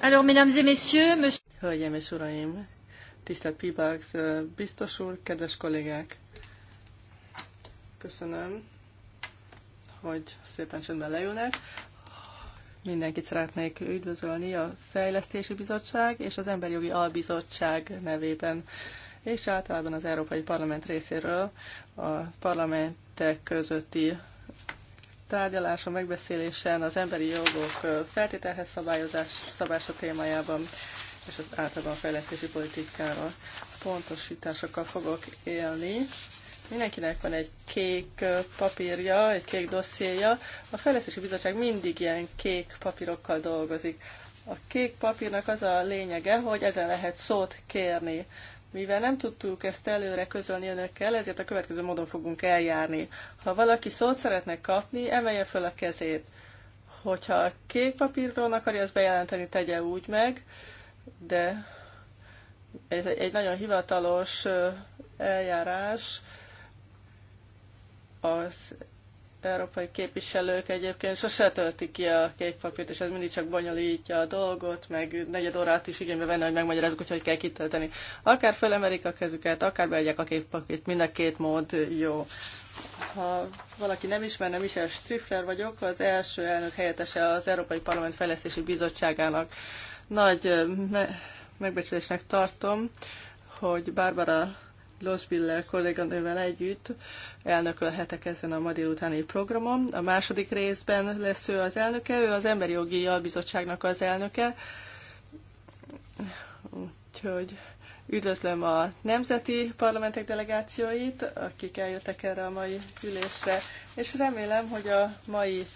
Alors, mesdames et messieurs, monsieur... Hölgyeim és uraim, tisztelt Pibax, biztos úr, kedves kollégák, köszönöm, hogy szépen csendben leülnek. Mindenkit szeretnék üdvözölni a Fejlesztési Bizottság és az Emberi Jogi Albizottság nevében, és általában az Európai Parlament részéről a parlamentek közötti tárgyaláson, megbeszélésen az emberi jogok feltételhez szabályozás szabása témájában és az általában fejlesztési politikára pontosításokkal fogok élni. Mindenkinek van egy kék papírja, egy kék dossziéja. A Fejlesztési Bizottság mindig ilyen kék papírokkal dolgozik. A kék papírnak az a lényege, hogy ezen lehet szót kérni. Mivel nem tudtuk ezt előre közölni önökkel, ezért a következő módon fogunk eljárni. Ha valaki szót szeretne kapni, emelje föl a kezét. Hogyha kék papírról akarja ezt bejelenteni, tegye úgy meg, de ez egy nagyon hivatalos eljárás, az európai képviselők egyébként sose töltik ki a kék papírt, és ez mindig csak bonyolítja a dolgot, meg negyed órát is igénybe venni, hogy megmagyarázzuk, hogy hogy kell kitölteni. Akár fölemerik a kezüket, akár beegyek a kék papírt, mind a két mód jó. Ha valaki nem ismerne, Michel Striffler vagyok, az első elnök helyettese az Európai Parlament Fejlesztési Bizottságának. Nagy me- megbecsülésnek tartom, hogy Barbara Lospiller kolléganővel együtt elnökölhetek ezen a ma délutáni programon. A második részben lesz ő az elnöke, ő az Emberi Jogi Albizottságnak az elnöke. Úgyhogy üdvözlöm a nemzeti parlamentek delegációit, akik eljöttek erre a mai ülésre, és remélem, hogy a mai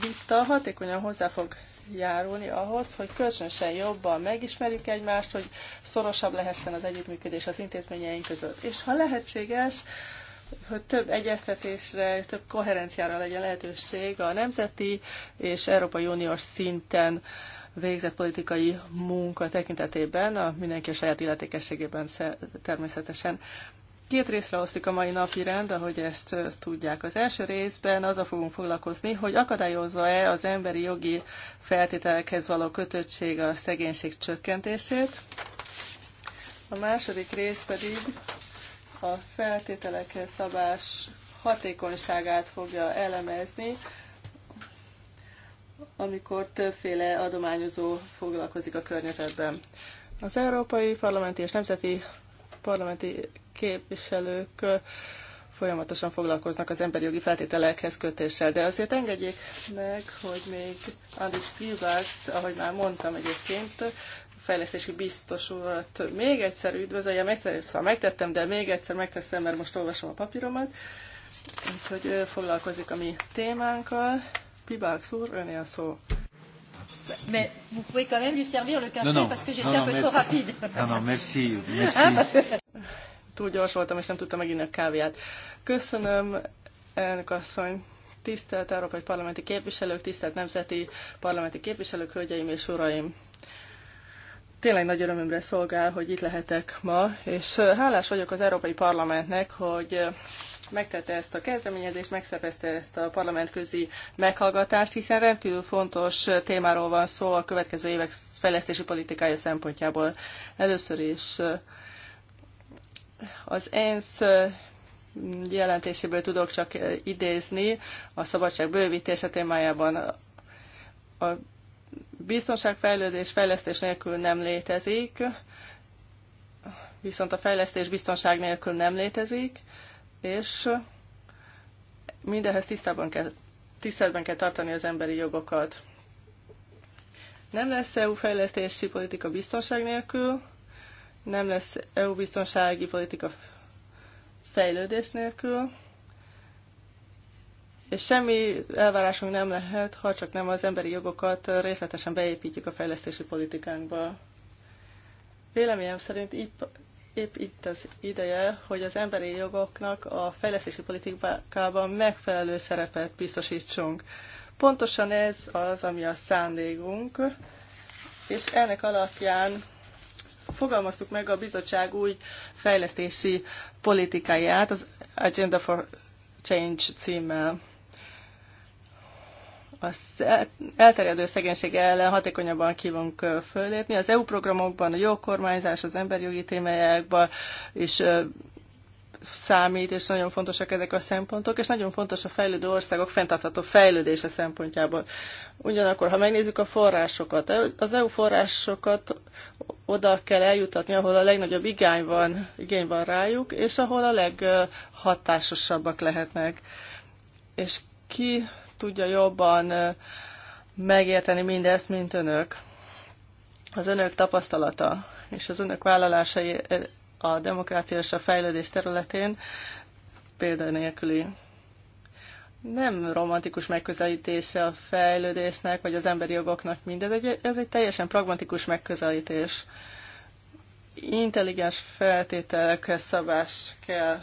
vita hatékonyan hozzá fog járulni ahhoz, hogy kölcsönösen jobban megismerjük egymást, hogy szorosabb lehessen az együttműködés az intézményeink között. És ha lehetséges, hogy több egyeztetésre, több koherenciára legyen lehetőség a nemzeti és Európai Uniós szinten végzett politikai munka tekintetében, a mindenki a saját illetékességében természetesen. Két részre osztik a mai napi rend, ahogy ezt tudják. Az első részben azzal fogunk foglalkozni, hogy akadályozza-e az emberi jogi feltételekhez való kötöttség a szegénység csökkentését. A második rész pedig a feltételekhez szabás hatékonyságát fogja elemezni, amikor többféle adományozó foglalkozik a környezetben. Az Európai Parlamenti és Nemzeti Parlamenti képviselők folyamatosan foglalkoznak az emberi jogi feltételekhez kötéssel. De azért engedjék meg, hogy még Andris Pivax, ahogy már mondtam egyébként, fejlesztési biztos urat még egyszer üdvözöljem, egyszer szóval megtettem, de még egyszer megteszem, mert most olvasom a papíromat. Úgyhogy ő foglalkozik a mi témánkkal. Pibák úr, öné a szó. Mais vous pouvez quand même lui servir le café non, non, parce que j'étais un peu trop rapide. Non, non, merci. merci. Ah, hein, parce que... túl gyors voltam, és nem tudtam meginni a kávéját. Köszönöm, elnök asszony, tisztelt Európai Parlamenti képviselők, tisztelt Nemzeti Parlamenti képviselők, hölgyeim és uraim! Tényleg nagy örömömre szolgál, hogy itt lehetek ma, és hálás vagyok az Európai Parlamentnek, hogy megtette ezt a kezdeményezést, megszervezte ezt a parlamentközi meghallgatást, hiszen rendkívül fontos témáról van szó a következő évek fejlesztési politikája szempontjából. Először is az ENSZ jelentéséből tudok csak idézni a szabadság bővítése témájában. A biztonságfejlődés fejlesztés nélkül nem létezik, viszont a fejlesztés biztonság nélkül nem létezik, és mindenhez tisztában kell, tiszteletben kell tartani az emberi jogokat. Nem lesz EU fejlesztési politika biztonság nélkül, nem lesz EU biztonsági politika fejlődés nélkül, és semmi elvárásunk nem lehet, ha csak nem az emberi jogokat részletesen beépítjük a fejlesztési politikánkba. Véleményem szerint épp, épp itt az ideje, hogy az emberi jogoknak a fejlesztési politikában megfelelő szerepet biztosítsunk. Pontosan ez az, ami a szándékunk, és ennek alapján fogalmaztuk meg a bizottság új fejlesztési politikáját, az Agenda for Change címmel. Az elterjedő szegénység ellen hatékonyabban kívánunk fölépni. Az EU programokban, a jó kormányzás, az emberi jogi témájákban is számít, és nagyon fontosak ezek a szempontok, és nagyon fontos a fejlődő országok fenntartható fejlődése szempontjából. Ugyanakkor, ha megnézzük a forrásokat, az EU forrásokat oda kell eljutatni, ahol a legnagyobb igény van, igény van rájuk, és ahol a leghatásosabbak lehetnek. És ki tudja jobban megérteni mindezt, mint önök? Az önök tapasztalata és az önök vállalásai a demokrácia és a fejlődés területén példanélküli. Nem romantikus megközelítése a fejlődésnek, vagy az emberi jogoknak mindez, egy, ez egy teljesen pragmatikus megközelítés. Intelligens feltételekhez szabás kell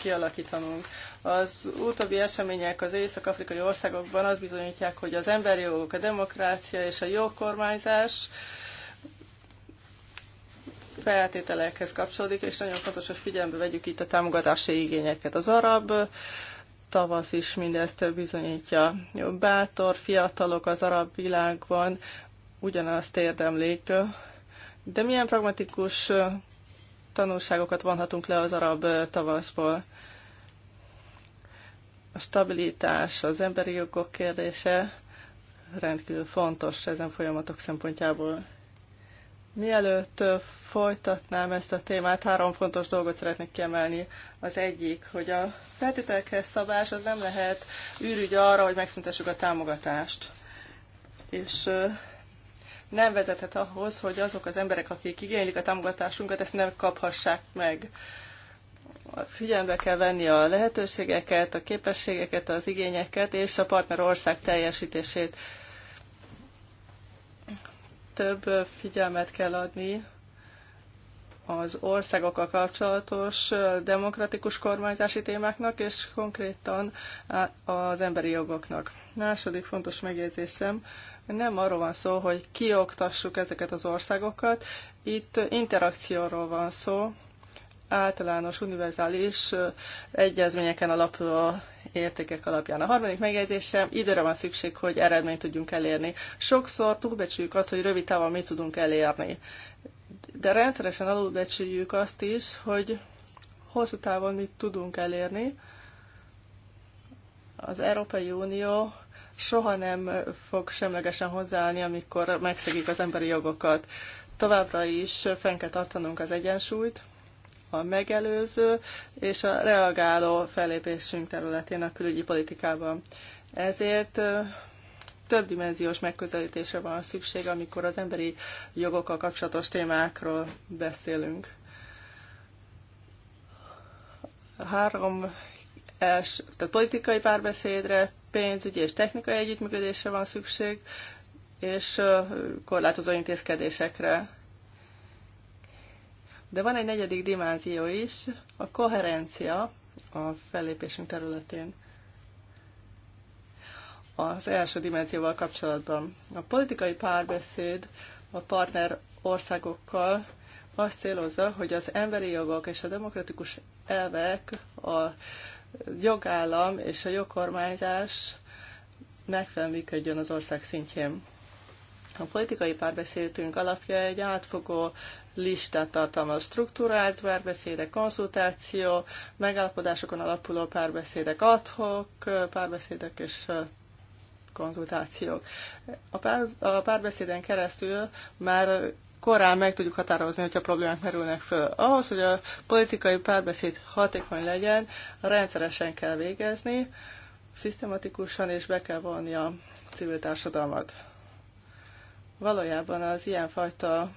kialakítanunk. Az utóbbi események az észak-afrikai országokban azt bizonyítják, hogy az emberi jogok, a demokrácia és a jogkormányzás kormányzás feltételekhez kapcsolódik, és nagyon fontos, hogy figyelembe vegyük itt a támogatási igényeket. Az arab tavasz is mindezt bizonyítja. Bátor fiatalok az arab világban ugyanazt érdemlik, de milyen pragmatikus tanulságokat vonhatunk le az arab tavaszból? A stabilitás, az emberi jogok kérdése rendkívül fontos ezen folyamatok szempontjából. Mielőtt folytatnám ezt a témát, három fontos dolgot szeretnék kiemelni. Az egyik, hogy a feltételekhez szabás az nem lehet űrügy arra, hogy megszüntessük a támogatást. És nem vezethet ahhoz, hogy azok az emberek, akik igénylik a támogatásunkat, ezt nem kaphassák meg. Figyelembe kell venni a lehetőségeket, a képességeket, az igényeket és a partner ország teljesítését több figyelmet kell adni az országokkal kapcsolatos demokratikus kormányzási témáknak, és konkrétan az emberi jogoknak. Második fontos megjegyzésem, nem arról van szó, hogy kioktassuk ezeket az országokat, itt interakcióról van szó, általános, univerzális egyezményeken alapuló értékek alapján. A harmadik megjegyzésem, időre van szükség, hogy eredményt tudjunk elérni. Sokszor túlbecsüljük azt, hogy rövid távon mit tudunk elérni. De rendszeresen alulbecsüljük azt is, hogy hosszú távon mit tudunk elérni. Az Európai Unió soha nem fog semlegesen hozzáállni, amikor megszegik az emberi jogokat. Továbbra is fenn kell tartanunk az egyensúlyt, a megelőző és a reagáló fellépésünk területén a külügyi politikában. Ezért több dimenziós megközelítésre van szükség, amikor az emberi jogokkal kapcsolatos témákról beszélünk. Három els, tehát politikai párbeszédre, pénzügyi és technikai együttműködésre van szükség, és korlátozó intézkedésekre. De van egy negyedik dimenzió is, a koherencia a fellépésünk területén. Az első dimenzióval kapcsolatban. A politikai párbeszéd a partner országokkal azt célozza, hogy az emberi jogok és a demokratikus elvek, a jogállam és a jogkormányzás megfelelően működjön az ország szintjén. A politikai párbeszédünk alapja egy átfogó listát tartalmaz struktúrált párbeszédek, konzultáció, megállapodásokon alapuló párbeszédek, adhok párbeszédek és konzultációk. A, pár, a párbeszéden keresztül már korán meg tudjuk határozni, hogyha problémák merülnek föl. Ahhoz, hogy a politikai párbeszéd hatékony legyen, rendszeresen kell végezni, szisztematikusan és be kell vonni a civil társadalmat. Valójában az ilyenfajta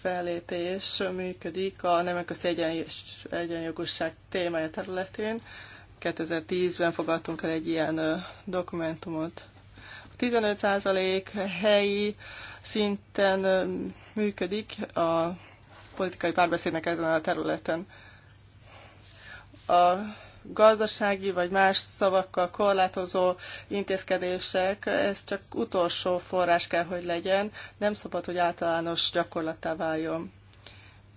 fellépés működik a nemek közti egyen, egyenjogosság témája területén. 2010-ben fogadtunk el egy ilyen dokumentumot. 15% helyi szinten működik a politikai párbeszédnek ezen a területen. A gazdasági vagy más szavakkal korlátozó intézkedések, ez csak utolsó forrás kell, hogy legyen, nem szabad, hogy általános gyakorlattá váljon.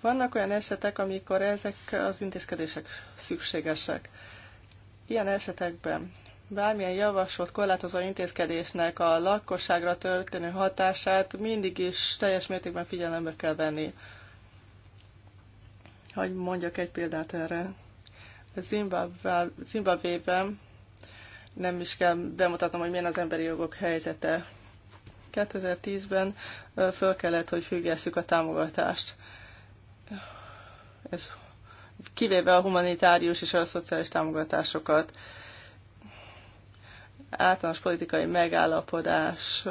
Vannak olyan esetek, amikor ezek az intézkedések szükségesek. Ilyen esetekben bármilyen javasolt korlátozó intézkedésnek a lakosságra történő hatását mindig is teljes mértékben figyelembe kell venni. Hogy mondjak egy példát erre. Zimbabvében nem is kell bemutatnom, hogy milyen az emberi jogok helyzete. 2010-ben föl kellett, hogy függesszük a támogatást. Ez kivéve a humanitárius és a szociális támogatásokat általános politikai megállapodás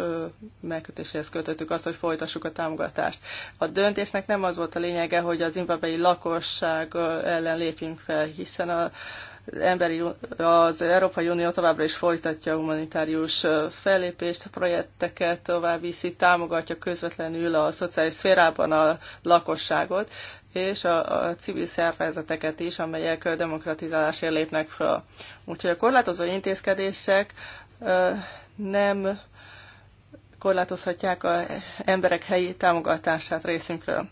megkötéséhez kötöttük azt, hogy folytassuk a támogatást. A döntésnek nem az volt a lényege, hogy az zimbabwei lakosság ellen lépjünk fel, hiszen a emberi, az Európai Unió továbbra is folytatja a humanitárius fellépést, projekteket tovább viszi, támogatja közvetlenül a szociális szférában a lakosságot, és a, a civil szervezeteket is, amelyek demokratizálásért lépnek föl. Úgyhogy a korlátozó intézkedések nem korlátozhatják az emberek helyi támogatását részünkről.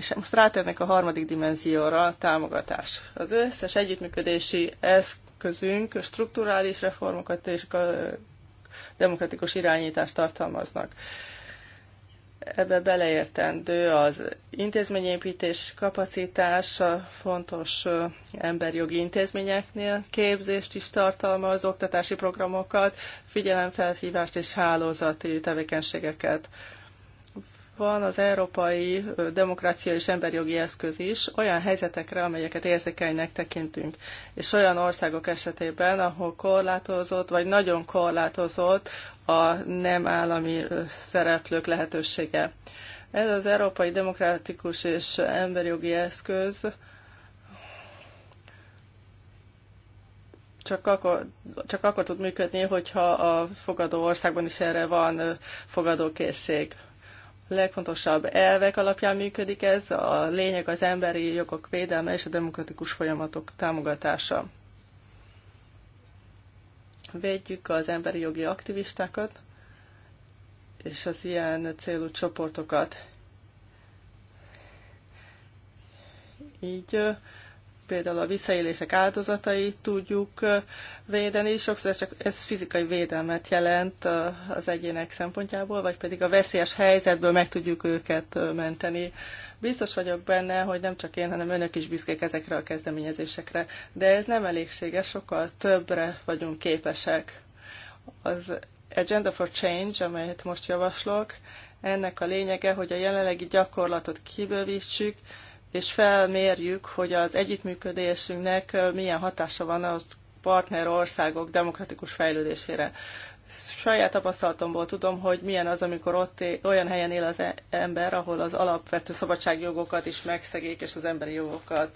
És most rátérnek a harmadik dimenzióra, támogatás. Az összes együttműködési eszközünk strukturális reformokat és a demokratikus irányítást tartalmaznak. Ebbe beleértendő az intézményépítés kapacitása, fontos emberjogi intézményeknél képzést is tartalmaz, oktatási programokat, figyelemfelhívást és hálózati tevékenységeket van az Európai Demokrácia és Emberjogi Eszköz is olyan helyzetekre, amelyeket érzékenynek tekintünk, és olyan országok esetében, ahol korlátozott, vagy nagyon korlátozott a nem állami szereplők lehetősége. Ez az Európai Demokratikus és Emberjogi Eszköz csak akkor, csak akkor tud működni, hogyha a fogadó országban is erre van fogadókészség legfontosabb elvek alapján működik ez. A lényeg az emberi jogok védelme és a demokratikus folyamatok támogatása. Védjük az emberi jogi aktivistákat és az ilyen célú csoportokat. Így például a visszaélések áldozatai tudjuk védeni, sokszor ez csak ez fizikai védelmet jelent az egyének szempontjából, vagy pedig a veszélyes helyzetből meg tudjuk őket menteni. Biztos vagyok benne, hogy nem csak én, hanem önök is büszkék ezekre a kezdeményezésekre, de ez nem elégséges, sokkal többre vagyunk képesek. Az Agenda for Change, amelyet most javaslok, ennek a lényege, hogy a jelenlegi gyakorlatot kibővítsük, és felmérjük, hogy az együttműködésünknek milyen hatása van a partner országok demokratikus fejlődésére. Saját tapasztalatomból tudom, hogy milyen az, amikor ott olyan helyen él az e- ember, ahol az alapvető szabadságjogokat is megszegik, és az emberi jogokat.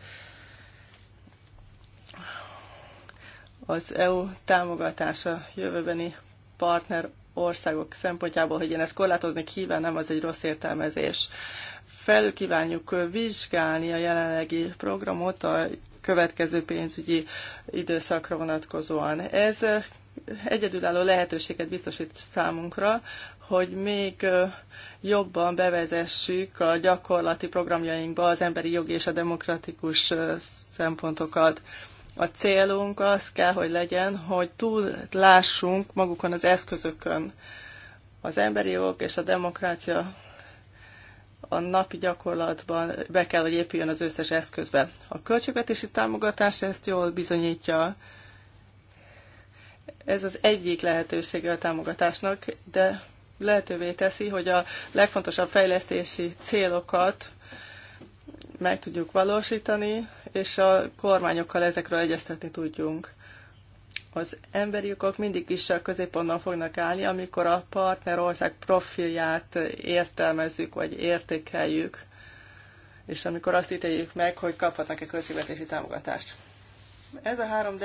Az EU támogatása jövőbeni partner országok szempontjából, hogy én ezt korlátozni kívánom, az egy rossz értelmezés felül kívánjuk vizsgálni a jelenlegi programot a következő pénzügyi időszakra vonatkozóan. Ez egyedülálló lehetőséget biztosít számunkra, hogy még jobban bevezessük a gyakorlati programjainkba az emberi jogi és a demokratikus szempontokat. A célunk az kell, hogy legyen, hogy túl lássunk magukon az eszközökön. Az emberi jog és a demokrácia a napi gyakorlatban be kell, hogy épüljön az összes eszközbe. A költségvetési támogatás ezt jól bizonyítja. Ez az egyik lehetősége a támogatásnak, de lehetővé teszi, hogy a legfontosabb fejlesztési célokat meg tudjuk valósítani, és a kormányokkal ezekről egyeztetni tudjunk az emberi jogok mindig is a középpontban fognak állni, amikor a partnerország profilját értelmezzük vagy értékeljük, és amikor azt ítéljük meg, hogy kaphatnak-e költségvetési támogatást. Ez a három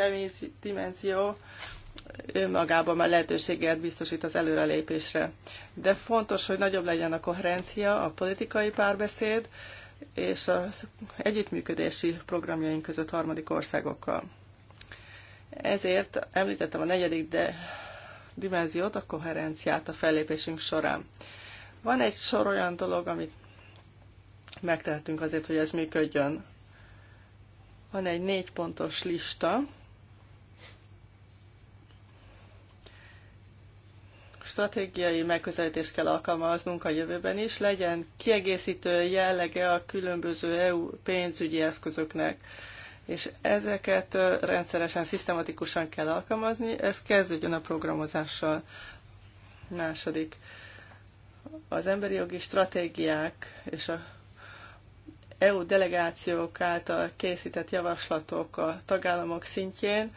dimenzió önmagában már lehetőséget biztosít az előrelépésre. De fontos, hogy nagyobb legyen a koherencia, a politikai párbeszéd és az együttműködési programjaink között harmadik országokkal. Ezért említettem a negyedik de dimenziót, a koherenciát a fellépésünk során. Van egy sor olyan dolog, amit megtehetünk azért, hogy ez működjön. Van egy négy pontos lista, stratégiai megközelítést kell alkalmaznunk a jövőben is, legyen kiegészítő jellege a különböző EU pénzügyi eszközöknek és ezeket rendszeresen, szisztematikusan kell alkalmazni. Ez kezdődjön a programozással. Második, az emberi jogi stratégiák és a EU delegációk által készített javaslatok a tagállamok szintjén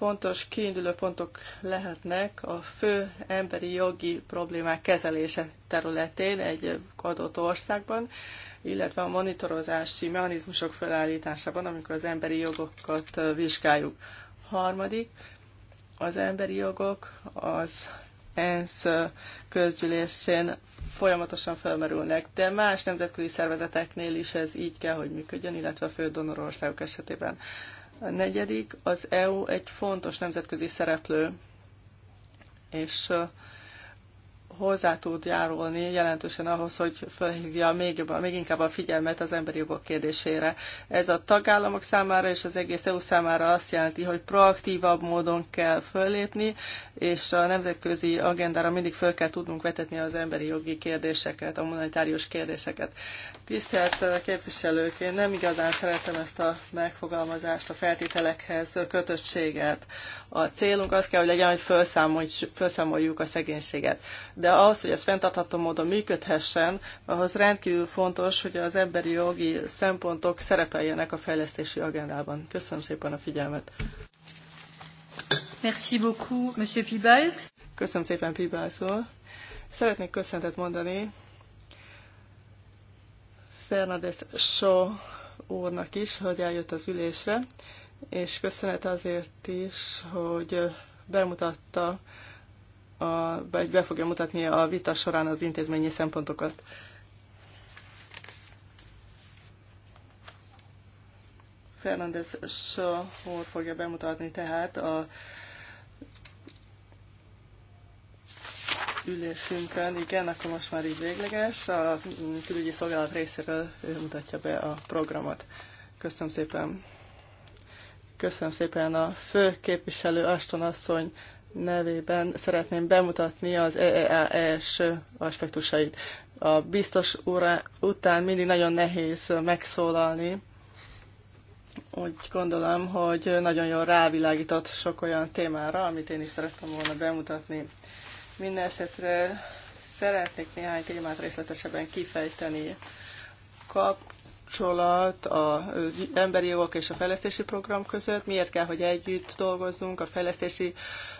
fontos kiinduló pontok lehetnek a fő emberi jogi problémák kezelése területén egy adott országban, illetve a monitorozási mechanizmusok felállításában, amikor az emberi jogokat vizsgáljuk. Harmadik, az emberi jogok az ENSZ közgyűlésén folyamatosan felmerülnek, de más nemzetközi szervezeteknél is ez így kell, hogy működjön, illetve a fő donorországok esetében. A negyedik, az EU egy fontos nemzetközi szereplő, és hozzá tud járulni jelentősen ahhoz, hogy felhívja még, jobban, még inkább a figyelmet az emberi jogok kérdésére. Ez a tagállamok számára és az egész EU számára azt jelenti, hogy proaktívabb módon kell fölépni, és a nemzetközi agendára mindig föl kell tudnunk vetetni az emberi jogi kérdéseket, a monetárius kérdéseket. Tisztelt eh, képviselők, én nem igazán szeretem ezt a megfogalmazást, a feltételekhez kötöttséget. A célunk az kell, hogy legyen, hogy felszámoljuk a szegénységet. De de ahhoz, hogy ez fenntartható módon működhessen, ahhoz rendkívül fontos, hogy az emberi jogi szempontok szerepeljenek a fejlesztési agendában. Köszönöm szépen a figyelmet. Merci beaucoup, Monsieur Pibals. Köszönöm szépen Pibals úr. Szeretnék köszöntet mondani Fernandez Shaw úrnak is, hogy eljött az ülésre, és köszönet azért is, hogy bemutatta a, be fogja mutatni a vita során az intézményi szempontokat. Fernández Sahor fogja bemutatni tehát a ülésünkön, igen, akkor most már így végleges, a külügyi szolgálat részéről mutatja be a programot. Köszönöm szépen. Köszönöm szépen a fő képviselő Aston asszony nevében szeretném bemutatni az EEAS aspektusait. A biztos óra után mindig nagyon nehéz megszólalni. Úgy gondolom, hogy nagyon jól rávilágított sok olyan témára, amit én is szerettem volna bemutatni. Mindenesetre szeretnék néhány témát részletesebben kifejteni. Kap kapcsolat az emberi jogok és a fejlesztési program között, miért kell, hogy együtt dolgozzunk a fejlesztési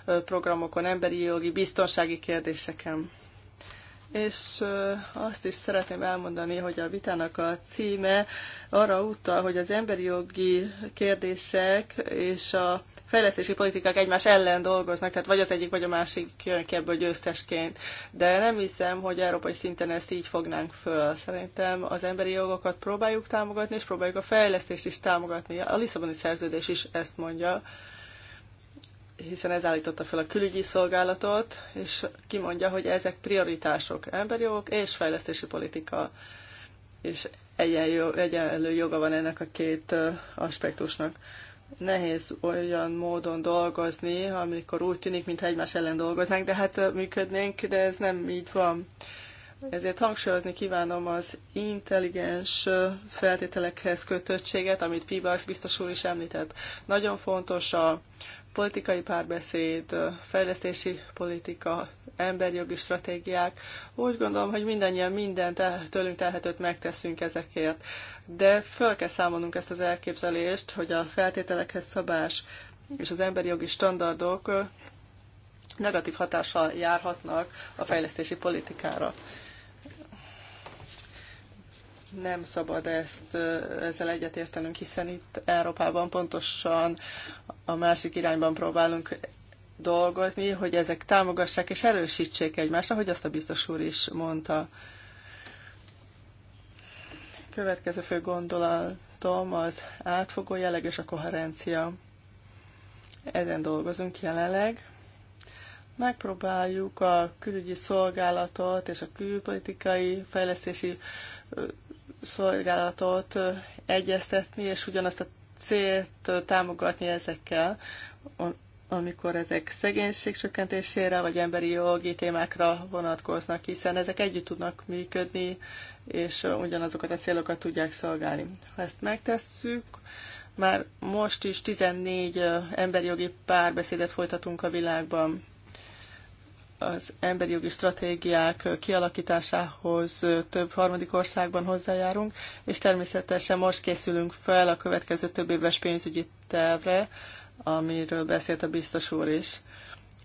programokon, emberi jogi, biztonsági kérdéseken. És azt is szeretném elmondani, hogy a vitának a címe arra utal, hogy az emberi jogi kérdések és a fejlesztési politikák egymás ellen dolgoznak, tehát vagy az egyik, vagy a másik jön ki ebből győztesként. De nem hiszem, hogy európai szinten ezt így fognánk föl. Szerintem az emberi jogokat próbáljuk támogatni, és próbáljuk a fejlesztést is támogatni. A Lisszaboni szerződés is ezt mondja hiszen ez állította fel a külügyi szolgálatot, és kimondja, hogy ezek prioritások, emberi jogok és fejlesztési politika, és egyenlő joga van ennek a két aspektusnak nehéz olyan módon dolgozni, amikor úgy tűnik, mintha egymás ellen dolgoznánk, de hát működnénk, de ez nem így van. Ezért hangsúlyozni kívánom az intelligens feltételekhez kötöttséget, amit Pibax biztos úr is említett. Nagyon fontos a politikai párbeszéd, fejlesztési politika, emberjogi stratégiák. Úgy gondolom, hogy mindannyian mindent tőlünk telhetőt megteszünk ezekért de föl kell számolnunk ezt az elképzelést, hogy a feltételekhez szabás és az emberi jogi standardok negatív hatással járhatnak a fejlesztési politikára. Nem szabad ezt ezzel egyetértenünk, hiszen itt Európában pontosan a másik irányban próbálunk dolgozni, hogy ezek támogassák és erősítsék egymást, ahogy azt a biztos úr is mondta. Következő fő gondolatom az átfogó jelleg és a koherencia. Ezen dolgozunk jelenleg. Megpróbáljuk a külügyi szolgálatot és a külpolitikai fejlesztési szolgálatot egyeztetni, és ugyanazt a célt támogatni ezekkel amikor ezek szegénység csökkentésére vagy emberi jogi témákra vonatkoznak, hiszen ezek együtt tudnak működni, és ugyanazokat a célokat tudják szolgálni. Ha ezt megtesszük, már most is 14 emberi jogi párbeszédet folytatunk a világban. Az emberi jogi stratégiák kialakításához több harmadik országban hozzájárunk, és természetesen most készülünk fel a következő több éves pénzügyi tervre, amiről beszélt a biztos úr is.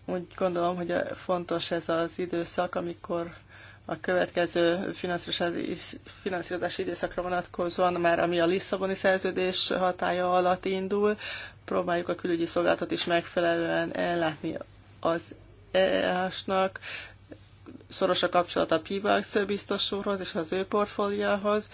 Úgy gondolom, hogy fontos ez az időszak, amikor a következő finanszírozási időszakra vonatkozóan már, ami a Lisszaboni szerződés hatája alatt indul, próbáljuk a külügyi szolgálatot is megfelelően ellátni az eas e nak szoros a kapcsolat a PIVAX biztos úrhoz és az ő portfóliához,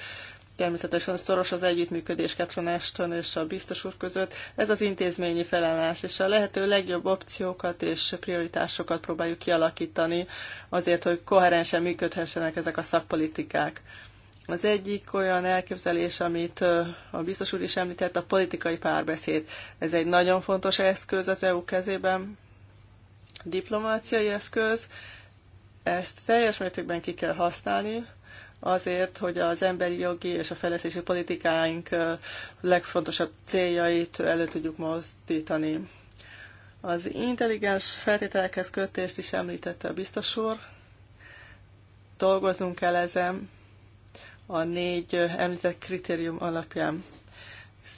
Természetesen szoros az együttműködés Catherine Ashton és a biztos úr között. Ez az intézményi felállás, és a lehető legjobb opciókat és prioritásokat próbáljuk kialakítani azért, hogy koherensen működhessenek ezek a szakpolitikák. Az egyik olyan elképzelés, amit a biztos úr is említett, a politikai párbeszéd. Ez egy nagyon fontos eszköz az EU kezében, diplomáciai eszköz, ezt teljes mértékben ki kell használni, azért, hogy az emberi jogi és a fejlesztési politikáink legfontosabb céljait elő tudjuk mozdítani. Az intelligens feltételekhez kötést is említette a biztos úr. Dolgoznunk kell ezen a négy említett kritérium alapján.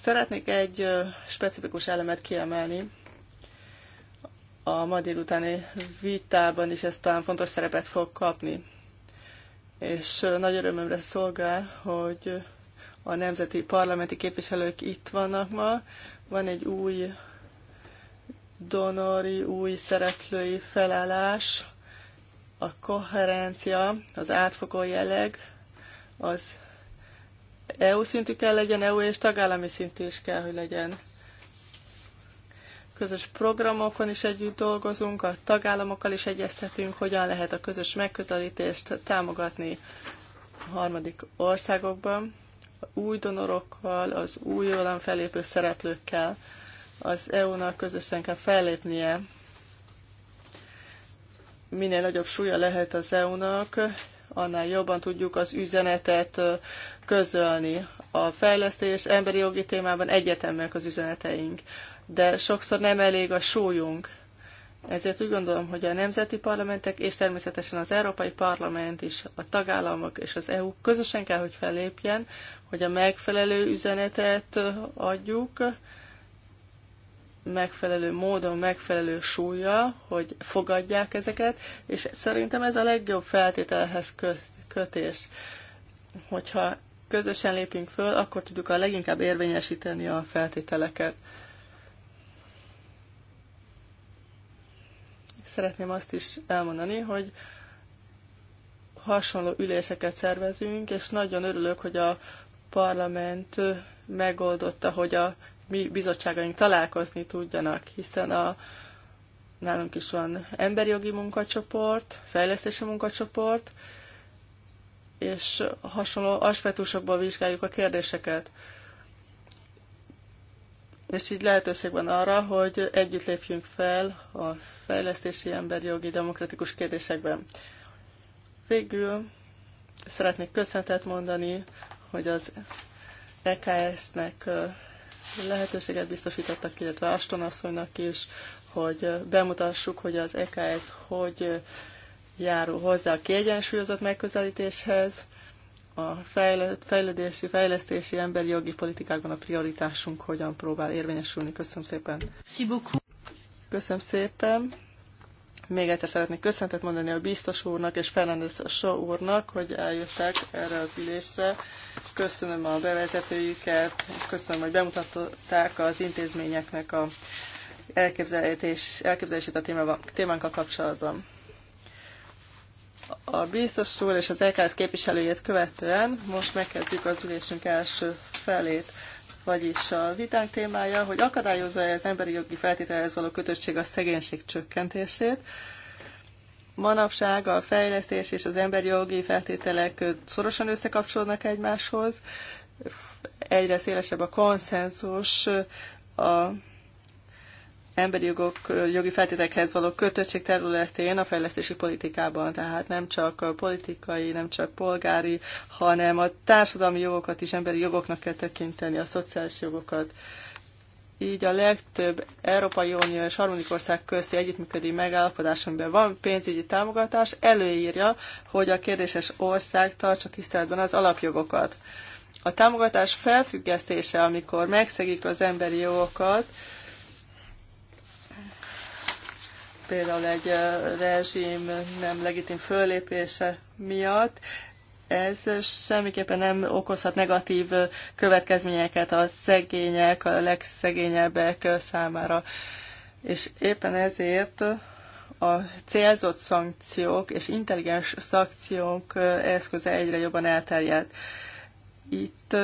Szeretnék egy specifikus elemet kiemelni. A ma délutáni vitában is ez talán fontos szerepet fog kapni és nagy örömömre szolgál, hogy a nemzeti parlamenti képviselők itt vannak ma. Van egy új donori, új szereplői felállás, a koherencia, az átfogó jelleg, az EU szintű kell legyen, EU és tagállami szintű is kell, hogy legyen közös programokon is együtt dolgozunk, a tagállamokkal is egyeztetünk, hogyan lehet a közös megközelítést támogatni a harmadik országokban, új donorokkal, az új olyan felépő szereplőkkel. Az EU-nak közösen kell fellépnie. Minél nagyobb súlya lehet az EU-nak, annál jobban tudjuk az üzenetet közölni. A fejlesztés emberi jogi témában egyetemek az üzeneteink de sokszor nem elég a súlyunk. Ezért úgy gondolom, hogy a nemzeti parlamentek és természetesen az Európai Parlament is, a tagállamok és az EU közösen kell, hogy fellépjen, hogy a megfelelő üzenetet adjuk, megfelelő módon, megfelelő súlya, hogy fogadják ezeket, és szerintem ez a legjobb feltételhez kötés. Hogyha közösen lépünk föl, akkor tudjuk a leginkább érvényesíteni a feltételeket. szeretném azt is elmondani, hogy hasonló üléseket szervezünk, és nagyon örülök, hogy a parlament megoldotta, hogy a mi bizottságaink találkozni tudjanak, hiszen a, nálunk is van emberi jogi munkacsoport, fejlesztési munkacsoport, és hasonló aspektusokból vizsgáljuk a kérdéseket és így lehetőség van arra, hogy együtt lépjünk fel a fejlesztési emberi jogi demokratikus kérdésekben. Végül szeretnék köszönetet mondani, hogy az EKS-nek lehetőséget biztosítottak, illetve Aston asszonynak is, hogy bemutassuk, hogy az EKS hogy járul hozzá a kiegyensúlyozott megközelítéshez, a fejlődési, fejlesztési, emberi jogi politikákban a prioritásunk hogyan próbál érvényesülni. Köszönöm szépen. Köszönöm szépen. Még egyszer szeretnék köszöntet mondani a biztos úrnak és Fernández Sa úrnak, hogy eljöttek erre az ülésre. Köszönöm a bevezetőjüket, és köszönöm, hogy bemutatták az intézményeknek a elképzelését a témával, témánkkal kapcsolatban. A biztos úr és az LKS képviselőjét követően most megkezdjük az ülésünk első felét, vagyis a vitánk témája, hogy akadályozza-e az emberi jogi feltételhez való kötöttség a szegénység csökkentését, manapság a fejlesztés és az emberi jogi feltételek szorosan összekapcsolódnak egymáshoz. Egyre szélesebb a konszenzus a emberi jogok, jogi feltételekhez való kötöttség területén a fejlesztési politikában, tehát nem csak politikai, nem csak polgári, hanem a társadalmi jogokat is emberi jogoknak kell tekinteni, a szociális jogokat. Így a legtöbb Európai Unió és harmadik ország közti együttműködő megállapodás, amiben van pénzügyi támogatás, előírja, hogy a kérdéses ország tartsa tiszteletben az alapjogokat. A támogatás felfüggesztése, amikor megszegik az emberi jogokat, például egy rezsim nem legitim föllépése miatt, ez semmiképpen nem okozhat negatív következményeket a szegények, a legszegényebbek számára. És éppen ezért a célzott szankciók és intelligens szankciók eszköze egyre jobban elterjedt. Itt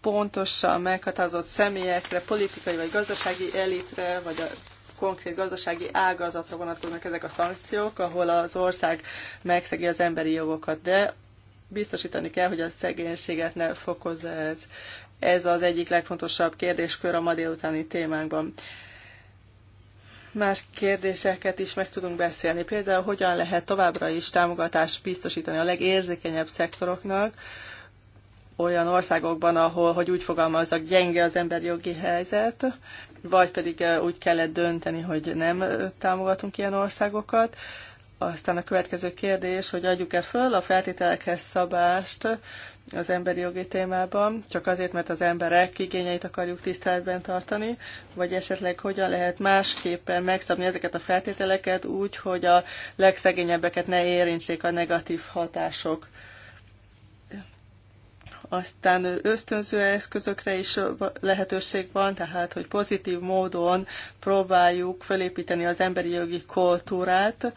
pontosan meghatározott személyekre, politikai vagy gazdasági elitre, vagy a konkrét gazdasági ágazatra vonatkoznak ezek a szankciók, ahol az ország megszegi az emberi jogokat, de biztosítani kell, hogy a szegénységet ne fokozza ez. Ez az egyik legfontosabb kérdéskör a ma délutáni témánkban más kérdéseket is meg tudunk beszélni. Például hogyan lehet továbbra is támogatást biztosítani a legérzékenyebb szektoroknak, olyan országokban, ahol, hogy úgy fogalmazzak, gyenge az emberi jogi helyzet, vagy pedig eh, úgy kellett dönteni, hogy nem eh, támogatunk ilyen országokat. Aztán a következő kérdés, hogy adjuk-e föl a feltételekhez szabást eh, az emberi jogi témában, csak azért, mert az emberek igényeit akarjuk tiszteletben tartani, vagy esetleg hogyan lehet másképpen megszabni ezeket a feltételeket úgy, hogy a legszegényebbeket ne érintsék a negatív hatások. Aztán ösztönző eszközökre is lehetőség van, tehát hogy pozitív módon próbáljuk felépíteni az emberi jogi kultúrát,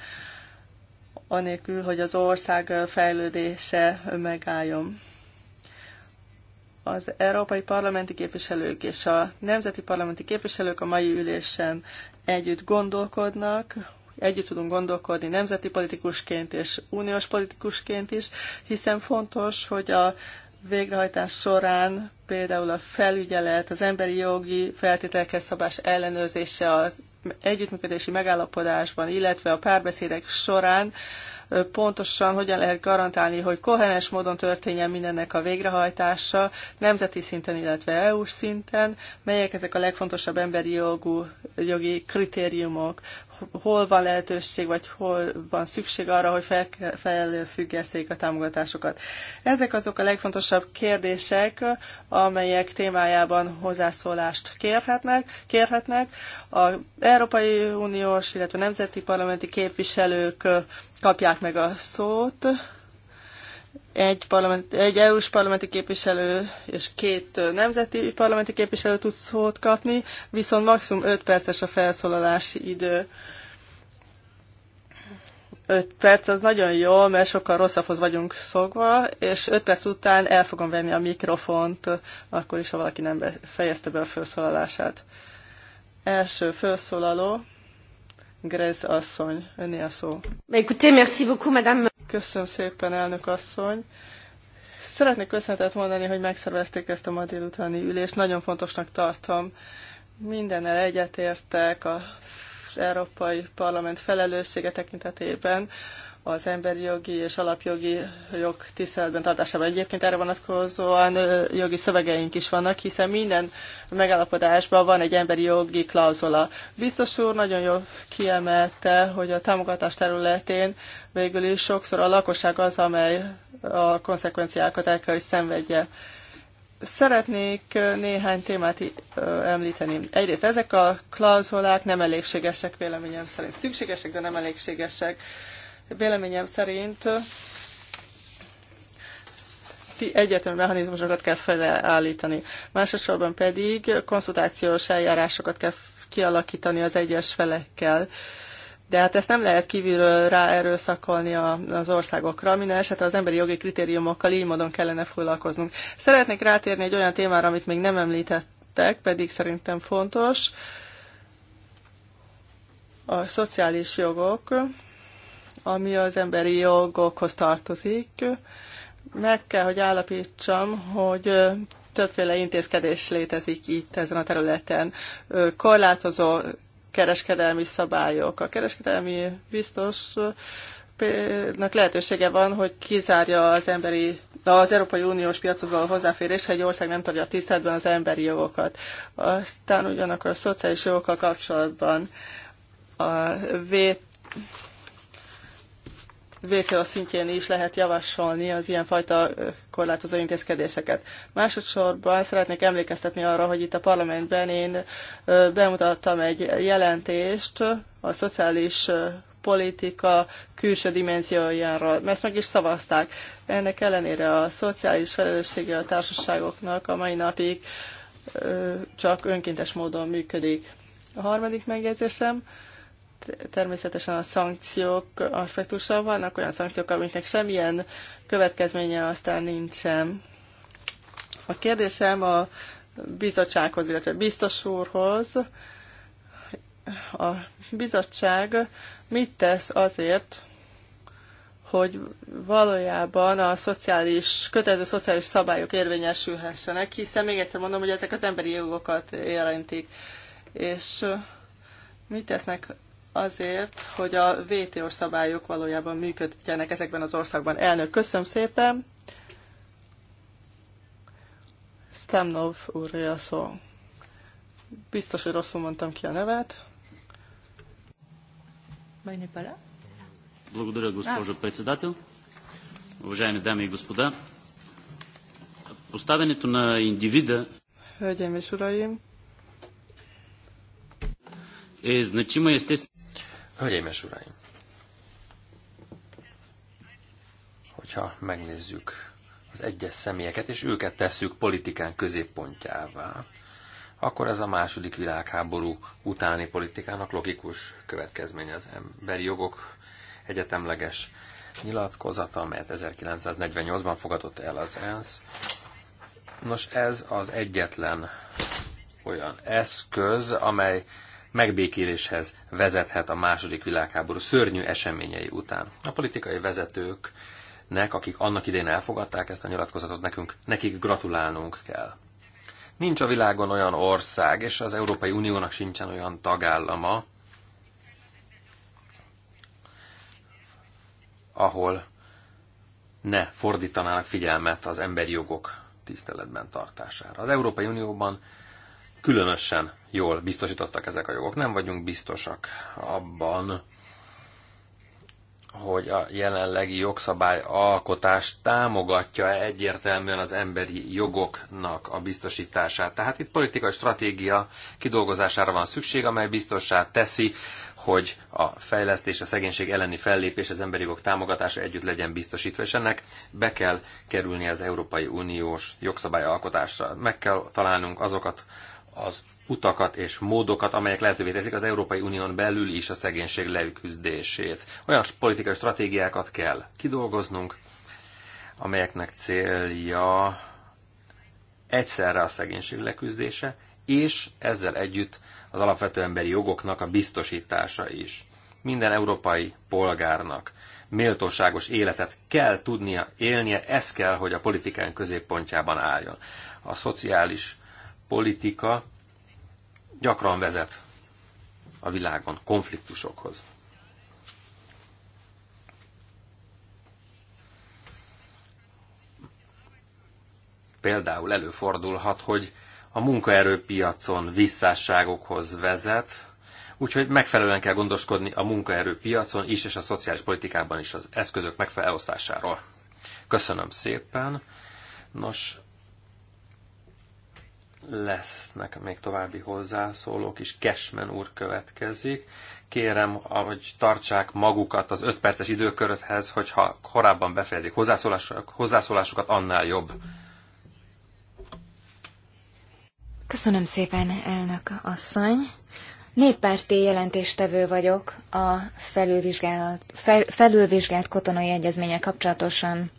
anélkül, hogy az ország fejlődése megálljon az európai parlamenti képviselők és a nemzeti parlamenti képviselők a mai ülésen együtt gondolkodnak, együtt tudunk gondolkodni nemzeti politikusként és uniós politikusként is, hiszen fontos, hogy a végrehajtás során például a felügyelet, az emberi jogi feltételekhez szabás ellenőrzése az együttműködési megállapodásban, illetve a párbeszédek során pontosan hogyan lehet garantálni, hogy koherens módon történjen mindennek a végrehajtása, nemzeti szinten, illetve EU-s szinten, melyek ezek a legfontosabb emberi jogú, jogi kritériumok, hol van lehetőség, vagy hol van szükség arra, hogy felfüggesszék a támogatásokat. Ezek azok a legfontosabb kérdések, amelyek témájában hozzászólást kérhetnek. kérhetnek. Az Európai Uniós, illetve Nemzeti Parlamenti képviselők kapják meg a szót egy, parlament, egy EU-s parlamenti képviselő és két nemzeti parlamenti képviselő tud szót kapni, viszont maximum 5 perces a felszólalási idő. 5 perc az nagyon jó, mert sokkal rosszabbhoz vagyunk szokva, és 5 perc után el fogom venni a mikrofont, akkor is, ha valaki nem fejezte be a felszólalását. Első felszólaló, Grez asszony, öné a szó. Écoutez, merci beaucoup, madame. Köszönöm szépen, elnök asszony. Szeretnék köszönetet mondani, hogy megszervezték ezt a ma délutáni ülést. Nagyon fontosnak tartom. Mindennel egyetértek a az Európai Parlament felelőssége tekintetében az emberi jogi és alapjogi jog tiszteletben tartásában. Egyébként erre vonatkozóan jogi szövegeink is vannak, hiszen minden megállapodásban van egy emberi jogi klauzula. Biztos úr nagyon jól kiemelte, hogy a támogatás területén végül is sokszor a lakosság az, amely a konszekvenciákat el kell, hogy szenvedje. Szeretnék néhány témát említeni. Egyrészt ezek a klauzulák nem elégségesek véleményem szerint. Szükségesek, de nem elégségesek Véleményem szerint egyetlen mechanizmusokat kell felállítani. Másosorban pedig konszultációs eljárásokat kell kialakítani az egyes felekkel. De hát ezt nem lehet kívülről ráerőszakolni a, az országokra, minden esetre az emberi jogi kritériumokkal így módon kellene foglalkoznunk. Szeretnék rátérni egy olyan témára, amit még nem említettek, pedig szerintem fontos. A szociális jogok ami az emberi jogokhoz tartozik. Meg kell, hogy állapítsam, hogy többféle intézkedés létezik itt ezen a területen. Korlátozó kereskedelmi szabályok. A kereskedelmi biztosnak lehetősége van, hogy kizárja az emberi az Európai Uniós piachoz való hozzáférés, egy ország nem tartja tiszteletben az emberi jogokat. Aztán ugyanakkor a szociális jogokkal kapcsolatban a vét WTO szintjén is lehet javasolni az ilyenfajta korlátozó intézkedéseket. Másodszorban szeretnék emlékeztetni arra, hogy itt a parlamentben én bemutattam egy jelentést a szociális politika külső dimenziójáról. Ezt meg is szavazták. Ennek ellenére a szociális felelőssége a társaságoknak a mai napig csak önkéntes módon működik. A harmadik megjegyzésem, természetesen a szankciók aspektusa vannak, olyan szankciók, amiknek semmilyen következménye aztán nincsen. A kérdésem a bizottsághoz, illetve biztos úrhoz. A bizottság mit tesz azért, hogy valójában a szociális, kötelező szociális szabályok érvényesülhessenek, hiszen még egyszer mondom, hogy ezek az emberi jogokat érintik. És mit tesznek azért, hogy a WTO szabályok valójában működjenek ezekben az országban. Elnök, köszönöm szépen. Stemnov úrja szó. Biztos, hogy rosszul mondtam ki a nevet. Благодаря, госпожо председател. Уважаеми дами и господа, поставянето на индивида е значима естествена Hölgyeim és uraim! Hogyha megnézzük az egyes személyeket, és őket tesszük politikán középpontjává, akkor ez a második világháború utáni politikának logikus következménye az emberi jogok egyetemleges nyilatkozata, amelyet 1948-ban fogadott el az ENSZ. Nos, ez az egyetlen olyan eszköz, amely megbékéléshez vezethet a második világháború szörnyű eseményei után. A politikai vezetőknek, akik annak idején elfogadták ezt a nyilatkozatot nekünk, nekik gratulálnunk kell. Nincs a világon olyan ország, és az Európai Uniónak sincsen olyan tagállama, ahol ne fordítanának figyelmet az emberi jogok tiszteletben tartására. Az Európai Unióban különösen jól biztosítottak ezek a jogok. Nem vagyunk biztosak abban, hogy a jelenlegi jogszabály alkotás támogatja -e egyértelműen az emberi jogoknak a biztosítását. Tehát itt politikai stratégia kidolgozására van szükség, amely biztossá teszi, hogy a fejlesztés, a szegénység elleni fellépés, az emberi jogok támogatása együtt legyen biztosítva, és ennek be kell kerülni az Európai Uniós jogszabályalkotásra. Meg kell találnunk azokat az utakat és módokat, amelyek lehetővé teszik az Európai Unión belül is a szegénység leküzdését. Olyan politikai stratégiákat kell kidolgoznunk, amelyeknek célja egyszerre a szegénység leküzdése, és ezzel együtt az alapvető emberi jogoknak a biztosítása is. Minden európai polgárnak méltóságos életet kell tudnia élnie, ez kell, hogy a politikán középpontjában álljon. A szociális politika gyakran vezet a világon konfliktusokhoz. Például előfordulhat, hogy a munkaerőpiacon visszásságokhoz vezet, úgyhogy megfelelően kell gondoskodni a munkaerőpiacon is, és a szociális politikában is az eszközök megfelelőosztásáról. Köszönöm szépen. Nos, lesznek még további hozzászólók is. Kesmen úr következik. Kérem, hogy tartsák magukat az 5 perces időkörödhez, hogyha korábban befejezik hozzászólások, hozzászólásokat, annál jobb. Köszönöm szépen, elnök asszony. Néppárti jelentéstevő vagyok a felülvizsgált, fel, felülvizsgált katonai egyezménye kapcsolatosan.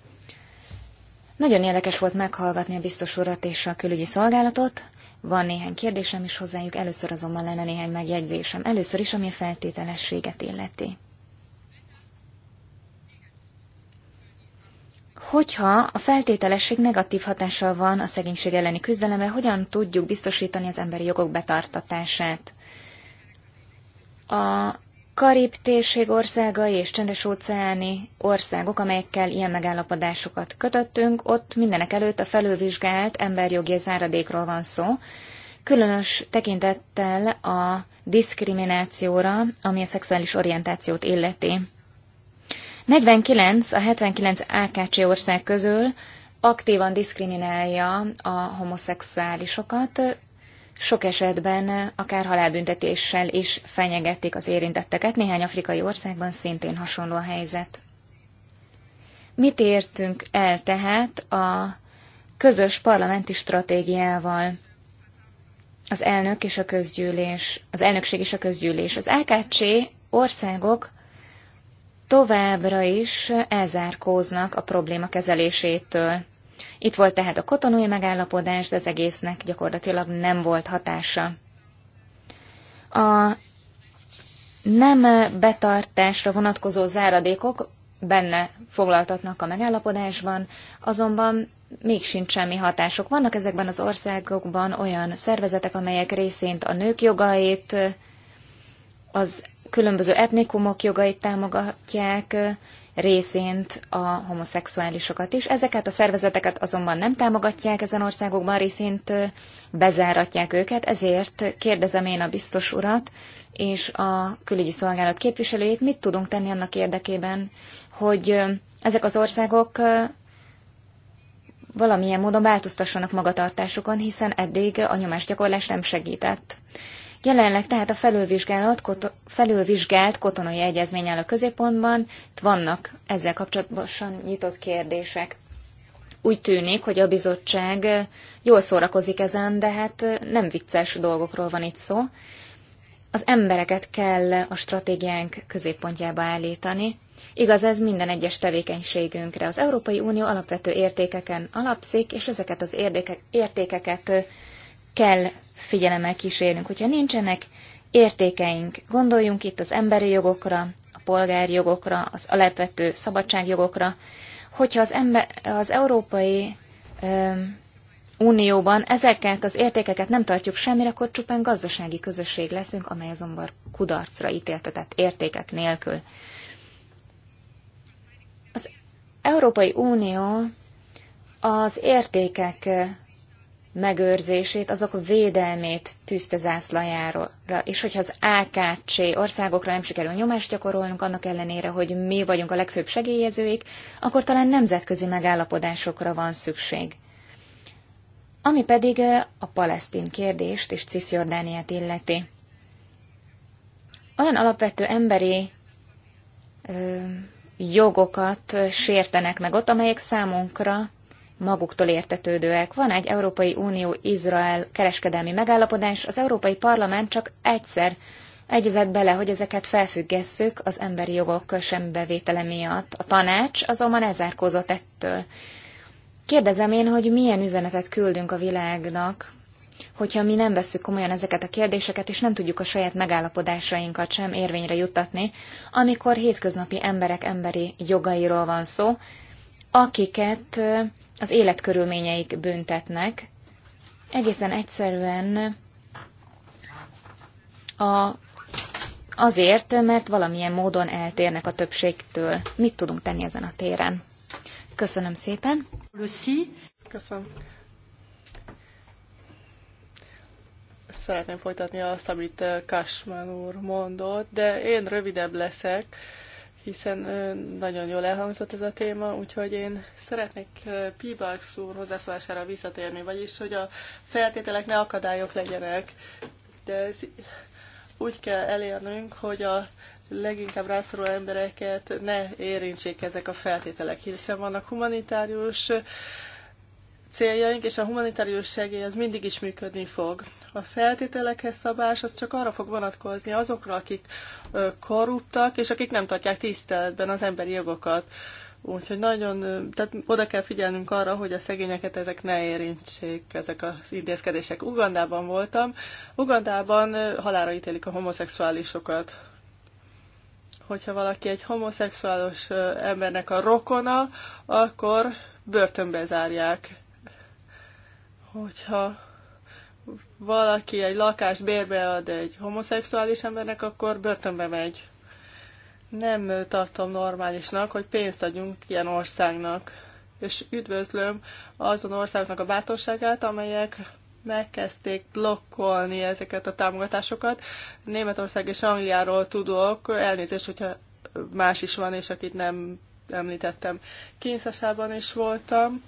Nagyon érdekes volt meghallgatni a biztos urat és a külügyi szolgálatot. Van néhány kérdésem is hozzájuk, először azonban lenne néhány megjegyzésem. Először is, ami a feltételességet illeti. Hogyha a feltételesség negatív hatással van a szegénység elleni küzdelemre, hogyan tudjuk biztosítani az emberi jogok betartatását? A Karib térség országai és csendes-óceáni országok, amelyekkel ilyen megállapodásokat kötöttünk, ott mindenek előtt a felülvizsgált emberjogi záradékról van szó, különös tekintettel a diszkriminációra, ami a szexuális orientációt illeti. 49 a 79 AKC ország közül aktívan diszkriminálja a homoszexuálisokat, sok esetben akár halálbüntetéssel is fenyegették az érintetteket, néhány afrikai országban szintén hasonló a helyzet. Mit értünk el tehát a közös parlamenti stratégiával? Az elnök és a közgyűlés, az elnökség és a közgyűlés. Az AKC országok továbbra is elzárkóznak a probléma kezelésétől. Itt volt tehát a kotonói megállapodás, de az egésznek gyakorlatilag nem volt hatása. A nem betartásra vonatkozó záradékok benne foglaltatnak a megállapodásban, azonban még sincs semmi hatások. Vannak ezekben az országokban olyan szervezetek, amelyek részént a nők jogait, az különböző etnikumok jogait támogatják, részént a homoszexuálisokat is. Ezeket a szervezeteket azonban nem támogatják ezen országokban, részint, bezáratják őket, ezért kérdezem én a biztos urat és a külügyi szolgálat képviselőjét, mit tudunk tenni annak érdekében, hogy ezek az országok valamilyen módon változtassanak magatartásukon, hiszen eddig a nyomásgyakorlás nem segített. Jelenleg tehát a felülvizsgálat, koto, felülvizsgált kotonai egyezmény áll a középpontban, itt vannak ezzel kapcsolatban nyitott kérdések. Úgy tűnik, hogy a bizottság jól szórakozik ezen, de hát nem vicces dolgokról van itt szó. Az embereket kell a stratégiánk középpontjába állítani. Igaz ez minden egyes tevékenységünkre. Az Európai Unió alapvető értékeken alapszik, és ezeket az értékeket kell figyelemmel kísérünk, Hogyha nincsenek értékeink, gondoljunk itt az emberi jogokra, a polgári jogokra, az alapvető szabadságjogokra, hogyha az, ember, az Európai ö, Unióban ezeket az értékeket nem tartjuk semmire, akkor csupán gazdasági közösség leszünk, amely azonban kudarcra ítéltetett értékek nélkül. Az Európai Unió az értékek megőrzését, azok védelmét tűzte zászlajára. És hogyha az AKC országokra nem sikerül nyomást gyakorolnunk, annak ellenére, hogy mi vagyunk a legfőbb segélyezőik, akkor talán nemzetközi megállapodásokra van szükség. Ami pedig a palesztin kérdést és Cisjordániát illeti. Olyan alapvető emberi ö, jogokat sértenek meg ott, amelyek számunkra maguktól értetődőek. Van egy Európai Unió-Izrael kereskedelmi megállapodás, az Európai Parlament csak egyszer egyezett bele, hogy ezeket felfüggesszük az emberi jogok bevétele miatt. A tanács azonban elzárkózott ettől. Kérdezem én, hogy milyen üzenetet küldünk a világnak, hogyha mi nem veszük komolyan ezeket a kérdéseket, és nem tudjuk a saját megállapodásainkat sem érvényre juttatni, amikor hétköznapi emberek emberi jogairól van szó, akiket az életkörülményeik büntetnek. Egészen egyszerűen a, azért, mert valamilyen módon eltérnek a többségtől. Mit tudunk tenni ezen a téren? Köszönöm szépen. Lucy. Köszönöm. Szeretném folytatni azt, amit Kasman úr mondott, de én rövidebb leszek hiszen nagyon jól elhangzott ez a téma, úgyhogy én szeretnék Pibax úr hozzászólására visszatérni, vagyis, hogy a feltételek ne akadályok legyenek, de ez úgy kell elérnünk, hogy a leginkább rászoruló embereket ne érintsék ezek a feltételek, hiszen vannak humanitárius céljaink, és a humanitárius segély az mindig is működni fog. A feltételekhez szabás az csak arra fog vonatkozni azokra, akik korruptak, és akik nem tartják tiszteletben az emberi jogokat. Úgyhogy nagyon, tehát oda kell figyelnünk arra, hogy a szegényeket ezek ne érintsék, ezek az intézkedések. Ugandában voltam, Ugandában halára ítélik a homoszexuálisokat. Hogyha valaki egy homoszexuális embernek a rokona, akkor börtönbe zárják hogyha valaki egy lakás bérbe ad egy homoszexuális embernek, akkor börtönbe megy. Nem tartom normálisnak, hogy pénzt adjunk ilyen országnak. És üdvözlöm azon országoknak a bátorságát, amelyek megkezdték blokkolni ezeket a támogatásokat. Németország és Angliáról tudok, elnézést, hogyha más is van, és akit nem említettem. Kínszásában is voltam,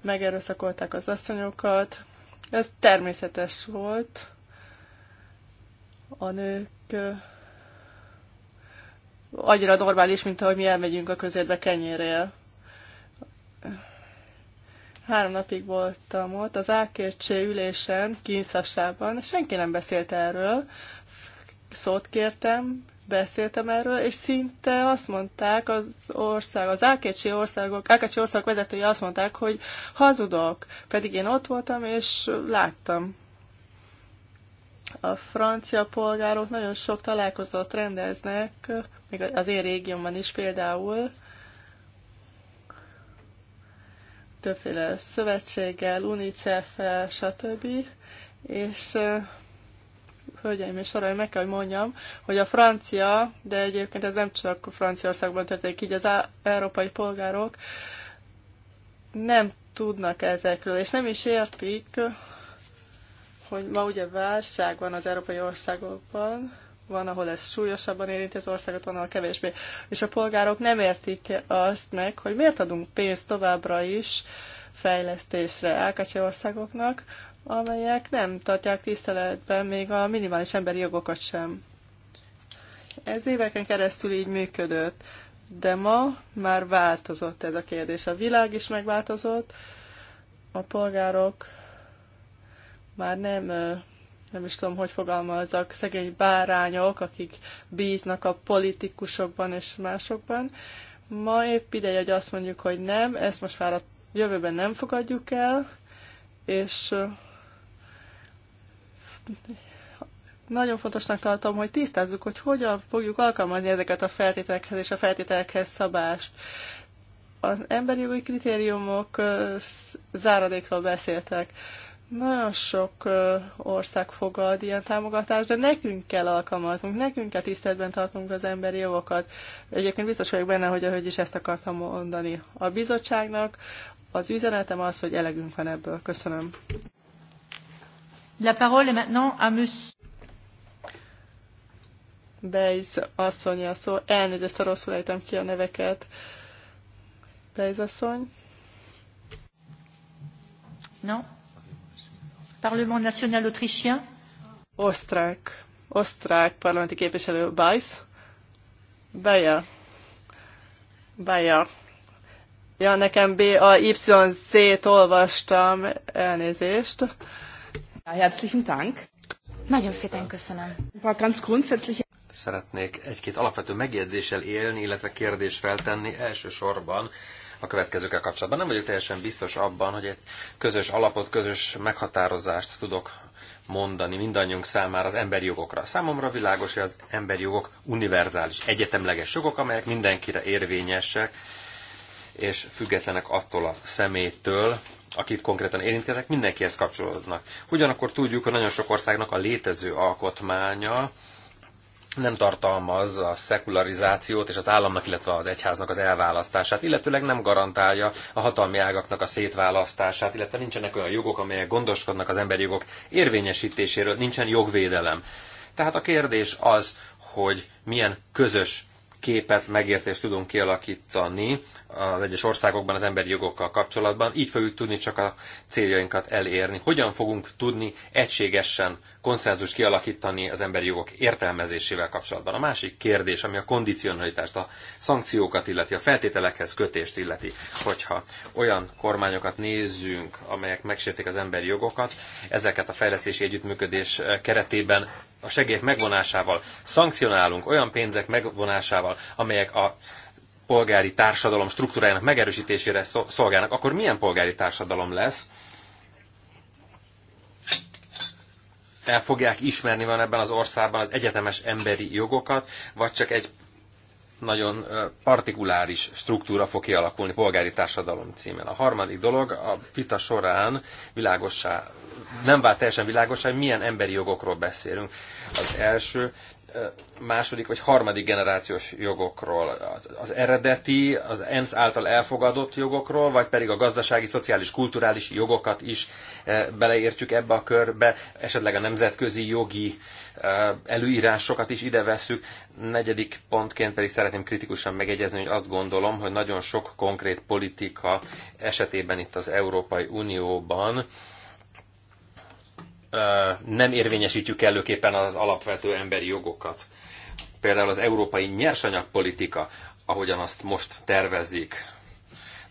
megerőszakolták az asszonyokat. Ez természetes volt. A nők annyira normális, mint ahogy mi elmegyünk a közérbe kenyérrel. Három napig voltam ott, az ákércsé ülésen, kínszassában, senki nem beszélt erről. Szót kértem, beszéltem erről, és szinte azt mondták az ország, az Ákecsi országok, Ákecsi ország vezetői azt mondták, hogy hazudok, pedig én ott voltam, és láttam. A francia polgárok nagyon sok találkozót rendeznek, még az én régiómban is például, többféle szövetséggel, unicef el stb. És Hölgyeim és uraim, meg kell, hogy mondjam, hogy a francia, de egyébként ez nem csak Franciaországban történik így, az európai polgárok nem tudnak ezekről, és nem is értik, hogy ma ugye válság van az európai országokban, van, ahol ez súlyosabban érinti az országot, van, ahol kevésbé. És a polgárok nem értik azt meg, hogy miért adunk pénzt továbbra is fejlesztésre Ákacsi országoknak, amelyek nem tartják tiszteletben még a minimális emberi jogokat sem. Ez éveken keresztül így működött, de ma már változott ez a kérdés. A világ is megváltozott, a polgárok már nem, nem is tudom, hogy fogalmazzak, szegény bárányok, akik bíznak a politikusokban és másokban. Ma épp ideje, hogy azt mondjuk, hogy nem, ezt most már a jövőben nem fogadjuk el, és nagyon fontosnak tartom, hogy tisztázzuk, hogy hogyan fogjuk alkalmazni ezeket a feltételekhez és a feltételekhez szabást. Az emberi jogi kritériumok záradékról beszéltek. Nagyon sok ország fogad ilyen támogatást, de nekünk kell alkalmaznunk, nekünk kell tiszteletben tartunk az emberi jogokat. Egyébként biztos vagyok benne, hogy ahogy is ezt akartam mondani. A bizottságnak az üzenetem az, hogy elegünk van ebből. Köszönöm. La parole est maintenant à monsieur... Beiz asszony a szó. Elnézést, ha rosszul ejtem ki a neveket. Beiz asszony. Non. Parlement national autrichien. Osztrák. Osztrák parlamenti képviselő Beiz. Beja. Beja. Ja, nekem B-A-Y-Z-t olvastam. Elnézést. Herzlichen Dank. Nagyon szépen köszönöm. szeretnék egy-két alapvető megjegyzéssel élni, illetve kérdést feltenni elsősorban a következőkkel kapcsolatban. Nem vagyok teljesen biztos abban, hogy egy közös alapot, közös meghatározást tudok mondani mindannyiunk számára az emberi jogokra. Számomra világos, hogy az emberi jogok univerzális, egyetemleges jogok, amelyek mindenkire érvényesek, és függetlenek attól a szemétől, akit konkrétan érintkeznek, mindenkihez kapcsolódnak. Ugyanakkor tudjuk, hogy nagyon sok országnak a létező alkotmánya nem tartalmaz a szekularizációt és az államnak, illetve az egyháznak az elválasztását, illetőleg nem garantálja a hatalmi ágaknak a szétválasztását, illetve nincsenek olyan jogok, amelyek gondoskodnak az emberi jogok érvényesítéséről, nincsen jogvédelem. Tehát a kérdés az, hogy milyen közös képet, megértést tudunk kialakítani az egyes országokban az emberi jogokkal kapcsolatban, így fogjuk tudni csak a céljainkat elérni. Hogyan fogunk tudni egységesen konszenzus kialakítani az emberi jogok értelmezésével kapcsolatban? A másik kérdés, ami a kondicionalitást, a szankciókat illeti, a feltételekhez kötést illeti, hogyha olyan kormányokat nézzünk, amelyek megsértik az emberi jogokat, ezeket a fejlesztési együttműködés keretében a segélyek megvonásával, szankcionálunk olyan pénzek megvonásával, amelyek a polgári társadalom struktúrájának megerősítésére szolgálnak, akkor milyen polgári társadalom lesz? El fogják ismerni van ebben az országban az egyetemes emberi jogokat, vagy csak egy nagyon partikuláris struktúra fog kialakulni polgári társadalom címen. A harmadik dolog, a vita során világossá, nem vált teljesen világosá, hogy milyen emberi jogokról beszélünk. Az első második vagy harmadik generációs jogokról? Az eredeti, az ENSZ által elfogadott jogokról, vagy pedig a gazdasági, szociális, kulturális jogokat is eh, beleértjük ebbe a körbe, esetleg a nemzetközi jogi eh, előírásokat is ide veszük. Negyedik pontként pedig szeretném kritikusan megegyezni, hogy azt gondolom, hogy nagyon sok konkrét politika esetében itt az Európai Unióban nem érvényesítjük előképpen az alapvető emberi jogokat. Például az európai nyersanyagpolitika, ahogyan azt most tervezik.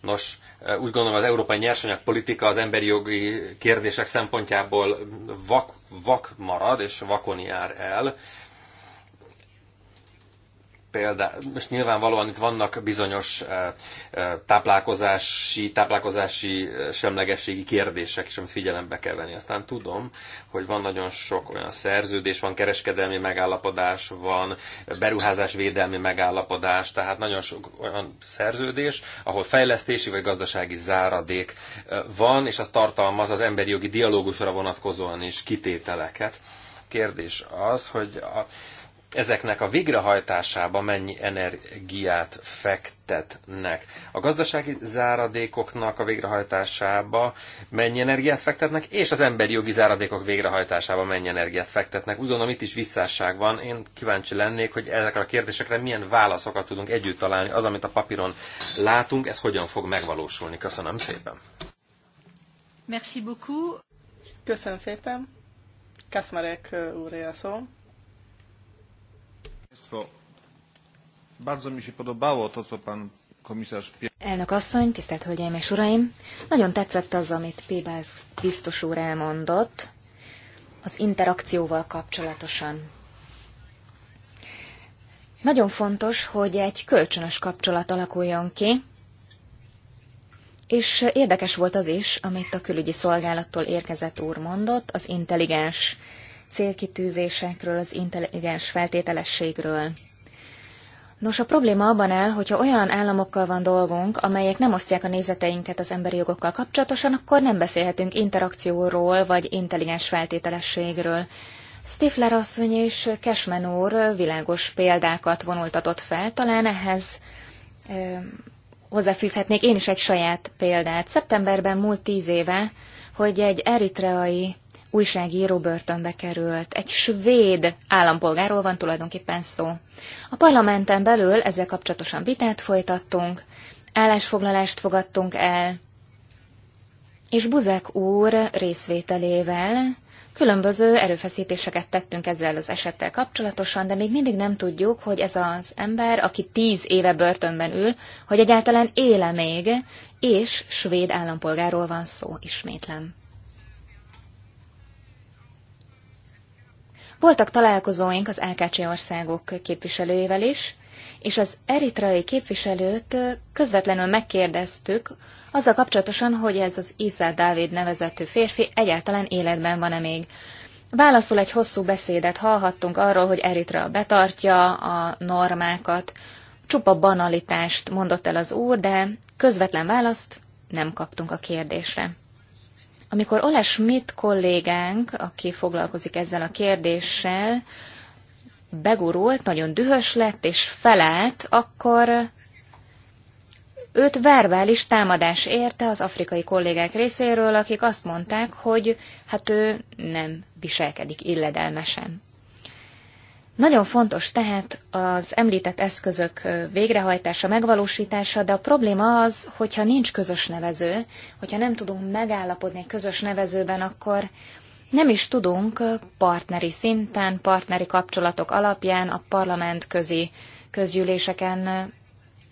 Nos, úgy gondolom az európai nyersanyagpolitika az emberi jogi kérdések szempontjából vak, vak marad és vakon jár el például, most nyilvánvalóan itt vannak bizonyos eh, eh, táplálkozási, táplálkozási eh, semlegességi kérdések is, amit figyelembe kell venni. Aztán tudom, hogy van nagyon sok olyan szerződés, van kereskedelmi megállapodás, van beruházás védelmi megállapodás, tehát nagyon sok olyan szerződés, ahol fejlesztési vagy gazdasági záradék van, és az tartalmaz az emberi jogi dialógusra vonatkozóan is kitételeket kérdés az, hogy a ezeknek a végrehajtásába mennyi energiát fektetnek. A gazdasági záradékoknak a végrehajtásába mennyi energiát fektetnek, és az emberi jogi záradékok végrehajtásába mennyi energiát fektetnek. Úgy gondolom, itt is visszásság van. Én kíváncsi lennék, hogy ezekre a kérdésekre milyen válaszokat tudunk együtt találni. Az, amit a papíron látunk, ez hogyan fog megvalósulni. Köszönöm szépen. Merci beaucoup. Köszönöm szépen. Kaszmarek úr szó. Elnök asszony, tisztelt Hölgyeim és Uraim! Nagyon tetszett az, amit Pébász biztos úr elmondott az interakcióval kapcsolatosan. Nagyon fontos, hogy egy kölcsönös kapcsolat alakuljon ki, és érdekes volt az is, amit a külügyi szolgálattól érkezett úr mondott, az intelligens célkitűzésekről, az intelligens feltételességről. Nos, a probléma abban áll, hogyha olyan államokkal van dolgunk, amelyek nem osztják a nézeteinket az emberi jogokkal kapcsolatosan, akkor nem beszélhetünk interakcióról vagy intelligens feltételességről. Stifler asszony és Cashman úr világos példákat vonultatott fel, talán ehhez ö, hozzáfűzhetnék én is egy saját példát. Szeptemberben múlt tíz éve, hogy egy eritreai újságíró börtönbe került. Egy svéd állampolgáról van tulajdonképpen szó. A parlamenten belül ezzel kapcsolatosan vitát folytattunk, állásfoglalást fogadtunk el, és Buzek úr részvételével különböző erőfeszítéseket tettünk ezzel az esettel kapcsolatosan, de még mindig nem tudjuk, hogy ez az ember, aki tíz éve börtönben ül, hogy egyáltalán éle még, és svéd állampolgáról van szó, ismétlem. Voltak találkozóink az LKC országok képviselőjével is, és az eritrai képviselőt közvetlenül megkérdeztük azzal kapcsolatosan, hogy ez az Iszel Dávid nevezető férfi egyáltalán életben van-e még. Válaszul egy hosszú beszédet hallhattunk arról, hogy Eritra betartja a normákat, csupa banalitást mondott el az úr, de közvetlen választ nem kaptunk a kérdésre. Amikor Ole Schmidt kollégánk, aki foglalkozik ezzel a kérdéssel, begurult, nagyon dühös lett és felállt, akkor őt verbális támadás érte az afrikai kollégák részéről, akik azt mondták, hogy hát ő nem viselkedik illedelmesen. Nagyon fontos tehát az említett eszközök végrehajtása, megvalósítása, de a probléma az, hogyha nincs közös nevező, hogyha nem tudunk megállapodni egy közös nevezőben, akkor nem is tudunk partneri szinten, partneri kapcsolatok alapján a parlament közi közgyűléseken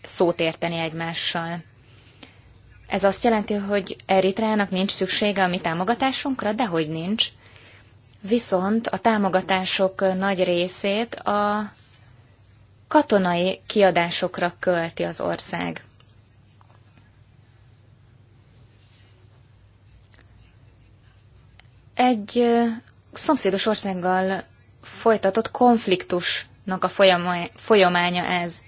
szót érteni egymással. Ez azt jelenti, hogy Eritreának nincs szüksége a mi támogatásunkra, dehogy nincs – viszont a támogatások nagy részét a katonai kiadásokra költi az ország. Egy szomszédos országgal folytatott konfliktusnak a folyamánya ez.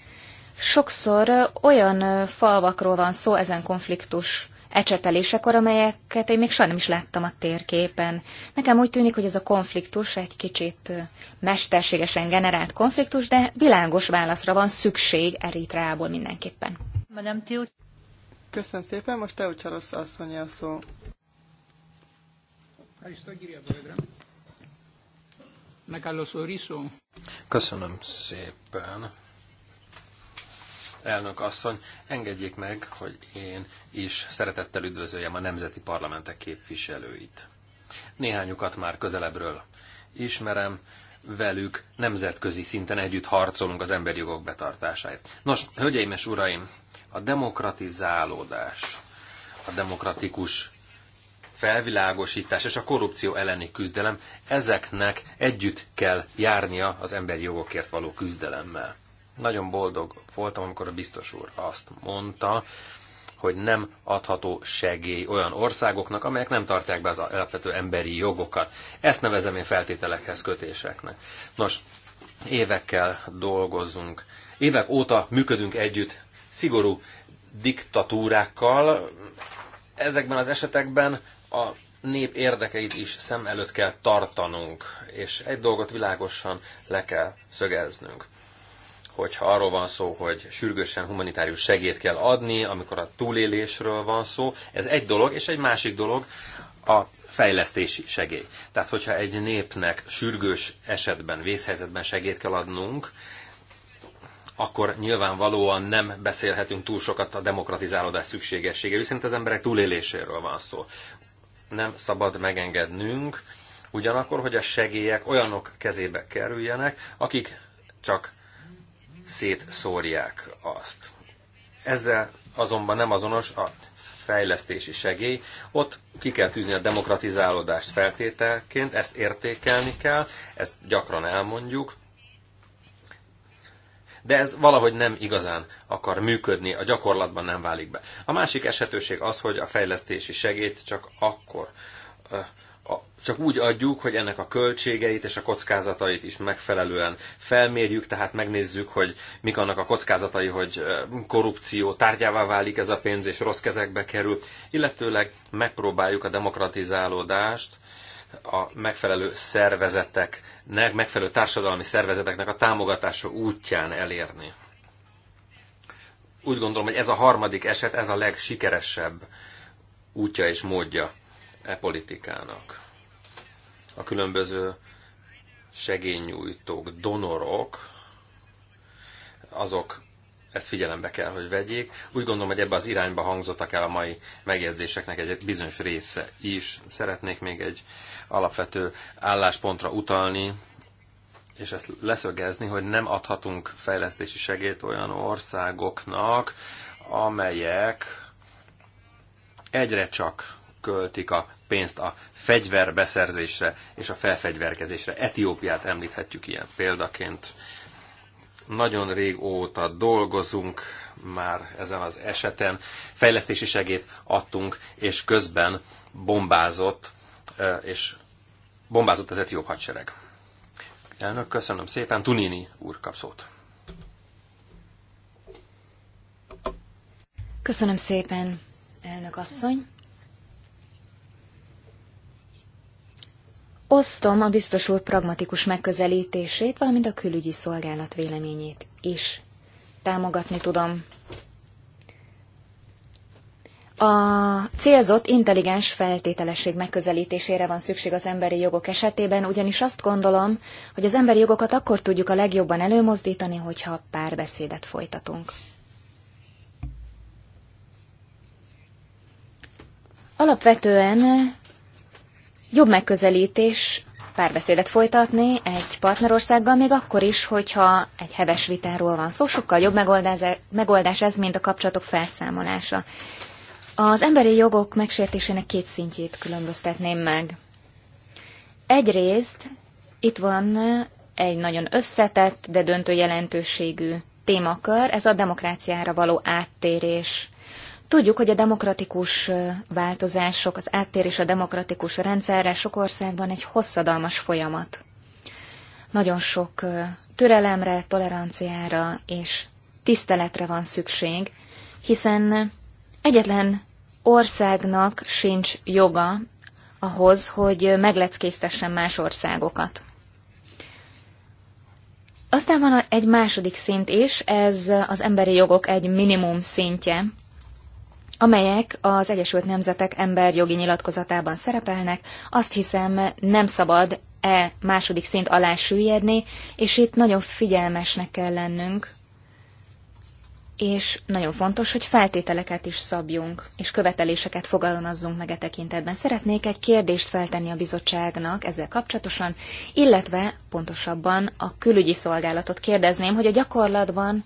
Sokszor olyan falvakról van szó ezen konfliktus ecsetelésekor, amelyeket én még soha nem is láttam a térképen. Nekem úgy tűnik, hogy ez a konfliktus egy kicsit mesterségesen generált konfliktus, de világos válaszra van szükség Eritreából mindenképpen. Köszönöm szépen, most Eucsarosz asszony a szó. Köszönöm szépen elnök asszony, engedjék meg, hogy én is szeretettel üdvözöljem a nemzeti parlamentek képviselőit. Néhányukat már közelebbről ismerem, velük nemzetközi szinten együtt harcolunk az emberi jogok betartásáért. Nos, hölgyeim és uraim, a demokratizálódás, a demokratikus felvilágosítás és a korrupció elleni küzdelem, ezeknek együtt kell járnia az emberi jogokért való küzdelemmel. Nagyon boldog voltam, amikor a biztos úr azt mondta, hogy nem adható segély olyan országoknak, amelyek nem tartják be az alapvető emberi jogokat. Ezt nevezem én feltételekhez kötéseknek. Nos, évekkel dolgozunk, évek óta működünk együtt szigorú diktatúrákkal. Ezekben az esetekben a nép érdekeit is szem előtt kell tartanunk, és egy dolgot világosan le kell szögeznünk hogyha arról van szó, hogy sürgősen humanitárius segét kell adni, amikor a túlélésről van szó, ez egy dolog, és egy másik dolog a fejlesztési segély. Tehát, hogyha egy népnek sürgős esetben, vészhelyzetben segét kell adnunk, akkor nyilvánvalóan nem beszélhetünk túl sokat a demokratizálódás szükségességéről, hiszen az emberek túléléséről van szó. Nem szabad megengednünk, ugyanakkor, hogy a segélyek olyanok kezébe kerüljenek, akik csak szétszórják azt. Ezzel azonban nem azonos a fejlesztési segély, ott ki kell tűzni a demokratizálódást feltételként, ezt értékelni kell, ezt gyakran elmondjuk, de ez valahogy nem igazán akar működni, a gyakorlatban nem válik be. A másik esetőség az, hogy a fejlesztési segélyt csak akkor csak úgy adjuk, hogy ennek a költségeit és a kockázatait is megfelelően felmérjük, tehát megnézzük, hogy mik annak a kockázatai, hogy korrupció tárgyává válik ez a pénz, és rossz kezekbe kerül, illetőleg megpróbáljuk a demokratizálódást a megfelelő szervezeteknek, megfelelő társadalmi szervezeteknek a támogatása útján elérni. Úgy gondolom, hogy ez a harmadik eset, ez a legsikeresebb útja és módja e politikának. A különböző segényújtók, donorok, azok ezt figyelembe kell, hogy vegyék. Úgy gondolom, hogy ebbe az irányba hangzottak el a mai megjegyzéseknek egy bizonyos része is. Szeretnék még egy alapvető álláspontra utalni, és ezt leszögezni, hogy nem adhatunk fejlesztési segélyt olyan országoknak, amelyek egyre csak költik a pénzt a fegyverbeszerzésre és a felfegyverkezésre. Etiópiát említhetjük ilyen példaként. Nagyon régóta dolgozunk már ezen az eseten. Fejlesztési segét adtunk, és közben bombázott, és bombázott az etióp hadsereg. Elnök, köszönöm szépen. Tunini úr kap szót. Köszönöm szépen, elnök asszony. Osztom a biztos úr pragmatikus megközelítését, valamint a külügyi szolgálat véleményét is. Támogatni tudom. A célzott intelligens feltételesség megközelítésére van szükség az emberi jogok esetében, ugyanis azt gondolom, hogy az emberi jogokat akkor tudjuk a legjobban előmozdítani, hogyha párbeszédet folytatunk. Alapvetően jobb megközelítés párbeszédet folytatni egy partnerországgal, még akkor is, hogyha egy heves vitáról van szó, sokkal jobb megoldás, megoldás ez, mint a kapcsolatok felszámolása. Az emberi jogok megsértésének két szintjét különböztetném meg. Egyrészt itt van egy nagyon összetett, de döntő jelentőségű témakör, ez a demokráciára való áttérés Tudjuk, hogy a demokratikus változások, az áttérés a demokratikus rendszerre sok országban egy hosszadalmas folyamat. Nagyon sok türelemre, toleranciára és tiszteletre van szükség, hiszen egyetlen országnak sincs joga ahhoz, hogy megleckésztessen más országokat. Aztán van egy második szint is, ez az emberi jogok egy minimum szintje, amelyek az Egyesült Nemzetek emberjogi nyilatkozatában szerepelnek, azt hiszem nem szabad e második szint alá süllyedni, és itt nagyon figyelmesnek kell lennünk, és nagyon fontos, hogy feltételeket is szabjunk, és követeléseket fogalmazzunk meg e tekintetben. Szeretnék egy kérdést feltenni a bizottságnak ezzel kapcsolatosan, illetve pontosabban a külügyi szolgálatot kérdezném, hogy a gyakorlatban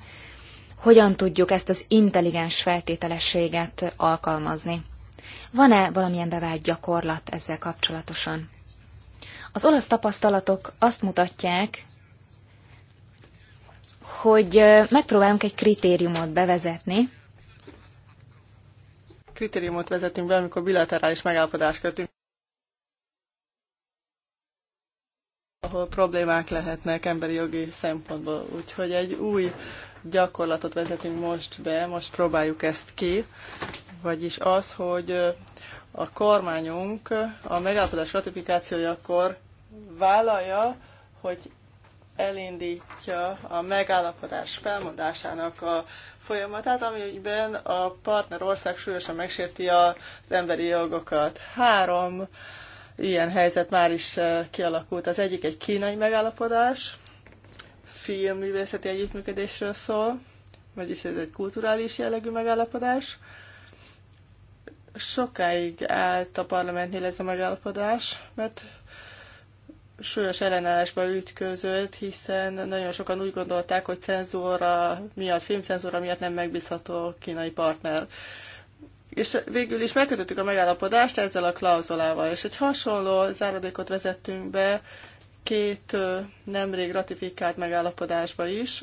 hogyan tudjuk ezt az intelligens feltételességet alkalmazni. Van-e valamilyen bevált gyakorlat ezzel kapcsolatosan? Az olasz tapasztalatok azt mutatják, hogy megpróbálunk egy kritériumot bevezetni. Kritériumot vezetünk be, amikor bilaterális megállapodást kötünk, ahol problémák lehetnek emberi jogi szempontból. Úgyhogy egy új gyakorlatot vezetünk most be, most próbáljuk ezt ki, vagyis az, hogy a kormányunk a megállapodás ratifikációjakor vállalja, hogy elindítja a megállapodás felmondásának a folyamatát, amiben a partnerország súlyosan megsérti az emberi jogokat. Három ilyen helyzet már is kialakult. Az egyik egy kínai megállapodás, filmművészeti együttműködésről szól, vagyis ez egy kulturális jellegű megállapodás. Sokáig állt a parlamentnél ez a megállapodás, mert súlyos ellenállásba ütközött, hiszen nagyon sokan úgy gondolták, hogy cenzúra miatt, filmcenzúra miatt nem megbízható kínai partner. És végül is megkötöttük a megállapodást ezzel a klauzolával, és egy hasonló záradékot vezettünk be két nemrég ratifikált megállapodásba is.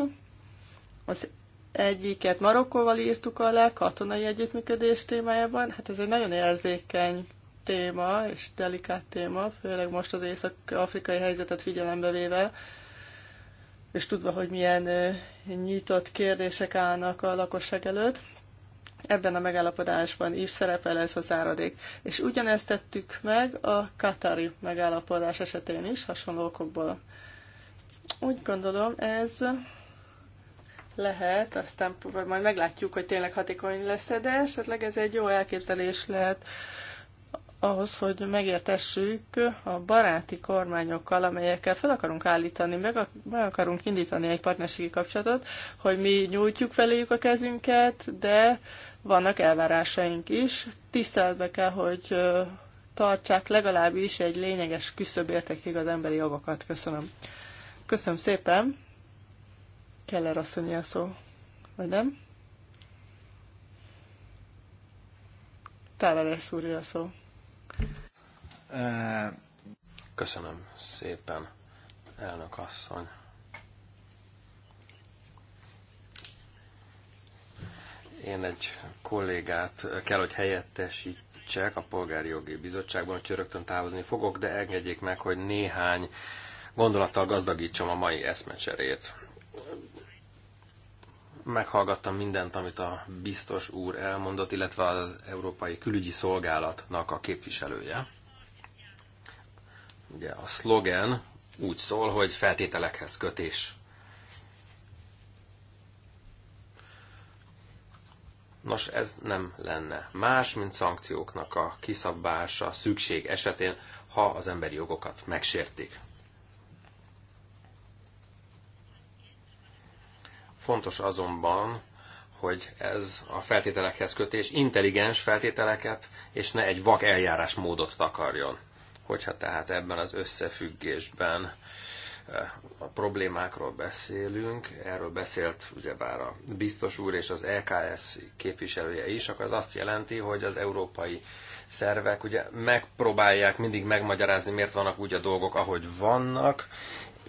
Az egyiket Marokkóval írtuk alá, katonai együttműködés témájában. Hát ez egy nagyon érzékeny téma, és delikát téma, főleg most az észak-afrikai helyzetet figyelembe véve, és tudva, hogy milyen nyitott kérdések állnak a lakosság előtt. Ebben a megállapodásban is szerepel ez az áradék. És ugyanezt tettük meg a Katari megállapodás esetén is, hasonló okokból. Úgy gondolom, ez lehet, aztán majd meglátjuk, hogy tényleg hatékony lesz -e, de esetleg ez egy jó elképzelés lehet ahhoz, hogy megértessük a baráti kormányokkal, amelyekkel fel akarunk állítani, meg, meg akarunk indítani egy partnerségi kapcsolatot, hogy mi nyújtjuk feléjük a kezünket, de vannak elvárásaink is. Tiszteletbe kell, hogy tartsák legalábbis egy lényeges küszöb értékig az emberi jogokat. Köszönöm. Köszönöm szépen. Keller asszony a szó, vagy nem? Tálalás úr a szó. Köszönöm szépen, elnök asszony. Én egy kollégát kell, hogy helyettesítsek a Polgári Jogi Bizottságban, hogy rögtön távozni fogok, de engedjék meg, hogy néhány gondolattal gazdagítsam a mai eszmecserét. Meghallgattam mindent, amit a biztos úr elmondott, illetve az Európai Külügyi Szolgálatnak a képviselője Ugye a szlogen úgy szól, hogy feltételekhez kötés. Nos, ez nem lenne más, mint szankcióknak a kiszabása szükség esetén, ha az emberi jogokat megsértik. Fontos azonban, hogy ez a feltételekhez kötés intelligens feltételeket, és ne egy vak eljárásmódot takarjon. Hogyha tehát ebben az összefüggésben eh, a problémákról beszélünk, erről beszélt ugyebár a biztos úr és az EKS képviselője is, akkor az azt jelenti, hogy az európai szervek ugye megpróbálják mindig megmagyarázni, miért vannak úgy a dolgok, ahogy vannak,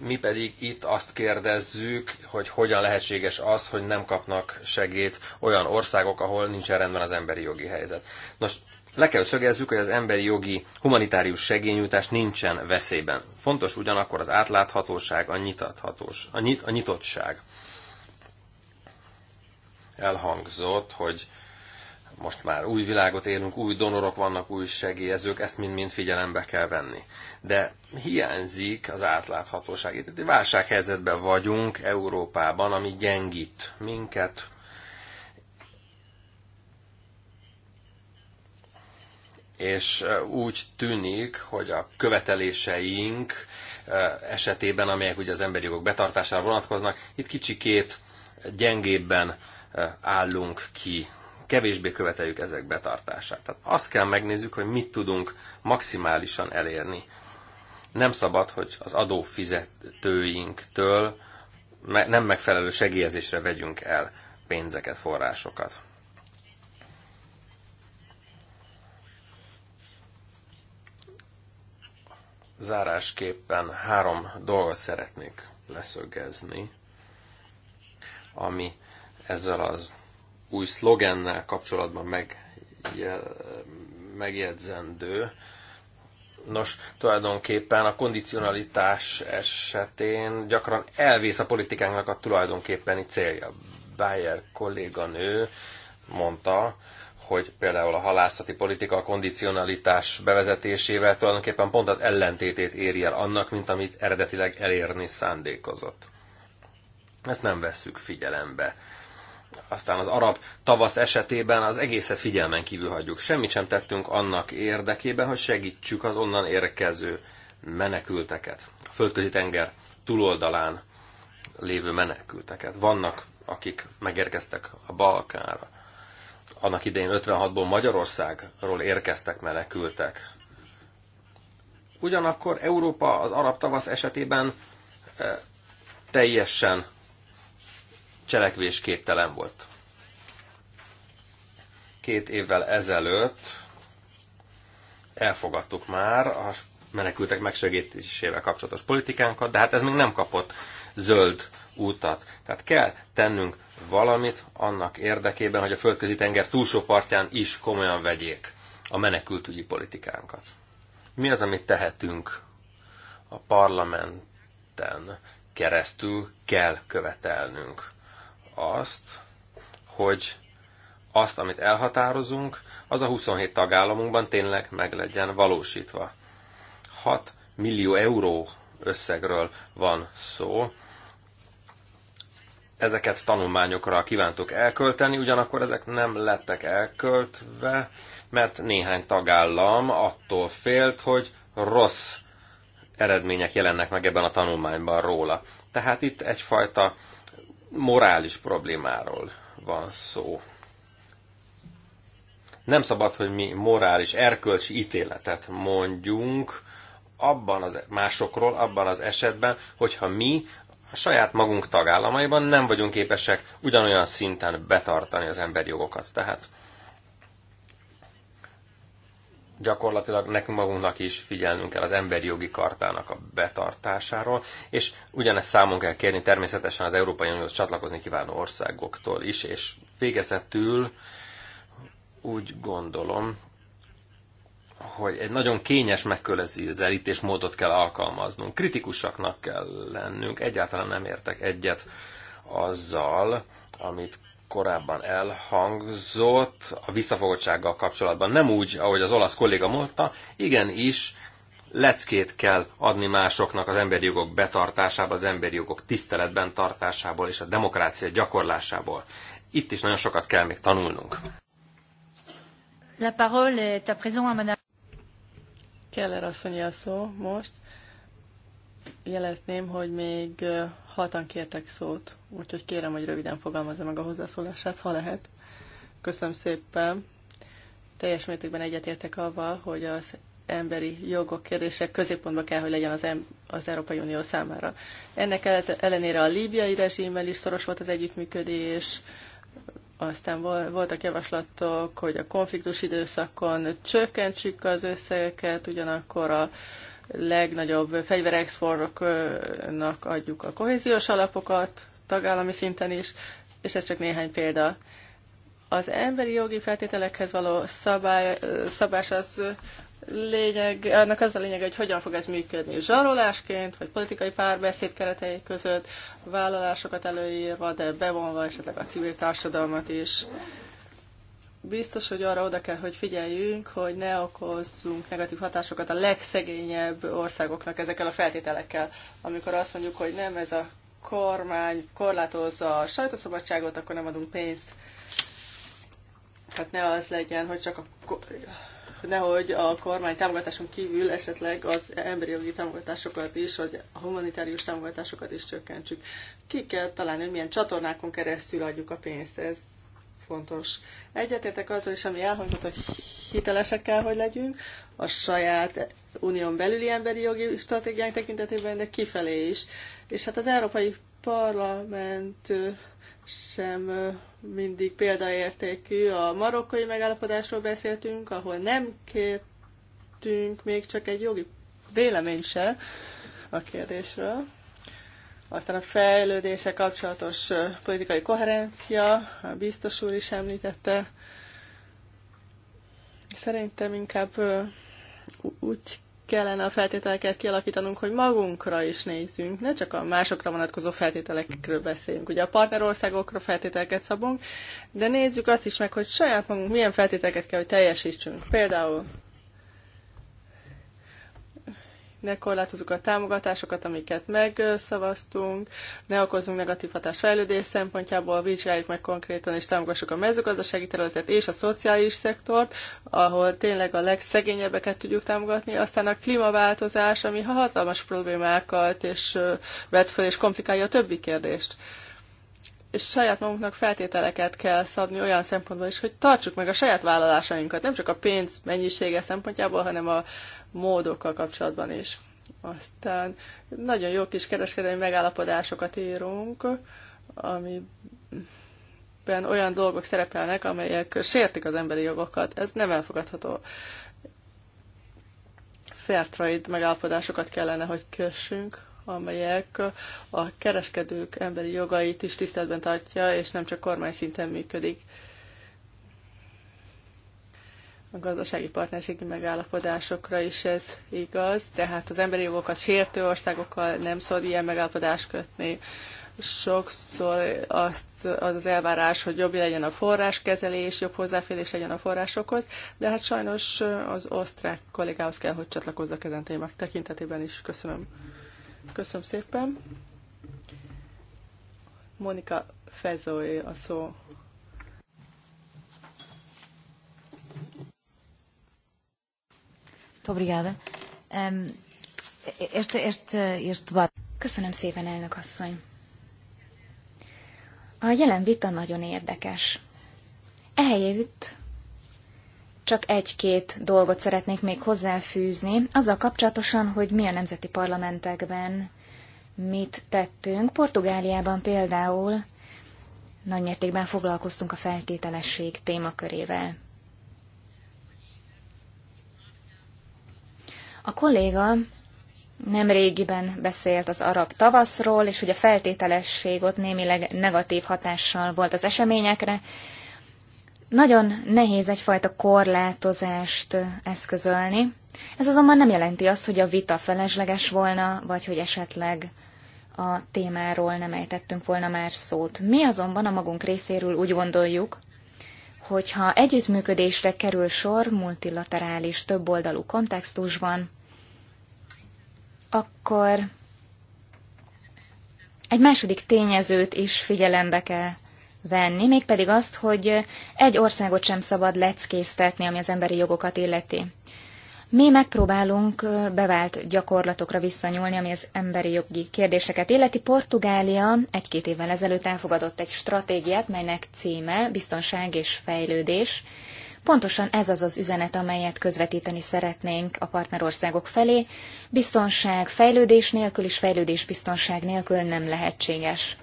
mi pedig itt azt kérdezzük, hogy hogyan lehetséges az, hogy nem kapnak segít olyan országok, ahol nincsen rendben az emberi jogi helyzet. Nos, le kell szögezzük, hogy az emberi jogi humanitárius segényújtás nincsen veszélyben. Fontos ugyanakkor az átláthatóság, a, nyitathatós, a, nyit, a nyitottság. Elhangzott, hogy most már új világot élünk, új donorok vannak, új segélyezők, ezt mind-mind figyelembe kell venni. De hiányzik az átláthatóság. Itt egy válsághelyzetben vagyunk Európában, ami gyengít minket, és úgy tűnik, hogy a követeléseink esetében, amelyek ugye az emberi jogok betartására vonatkoznak, itt kicsikét gyengébben állunk ki, kevésbé követeljük ezek betartását. Tehát azt kell megnézzük, hogy mit tudunk maximálisan elérni. Nem szabad, hogy az adófizetőinktől nem megfelelő segélyezésre vegyünk el pénzeket, forrásokat. Zárásképpen három dolgot szeretnék leszögezni, ami ezzel az új szlogennel kapcsolatban meg, megjegyzendő. Nos, tulajdonképpen a kondicionalitás esetén gyakran elvész a politikánknak a tulajdonképpeni célja. Bayer kolléganő mondta, hogy például a halászati politika a kondicionalitás bevezetésével tulajdonképpen pont az ellentétét éri el annak, mint amit eredetileg elérni szándékozott. Ezt nem vesszük figyelembe. Aztán az arab tavasz esetében az egészet figyelmen kívül hagyjuk. Semmit sem tettünk annak érdekében, hogy segítsük az onnan érkező menekülteket. A földközi tenger túloldalán lévő menekülteket. Vannak, akik megérkeztek a Balkánra annak idején 56-ból Magyarországról érkeztek menekültek. Ugyanakkor Európa az arab tavasz esetében e, teljesen cselekvésképtelen volt. Két évvel ezelőtt elfogadtuk már a menekültek megsegítésével kapcsolatos politikánkat, de hát ez még nem kapott zöld utat. Tehát kell tennünk valamit annak érdekében, hogy a földközi tenger túlsó partján is komolyan vegyék a menekültügyi politikánkat. Mi az, amit tehetünk a parlamenten keresztül kell követelnünk? Azt, hogy azt, amit elhatározunk, az a 27 tagállamunkban tényleg meg legyen valósítva. 6 millió euró összegről van szó, ezeket tanulmányokra kívántuk elkölteni, ugyanakkor ezek nem lettek elköltve, mert néhány tagállam attól félt, hogy rossz eredmények jelennek meg ebben a tanulmányban róla. Tehát itt egyfajta morális problémáról van szó. Nem szabad, hogy mi morális, erkölcsi ítéletet mondjunk abban az másokról, abban az esetben, hogyha mi a saját magunk tagállamaiban nem vagyunk képesek ugyanolyan szinten betartani az emberi jogokat. Tehát gyakorlatilag nekünk magunknak is figyelnünk kell az emberi jogi kartának a betartásáról, és ugyanezt számon kell kérni természetesen az Európai Unióhoz csatlakozni kívánó országoktól is, és végezetül úgy gondolom, hogy egy nagyon kényes módot kell alkalmaznunk. Kritikusaknak kell lennünk. Egyáltalán nem értek egyet azzal, amit korábban elhangzott a visszafogottsággal kapcsolatban. Nem úgy, ahogy az olasz kolléga mondta, igenis leckét kell adni másoknak az emberi jogok betartásába, az emberi jogok tiszteletben tartásából és a demokrácia gyakorlásából. Itt is nagyon sokat kell még tanulnunk. La parole est à présent à madame. Keller asszonyi a szó most. Jelezném, hogy még hatan kértek szót, úgyhogy kérem, hogy röviden fogalmazza meg a hozzászólását, ha lehet. Köszönöm szépen. Teljes mértékben egyetértek avval, hogy az emberi jogok kérdése középpontba kell, hogy legyen az, az Európai Unió számára. Ennek ellenére a líbiai rezsimmel is szoros volt az együttműködés, aztán voltak javaslatok, hogy a konfliktus időszakon csökkentsük az összegeket, ugyanakkor a legnagyobb fegyverexportoknak adjuk a kohéziós alapokat, tagállami szinten is, és ez csak néhány példa. Az emberi jogi feltételekhez való szabály, szabás az lényeg, ennek az a lényeg, hogy hogyan fog ez működni zsarolásként, vagy politikai párbeszéd keretei között, vállalásokat előírva, de bevonva esetleg a civil társadalmat is. Biztos, hogy arra oda kell, hogy figyeljünk, hogy ne okozzunk negatív hatásokat a legszegényebb országoknak ezekkel a feltételekkel. Amikor azt mondjuk, hogy nem ez a kormány korlátozza a sajtószabadságot, akkor nem adunk pénzt. Tehát ne az legyen, hogy csak a nehogy a kormány támogatáson kívül esetleg az emberi jogi támogatásokat is, vagy a humanitárius támogatásokat is csökkentsük. Ki kell találni, hogy milyen csatornákon keresztül adjuk a pénzt, ez fontos. Egyetértek azzal is, ami elhangzott, hogy hitelesek kell, hogy legyünk, a saját unión belüli emberi jogi stratégiánk tekintetében, de kifelé is. És hát az Európai Parlament sem mindig példaértékű. A marokkai megállapodásról beszéltünk, ahol nem kértünk még csak egy jogi vélemény se a kérdésről. Aztán a fejlődése kapcsolatos politikai koherencia, a biztos úr is említette. Szerintem inkább úgy kellene a feltételeket kialakítanunk, hogy magunkra is nézzünk, ne csak a másokra vonatkozó feltételekről beszéljünk. Ugye a partnerországokra feltételeket szabunk, de nézzük azt is meg, hogy saját magunk milyen feltételeket kell, hogy teljesítsünk. Például ne korlátozzuk a támogatásokat, amiket megszavaztunk, ne okozunk negatív hatás fejlődés szempontjából, vizsgáljuk meg konkrétan és támogassuk a mezőgazdasági területet és a szociális szektort, ahol tényleg a legszegényebbeket tudjuk támogatni, aztán a klímaváltozás, ami hatalmas problémákat és vet föl és komplikálja a többi kérdést és saját magunknak feltételeket kell szabni olyan szempontból is, hogy tartsuk meg a saját vállalásainkat, nem csak a pénz mennyisége szempontjából, hanem a módokkal kapcsolatban is. Aztán nagyon jó kis kereskedelmi megállapodásokat írunk, ami olyan dolgok szerepelnek, amelyek sértik az emberi jogokat. Ez nem elfogadható. Fairtrade megállapodásokat kellene, hogy kössünk, amelyek a kereskedők emberi jogait is tiszteletben tartja, és nem csak kormány szinten működik. A gazdasági partnerségi megállapodásokra is ez igaz, tehát az emberi jogokat sértő országokkal nem szabad ilyen megállapodást kötni. Sokszor azt, az az elvárás, hogy jobb legyen a forráskezelés, jobb hozzáférés legyen a forrásokhoz, de hát sajnos az osztrák kollégához kell, hogy csatlakozzak ezen témák tekintetében is. Köszönöm. Köszönöm szépen. Monika Fezóé a szó. Obrigada. Ehm, este, este, este Köszönöm szépen, elnök asszony. A jelen vita nagyon érdekes. Ehelyütt, csak egy-két dolgot szeretnék még hozzáfűzni, azzal kapcsolatosan, hogy mi a nemzeti parlamentekben mit tettünk. Portugáliában például nagymértékben foglalkoztunk a feltételesség témakörével. A kolléga nem régiben beszélt az arab tavaszról, és hogy a feltételesség ott némileg negatív hatással volt az eseményekre, nagyon nehéz egyfajta korlátozást eszközölni. Ez azonban nem jelenti azt, hogy a vita felesleges volna, vagy hogy esetleg a témáról nem ejtettünk volna már szót. Mi azonban a magunk részéről úgy gondoljuk, hogyha együttműködésre kerül sor multilaterális többoldalú kontextusban, akkor egy második tényezőt is figyelembe kell venni, mégpedig azt, hogy egy országot sem szabad leckésztetni, ami az emberi jogokat illeti. Mi megpróbálunk bevált gyakorlatokra visszanyúlni, ami az emberi jogi kérdéseket illeti. Portugália egy-két évvel ezelőtt elfogadott egy stratégiát, melynek címe biztonság és fejlődés. Pontosan ez az az üzenet, amelyet közvetíteni szeretnénk a partnerországok felé. Biztonság fejlődés nélkül és fejlődés biztonság nélkül nem lehetséges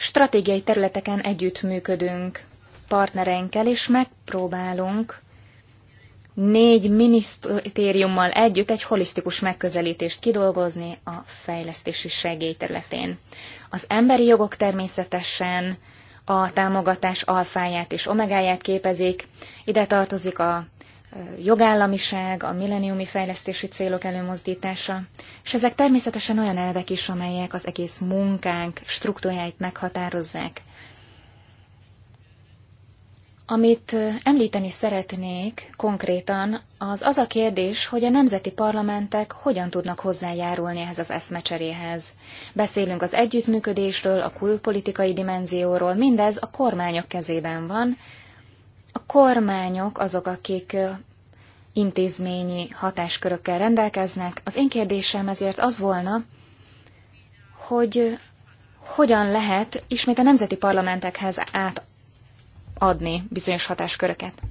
stratégiai területeken együttműködünk partnereinkkel, és megpróbálunk négy minisztériummal együtt egy holisztikus megközelítést kidolgozni a fejlesztési segély területén. Az emberi jogok természetesen a támogatás alfáját és omegáját képezik, ide tartozik a jogállamiság, a milleniumi fejlesztési célok előmozdítása, és ezek természetesen olyan elvek is, amelyek az egész munkánk struktúráit meghatározzák. Amit említeni szeretnék konkrétan, az az a kérdés, hogy a nemzeti parlamentek hogyan tudnak hozzájárulni ehhez az eszmecseréhez. Beszélünk az együttműködésről, a külpolitikai dimenzióról, mindez a kormányok kezében van, a kormányok azok, akik intézményi hatáskörökkel rendelkeznek. Az én kérdésem ezért az volna, hogy hogyan lehet ismét a nemzeti parlamentekhez átadni bizonyos hatásköröket.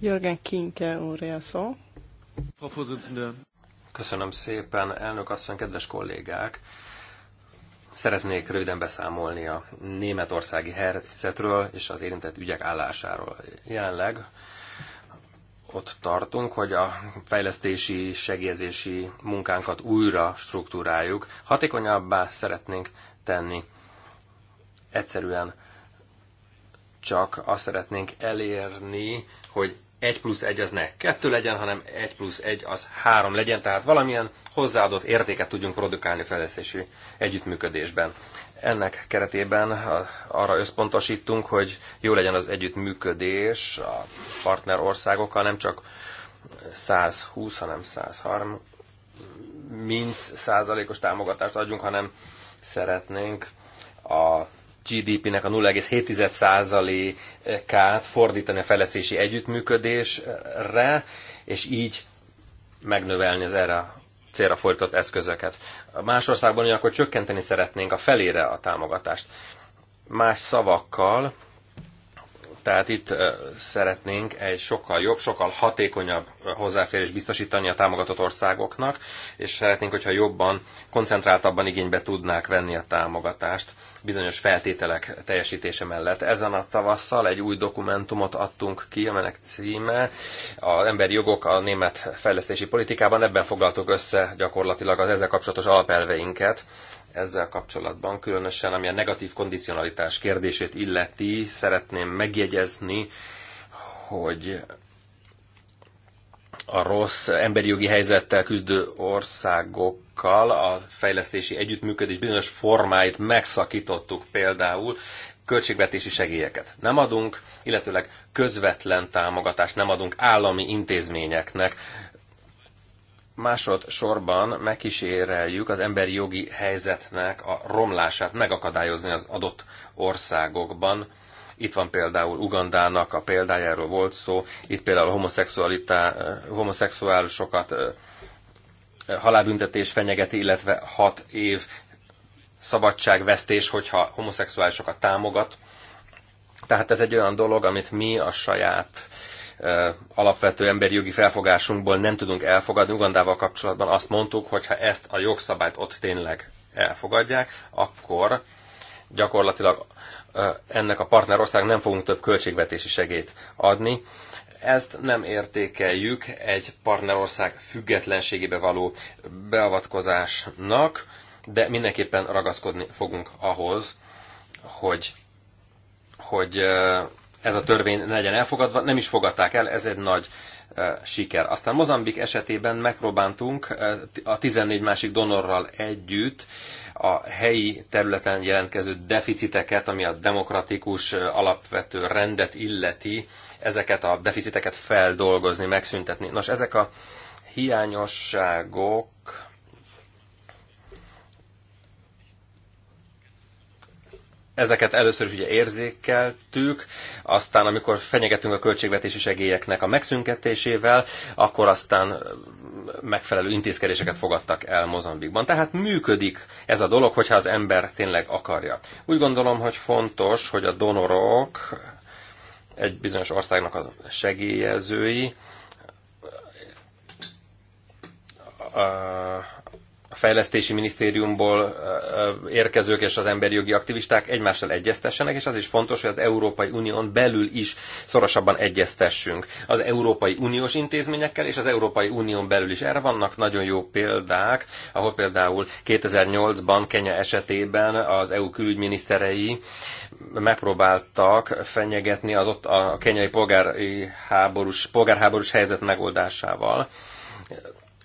Jörgen Kinke úr, szó. Köszönöm szépen, elnök asszony, kedves kollégák! Szeretnék röviden beszámolni a németországi helyzetről és az érintett ügyek állásáról. Jelenleg ott tartunk, hogy a fejlesztési, segélyezési munkánkat újra struktúráljuk, hatékonyabbá szeretnénk tenni. Egyszerűen csak azt szeretnénk elérni, hogy 1 plusz 1 az ne 2 legyen, hanem 1 plusz 1 az 3 legyen, tehát valamilyen hozzáadott értéket tudjunk produkálni fejlesztési együttműködésben. Ennek keretében arra összpontosítunk, hogy jó legyen az együttműködés a partner országokkal, nem csak 120, hanem 130 százalékos támogatást adjunk, hanem szeretnénk a GDP-nek a 0,7%-át fordítani a fejlesztési együttműködésre, és így megnövelni az erre célra folytott eszközöket. Más országban ugyanakkor csökkenteni szeretnénk a felére a támogatást. Más szavakkal, tehát itt szeretnénk egy sokkal jobb, sokkal hatékonyabb hozzáférés biztosítani a támogatott országoknak, és szeretnénk, hogyha jobban, koncentráltabban igénybe tudnák venni a támogatást bizonyos feltételek teljesítése mellett. Ezen a tavasszal egy új dokumentumot adtunk ki, amelynek címe az emberi jogok a német fejlesztési politikában. Ebben foglaltuk össze gyakorlatilag az ezzel kapcsolatos alapelveinket ezzel kapcsolatban, különösen ami a negatív kondicionalitás kérdését illeti, szeretném megjegyezni, hogy a rossz emberi jogi helyzettel küzdő országokkal a fejlesztési együttműködés bizonyos formáit megszakítottuk például, költségvetési segélyeket nem adunk, illetőleg közvetlen támogatást nem adunk állami intézményeknek. Másodszorban megkíséreljük az emberi jogi helyzetnek a romlását megakadályozni az adott országokban itt van például Ugandának a példájáról volt szó, itt például homoszexualitá, eh, homoszexuálisokat eh, halálbüntetés fenyegeti, illetve hat év szabadságvesztés, hogyha homoszexuálisokat támogat. Tehát ez egy olyan dolog, amit mi a saját eh, alapvető emberi jogi felfogásunkból nem tudunk elfogadni. Ugandával kapcsolatban azt mondtuk, hogy ha ezt a jogszabályt ott tényleg elfogadják, akkor gyakorlatilag ennek a partnerország nem fogunk több költségvetési segélyt adni. Ezt nem értékeljük egy partnerország függetlenségébe való beavatkozásnak, de mindenképpen ragaszkodni fogunk ahhoz, hogy, hogy ez a törvény legyen elfogadva. Nem is fogadták el, ez egy nagy siker. Aztán Mozambik esetében megpróbáltunk a 14 másik donorral együtt a helyi területen jelentkező deficiteket, ami a demokratikus alapvető rendet illeti, ezeket a deficiteket feldolgozni, megszüntetni. Nos, ezek a hiányosságok ezeket először is ugye érzékeltük, aztán amikor fenyegetünk a költségvetési segélyeknek a megszüntetésével, akkor aztán megfelelő intézkedéseket fogadtak el Mozambikban. Tehát működik ez a dolog, hogyha az ember tényleg akarja. Úgy gondolom, hogy fontos, hogy a donorok egy bizonyos országnak a segélyezői, a fejlesztési minisztériumból érkezők és az emberi jogi aktivisták egymással egyeztessenek, és az is fontos, hogy az Európai Unión belül is szorosabban egyeztessünk. Az Európai Uniós intézményekkel és az Európai Unión belül is. Erre vannak nagyon jó példák, ahol például 2008-ban Kenya esetében az EU külügyminiszterei megpróbáltak fenyegetni az ott a kenyai polgári háborús, polgárháborús helyzet megoldásával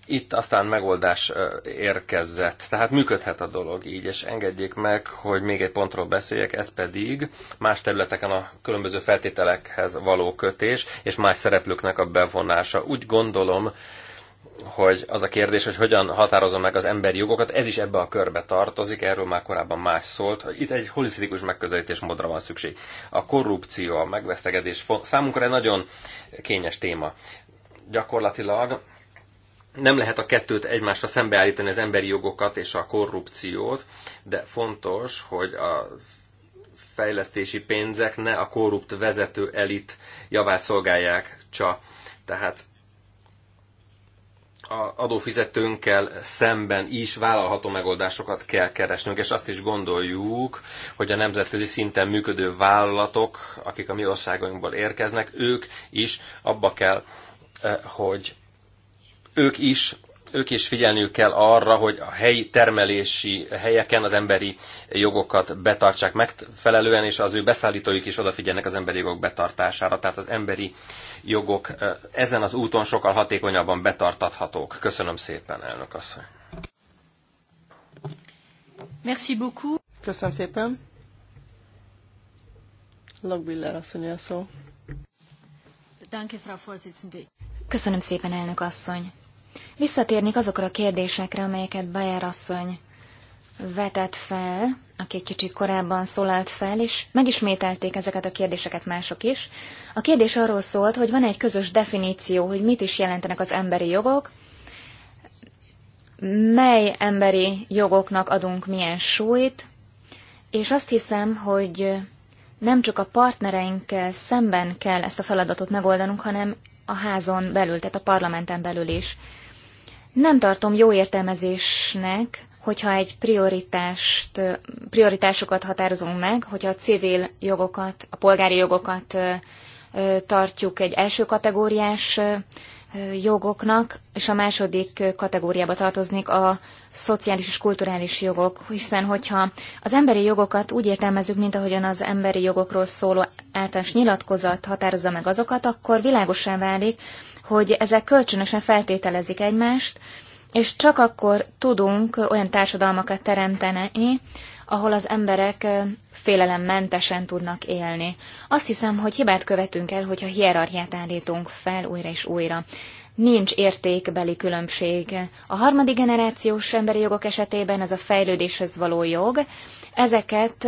itt aztán megoldás érkezett. Tehát működhet a dolog így, és engedjék meg, hogy még egy pontról beszéljek, ez pedig más területeken a különböző feltételekhez való kötés, és más szereplőknek a bevonása. Úgy gondolom, hogy az a kérdés, hogy hogyan határozom meg az emberi jogokat, ez is ebbe a körbe tartozik, erről már korábban más szólt, hogy itt egy holisztikus megközelítés módra van szükség. A korrupció, a megvesztegedés számunkra egy nagyon kényes téma. Gyakorlatilag nem lehet a kettőt egymásra szembeállítani, az emberi jogokat és a korrupciót, de fontos, hogy a fejlesztési pénzek ne a korrupt vezető elit javás szolgálják csak. Tehát a adófizetőnkkel szemben is vállalható megoldásokat kell keresnünk, és azt is gondoljuk, hogy a nemzetközi szinten működő vállalatok, akik a mi országainkból érkeznek, ők is abba kell, eh, hogy ők is ők is figyelniük kell arra, hogy a helyi termelési helyeken az emberi jogokat betartsák megfelelően, és az ő beszállítóik is odafigyelnek az emberi jogok betartására. Tehát az emberi jogok ezen az úton sokkal hatékonyabban betartathatók. Köszönöm szépen, elnök asszony. Merci beaucoup. Köszönöm szépen. Lagbiller asszony a szó. Danke, Frau Vorsitzende. Köszönöm szépen, elnök asszony. Visszatérnék azokra a kérdésekre, amelyeket Bayer asszony vetett fel, aki egy kicsit korábban szólalt fel, és megismételték ezeket a kérdéseket mások is. A kérdés arról szólt, hogy van egy közös definíció, hogy mit is jelentenek az emberi jogok, mely emberi jogoknak adunk milyen súlyt, és azt hiszem, hogy nem csak a partnereinkkel szemben kell ezt a feladatot megoldanunk, hanem a házon belül, tehát a parlamenten belül is. Nem tartom jó értelmezésnek, hogyha egy prioritást, prioritásokat határozunk meg, hogyha a civil jogokat, a polgári jogokat tartjuk egy első kategóriás jogoknak, és a második kategóriába tartoznék a szociális és kulturális jogok, hiszen hogyha az emberi jogokat úgy értelmezzük, mint ahogyan az emberi jogokról szóló általános nyilatkozat határozza meg azokat, akkor világosan válik, hogy ezek kölcsönösen feltételezik egymást, és csak akkor tudunk olyan társadalmakat teremteni, ahol az emberek félelemmentesen tudnak élni. Azt hiszem, hogy hibát követünk el, hogyha hierarchiát állítunk fel újra és újra. Nincs értékbeli különbség. A harmadik generációs emberi jogok esetében ez a fejlődéshez való jog, ezeket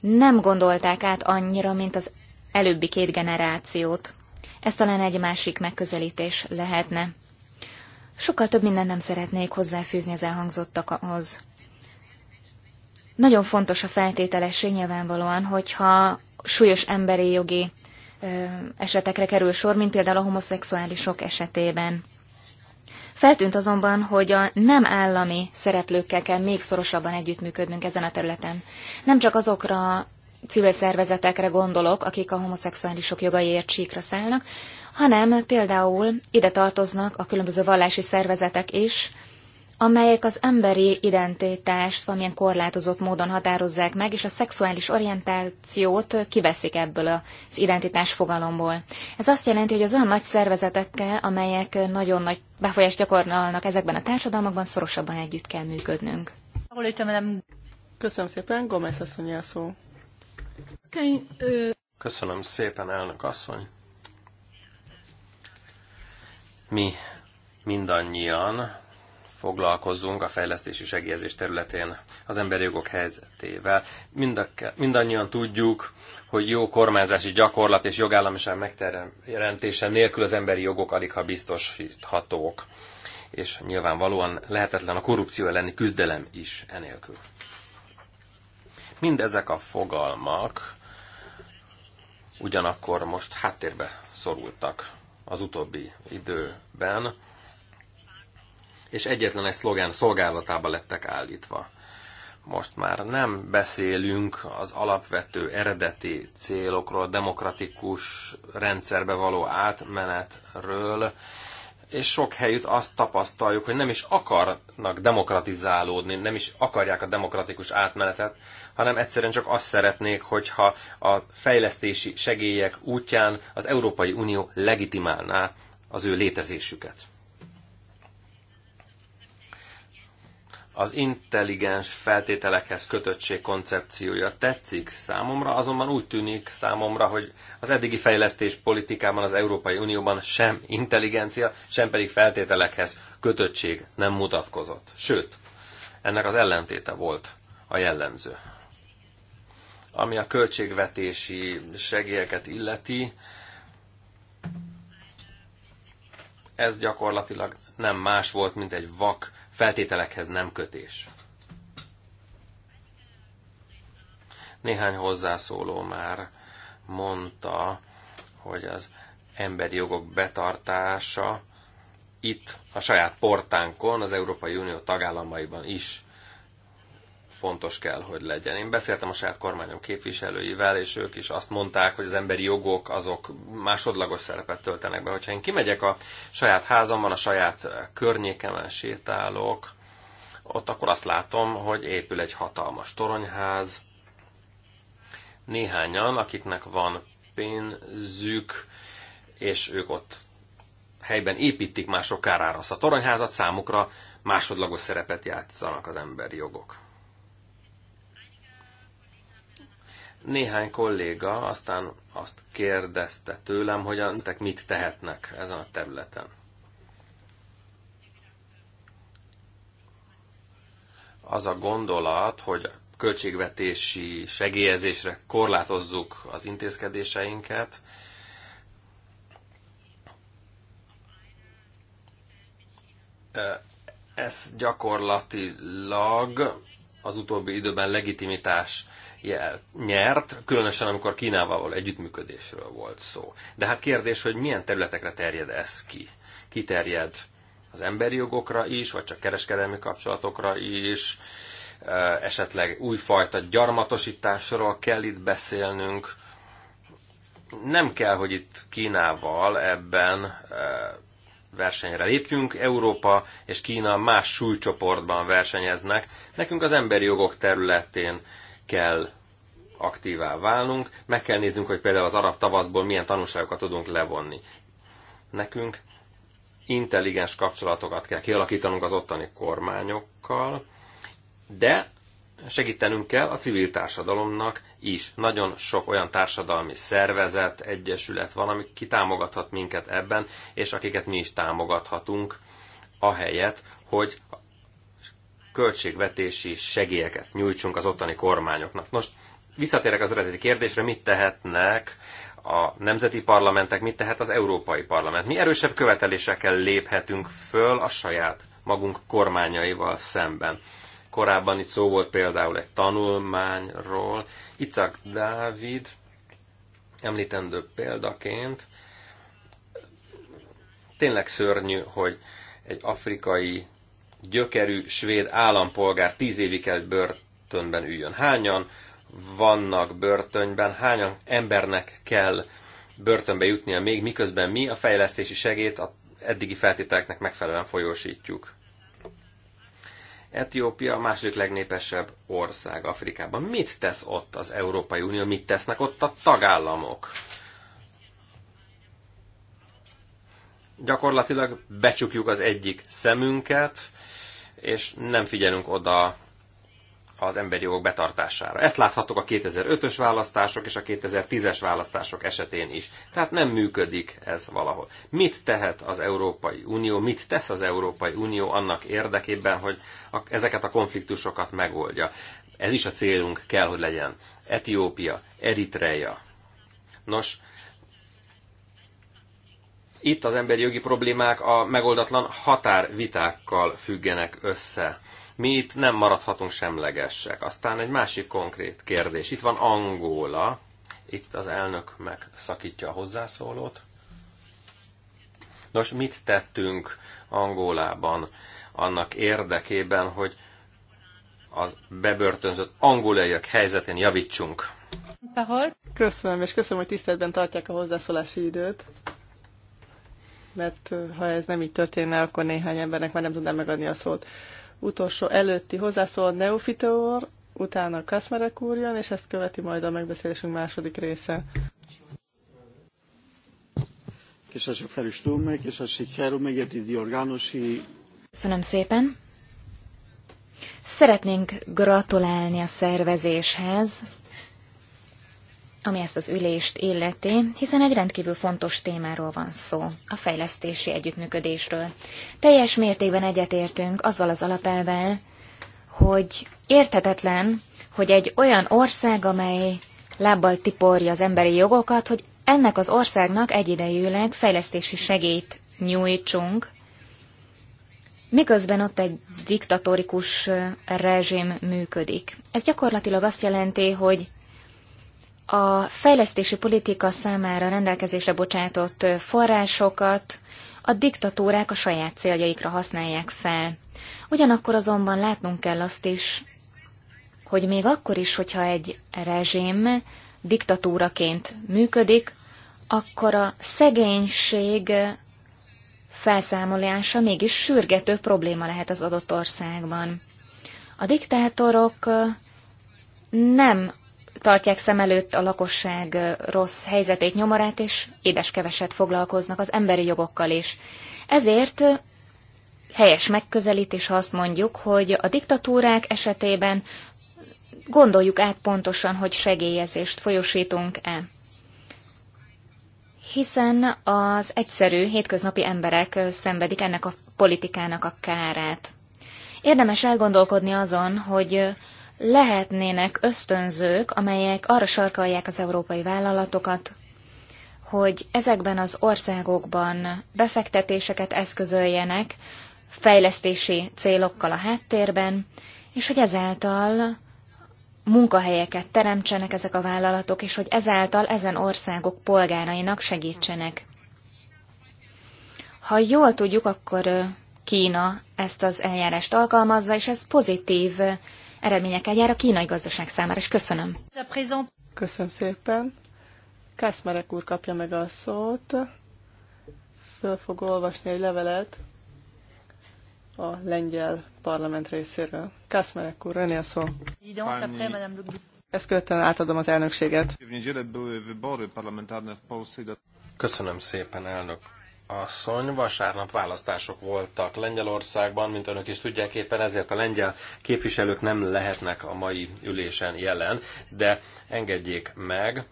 nem gondolták át annyira, mint az előbbi két generációt. Ez talán egy másik megközelítés lehetne. Sokkal több mindent nem szeretnék hozzáfűzni az elhangzottakhoz. Nagyon fontos a feltételesség nyilvánvalóan, hogyha súlyos emberi jogi esetekre kerül sor, mint például a homoszexuálisok esetében. Feltűnt azonban, hogy a nem állami szereplőkkel kell még szorosabban együttműködnünk ezen a területen. Nem csak azokra civil szervezetekre gondolok, akik a homoszexuálisok jogaiért csíkra szállnak, hanem például ide tartoznak a különböző vallási szervezetek is, amelyek az emberi identitást valamilyen korlátozott módon határozzák meg, és a szexuális orientációt kiveszik ebből az identitás fogalomból. Ez azt jelenti, hogy az olyan nagy szervezetekkel, amelyek nagyon nagy befolyást gyakorolnak ezekben a társadalmakban, szorosabban együtt kell működnünk. Köszönöm szépen, Gomez asszony szó ö... Köszönöm szépen, elnök asszony. Mi mindannyian foglalkozzunk a fejlesztési segélyezés területén az emberi jogok helyzetével. Mind a, mindannyian tudjuk, hogy jó kormányzási gyakorlat és jogállamiság megteremtése nélkül az emberi jogok alig ha biztosíthatók. És nyilvánvalóan lehetetlen a korrupció elleni küzdelem is enélkül. Mindezek a fogalmak ugyanakkor most háttérbe szorultak az utóbbi időben, és egyetlen egy szlogán szolgálatába lettek állítva. Most már nem beszélünk az alapvető eredeti célokról, demokratikus rendszerbe való átmenetről, és sok helyütt azt tapasztaljuk, hogy nem is akarnak demokratizálódni, nem is akarják a demokratikus átmenetet, hanem egyszerűen csak azt szeretnék, hogyha a fejlesztési segélyek útján az Európai Unió legitimálná az ő létezésüket. Az intelligens feltételekhez kötöttség koncepciója tetszik számomra, azonban úgy tűnik számomra, hogy az eddigi fejlesztés politikában az Európai Unióban sem intelligencia, sem pedig feltételekhez kötöttség nem mutatkozott. Sőt, ennek az ellentéte volt a jellemző. Ami a költségvetési segélyeket illeti, ez gyakorlatilag nem más volt, mint egy vak feltételekhez nem kötés. Néhány hozzászóló már mondta, hogy az emberi jogok betartása itt a saját portánkon, az Európai Unió tagállamaiban is fontos kell, hogy legyen. Én beszéltem a saját kormányom képviselőivel, és ők is azt mondták, hogy az emberi jogok azok másodlagos szerepet töltenek be. Hogyha én kimegyek a saját házamban, a saját környékemen sétálok, ott akkor azt látom, hogy épül egy hatalmas toronyház. Néhányan, akiknek van pénzük, és ők ott helyben építik mások kárára azt a toronyházat, számukra másodlagos szerepet játszanak az emberi jogok. Néhány kolléga aztán azt kérdezte tőlem, hogy antek mit tehetnek ezen a területen. Az a gondolat, hogy költségvetési segélyezésre korlátozzuk az intézkedéseinket, ez gyakorlatilag az utóbbi időben legitimitás jel, nyert, különösen amikor Kínával való együttműködésről volt szó. De hát kérdés, hogy milyen területekre terjed ez ki? Kiterjed az emberi jogokra is, vagy csak kereskedelmi kapcsolatokra is, esetleg újfajta gyarmatosításról kell itt beszélnünk. Nem kell, hogy itt Kínával ebben versenyre lépjünk. Európa és Kína más súlycsoportban versenyeznek. Nekünk az emberi jogok területén kell aktívá válnunk, meg kell néznünk, hogy például az arab tavaszból milyen tanulságokat tudunk levonni. Nekünk intelligens kapcsolatokat kell kialakítanunk az ottani kormányokkal, de segítenünk kell a civil társadalomnak is. Nagyon sok olyan társadalmi szervezet, egyesület van, ami kitámogathat minket ebben, és akiket mi is támogathatunk, ahelyett, hogy költségvetési segélyeket nyújtsunk az ottani kormányoknak. Most visszatérek az eredeti kérdésre, mit tehetnek a nemzeti parlamentek, mit tehet az Európai Parlament. Mi erősebb követelésekkel léphetünk föl a saját magunk kormányaival szemben. Korábban itt szó volt például egy tanulmányról. Icak Dávid említendő példaként tényleg szörnyű, hogy egy afrikai gyökerű svéd állampolgár tíz évig kell börtönben üljön. Hányan vannak börtönben, hányan embernek kell börtönbe jutnia még, miközben mi a fejlesztési segét a eddigi feltételeknek megfelelően folyósítjuk. Etiópia a második legnépesebb ország Afrikában. Mit tesz ott az Európai Unió, mit tesznek ott a tagállamok? Gyakorlatilag becsukjuk az egyik szemünket, és nem figyelünk oda az emberi jogok betartására. Ezt láthatok a 2005-ös választások és a 2010-es választások esetén is. Tehát nem működik ez valahol. Mit tehet az Európai Unió, mit tesz az Európai Unió annak érdekében, hogy a, ezeket a konfliktusokat megoldja? Ez is a célunk kell, hogy legyen. Etiópia, Eritreja. Nos, itt az emberi jogi problémák a megoldatlan határvitákkal függenek össze. Mi itt nem maradhatunk semlegesek. Aztán egy másik konkrét kérdés. Itt van Angola. Itt az elnök megszakítja a hozzászólót. Nos, mit tettünk Angolában annak érdekében, hogy a bebörtönzött angolaiak helyzetén javítsunk? Köszönöm, és köszönöm, hogy tiszteletben tartják a hozzászólási időt mert ha ez nem így történne, akkor néhány embernek már nem tudnám megadni a szót. Utolsó előtti hozzászól Neofiteor, utána Kaszmerek úr jön, és ezt követi majd a megbeszélésünk második része. Köszönöm szépen! Szeretnénk gratulálni a szervezéshez, ami ezt az ülést illeti, hiszen egy rendkívül fontos témáról van szó, a fejlesztési együttműködésről. Teljes mértékben egyetértünk azzal az alapelvel, hogy érthetetlen, hogy egy olyan ország, amely lábbal tiporja az emberi jogokat, hogy ennek az országnak egyidejűleg fejlesztési segélyt nyújtsunk, miközben ott egy diktatórikus eh, rezsim működik. Ez gyakorlatilag azt jelenti, hogy a fejlesztési politika számára rendelkezésre bocsátott forrásokat a diktatúrák a saját céljaikra használják fel. Ugyanakkor azonban látnunk kell azt is, hogy még akkor is, hogyha egy rezsim diktatúraként működik, akkor a szegénység felszámolása mégis sürgető probléma lehet az adott országban. A diktátorok nem tartják szem előtt a lakosság rossz helyzetét, nyomorát, és édeskeveset foglalkoznak az emberi jogokkal is. Ezért helyes megközelítés, ha azt mondjuk, hogy a diktatúrák esetében gondoljuk át pontosan, hogy segélyezést folyosítunk-e. Hiszen az egyszerű, hétköznapi emberek szenvedik ennek a politikának a kárát. Érdemes elgondolkodni azon, hogy lehetnének ösztönzők, amelyek arra sarkalják az európai vállalatokat, hogy ezekben az országokban befektetéseket eszközöljenek fejlesztési célokkal a háttérben, és hogy ezáltal munkahelyeket teremtsenek ezek a vállalatok, és hogy ezáltal ezen országok polgárainak segítsenek. Ha jól tudjuk, akkor Kína ezt az eljárást alkalmazza, és ez pozitív eredményekkel jár a kínai gazdaság számára, és köszönöm. Köszönöm szépen. Kászmarek úr kapja meg a szót. Föl fog olvasni egy levelet a lengyel parlament részéről. Kászmarek úr, a szó. Ezt követően átadom az elnökséget. Köszönöm szépen, elnök asszony, vasárnap választások voltak Lengyelországban, mint önök is tudják, éppen ezért a lengyel képviselők nem lehetnek a mai ülésen jelen, de engedjék meg,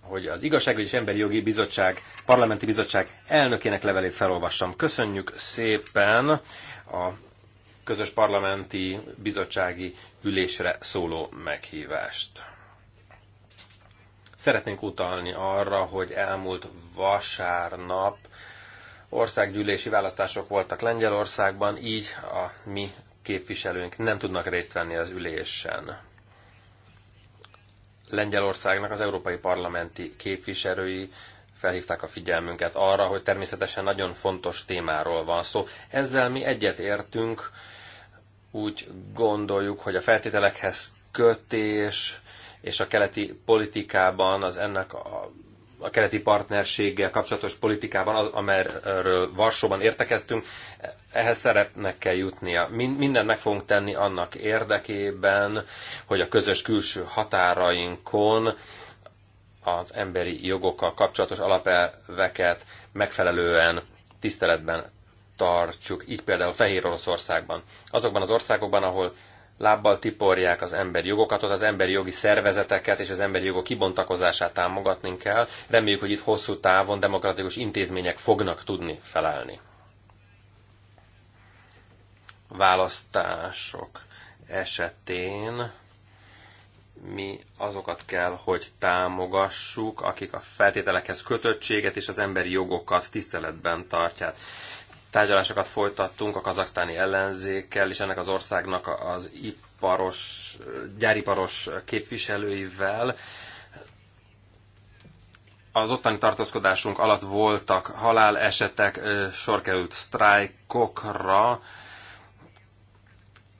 hogy az Igazságügyi és Emberi Jogi Bizottság, Parlamenti Bizottság elnökének levelét felolvassam. Köszönjük szépen a közös parlamenti bizottsági ülésre szóló meghívást. Szeretnénk utalni arra, hogy elmúlt vasárnap országgyűlési választások voltak Lengyelországban, így a mi képviselőink nem tudnak részt venni az ülésen. Lengyelországnak az európai parlamenti képviselői felhívták a figyelmünket arra, hogy természetesen nagyon fontos témáról van szó. Ezzel mi egyet értünk, úgy gondoljuk, hogy a feltételekhez kötés és a keleti politikában az ennek a a keleti partnerséggel kapcsolatos politikában, amerről Varsóban értekeztünk, ehhez szeretnek kell jutnia. Mindent meg fogunk tenni annak érdekében, hogy a közös külső határainkon az emberi jogokkal kapcsolatos alapelveket megfelelően tiszteletben tartsuk, így például Fehér Oroszországban. Azokban az országokban, ahol lábbal tiporják az emberi jogokat, ott az emberi jogi szervezeteket és az emberi jogok kibontakozását támogatni kell. Reméljük, hogy itt hosszú távon demokratikus intézmények fognak tudni felelni. Választások esetén mi azokat kell, hogy támogassuk, akik a feltételekhez kötöttséget és az emberi jogokat tiszteletben tartják tárgyalásokat folytattunk a kazaksztáni ellenzékkel és ennek az országnak az iparos, gyáriparos képviselőivel. Az ottani tartózkodásunk alatt voltak halálesetek, sor került sztrájkokra.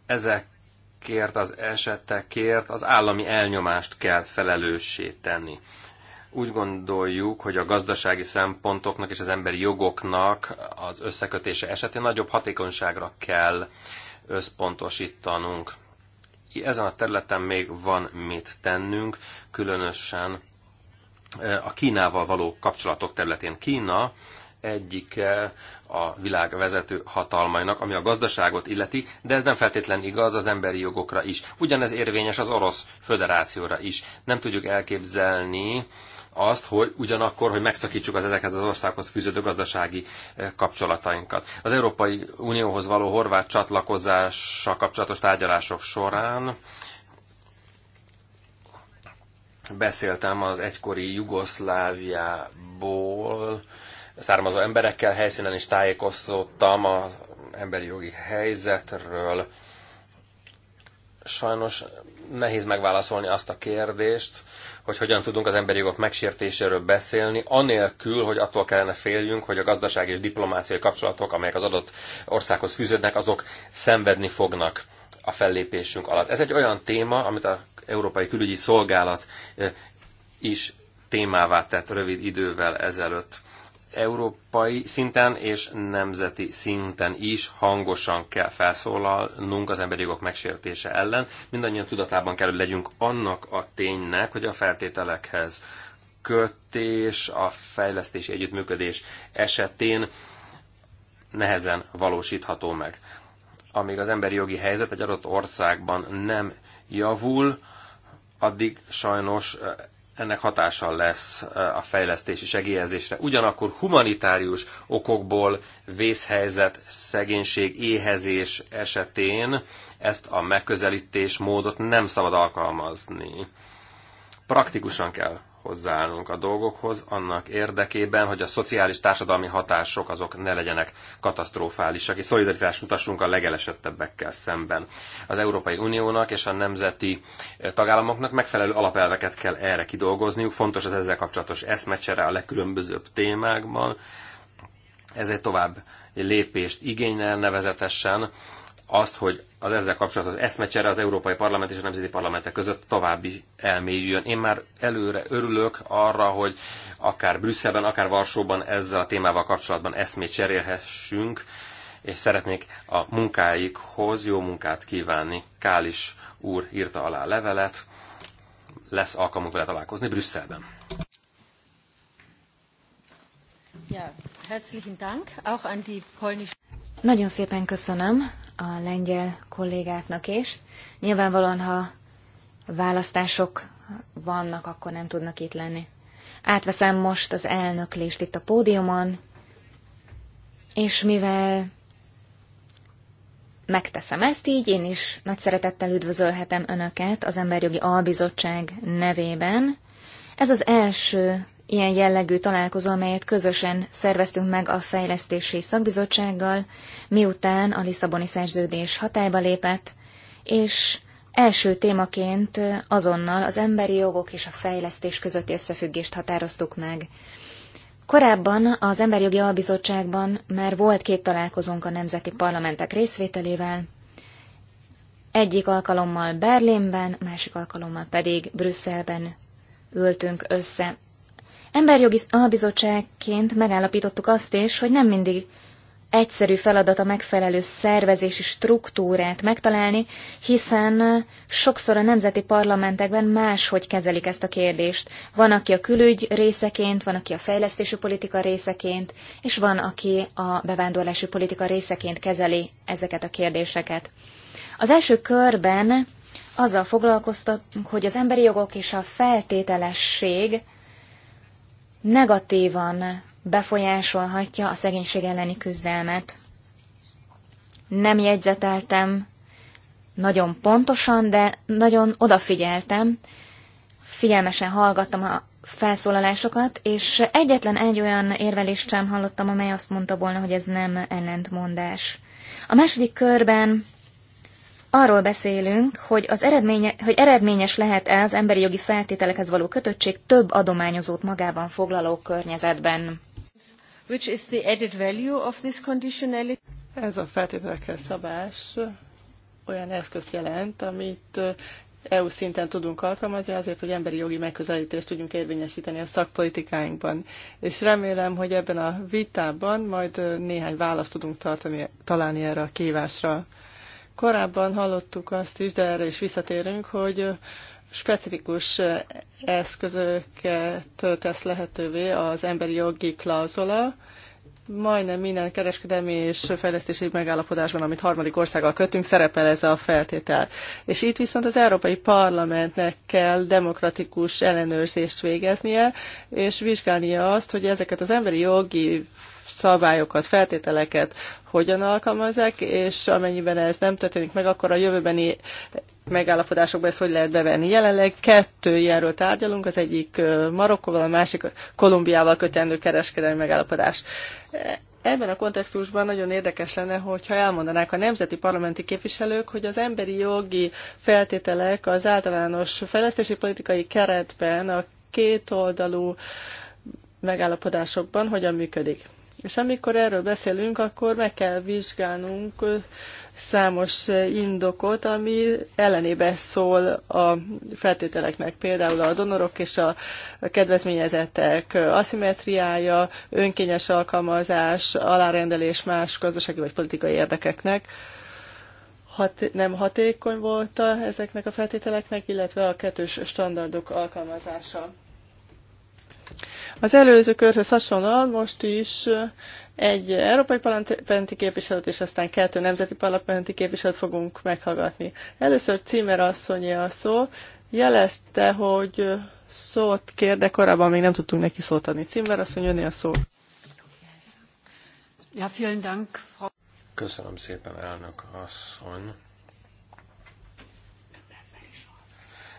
Ezekért az esetekért az állami elnyomást kell felelőssé tenni. Úgy gondoljuk, hogy a gazdasági szempontoknak és az emberi jogoknak az összekötése esetén nagyobb hatékonyságra kell összpontosítanunk. Ezen a területen még van mit tennünk, különösen e, a Kínával való kapcsolatok területén. Kína egyike a világ vezető hatalmainak, ami a gazdaságot illeti, de ez nem feltétlen igaz az emberi jogokra is. Ugyanez érvényes az Orosz Föderációra is. Nem tudjuk elképzelni, azt, hogy ugyanakkor, hogy megszakítsuk az ezekhez az országhoz fűződő gazdasági eh, kapcsolatainkat. Az Európai Unióhoz való horvát csatlakozással kapcsolatos tárgyalások során beszéltem az egykori Jugoszláviából származó emberekkel, helyszínen is tájékoztottam az emberi jogi helyzetről. Sajnos nehéz megválaszolni azt a kérdést, hogy hogyan tudunk az emberi jogok megsértéséről beszélni, anélkül, hogy attól kellene féljünk, hogy a gazdasági és diplomáciai kapcsolatok, amelyek az adott országhoz fűződnek, azok szenvedni fognak a fellépésünk alatt. Ez egy olyan téma, amit az Európai Külügyi Szolgálat eh, is témává tett rövid idővel ezelőtt európai szinten és nemzeti szinten is hangosan kell felszólalnunk az emberi jogok megsértése ellen. Mindannyian tudatában kell, hogy legyünk annak a ténynek, hogy a feltételekhez kötés, a fejlesztési együttműködés esetén nehezen valósítható meg. Amíg az emberi jogi helyzet egy adott országban nem javul, addig sajnos ennek hatása lesz a fejlesztési segélyezésre. Ugyanakkor humanitárius okokból vészhelyzet, szegénység, éhezés esetén ezt a megközelítés módot nem szabad alkalmazni. Praktikusan kell hozzáállunk a dolgokhoz, annak érdekében, hogy a szociális társadalmi hatások azok ne legyenek katasztrofálisak, és szolidaritást mutassunk a legelesettebbekkel szemben. Az Európai Uniónak és a nemzeti eh, tagállamoknak megfelelő alapelveket kell erre kidolgozniuk, fontos az ezzel kapcsolatos eszmecsere a legkülönbözőbb témákban, ez egy tovább lépést igényel nevezetesen azt, hogy az ezzel kapcsolatos eszmecsere az Európai Parlament és a Nemzeti Parlamentek között további elmélyüljön. Én már előre örülök arra, hogy akár Brüsszelben, akár Varsóban ezzel a témával kapcsolatban eszmét cserélhessünk, és szeretnék a munkáikhoz jó munkát kívánni. Kális úr írta alá a levelet, lesz alkalmunk vele találkozni Brüsszelben. Ja, herzlichen Dank, auch an die polnische... Nagyon szépen köszönöm a lengyel kollégáknak is. Nyilvánvalóan, ha választások vannak, akkor nem tudnak itt lenni. Átveszem most az elnöklést itt a pódiumon, és mivel megteszem ezt így, én is nagy szeretettel üdvözölhetem Önöket az Emberjogi Albizottság nevében. Ez az első ilyen jellegű találkozó, amelyet közösen szerveztünk meg a Fejlesztési Szakbizottsággal, miután a Lisszaboni szerződés hatályba lépett, és első témaként azonnal az emberi jogok és a fejlesztés közötti összefüggést határoztuk meg. Korábban az Emberi Jogi Albizottságban már volt két találkozónk a nemzeti parlamentek részvételével, egyik alkalommal Berlinben, másik alkalommal pedig Brüsszelben ültünk össze. Emberjogi albizottságként megállapítottuk azt is, hogy nem mindig egyszerű feladat a megfelelő szervezési struktúrát megtalálni, hiszen sokszor a nemzeti parlamentekben máshogy kezelik ezt a kérdést. Van, aki a külügy részeként, van, aki a fejlesztési politika részeként, és van, aki a bevándorlási politika részeként kezeli ezeket a kérdéseket. Az első körben azzal foglalkoztatunk, hogy az emberi jogok és a feltételesség negatívan befolyásolhatja a szegénység elleni küzdelmet. Nem jegyzeteltem nagyon pontosan, de nagyon odafigyeltem, figyelmesen hallgattam a felszólalásokat, és egyetlen egy olyan érvelést sem hallottam, amely azt mondta volna, hogy ez nem ellentmondás. A második körben Arról beszélünk, hogy, az eredménye, hogy eredményes lehet-e az emberi jogi feltételekhez való kötöttség több adományozót magában foglaló környezetben. Which is the added value of this conditionality? Ez a feltételekkel szabás olyan eszközt jelent, amit EU szinten tudunk alkalmazni azért, hogy emberi jogi megközelítést tudjunk érvényesíteni a szakpolitikáinkban. És remélem, hogy ebben a vitában majd néhány választ tudunk tartani, találni erre a kívásra. Korábban hallottuk azt is, de erre is visszatérünk, hogy specifikus eszközöket tesz lehetővé az emberi jogi klauzula, majdnem minden kereskedelmi és fejlesztési megállapodásban, amit harmadik országgal kötünk, szerepel ez a feltétel. És itt viszont az Európai Parlamentnek kell demokratikus ellenőrzést végeznie, és vizsgálnia azt, hogy ezeket az emberi jogi szabályokat, feltételeket hogyan alkalmazzák, és amennyiben ez nem történik meg, akkor a jövőbeni megállapodásokban, ezt hogy lehet bevenni. Jelenleg kettő ilyenről tárgyalunk, az egyik Marokkóval, a másik Kolumbiával kötendő kereskedelmi megállapodás. Ebben a kontextusban nagyon érdekes lenne, hogyha elmondanák a nemzeti parlamenti képviselők, hogy az emberi jogi feltételek az általános fejlesztési politikai keretben a kétoldalú megállapodásokban hogyan működik. És amikor erről beszélünk, akkor meg kell vizsgálnunk számos indokot, ami ellenébe szól a feltételeknek, például a donorok és a kedvezményezettek aszimetriája, önkényes alkalmazás, alárendelés más gazdasági vagy politikai érdekeknek. Hat, nem hatékony volt a, ezeknek a feltételeknek, illetve a kettős standardok alkalmazása. Az előző körhöz hasonlóan most is eh, egy európai parlamenti képviselőt és aztán kettő nemzeti parlamenti képviselőt fogunk meghallgatni. Először Címer asszonyi a szó, jelezte, hogy eh, szót kér, de korábban még nem tudtunk neki szót adni. Címer asszony, jönni a szó. Ja, vielen Dank, Frau... Köszönöm szépen, elnök asszony.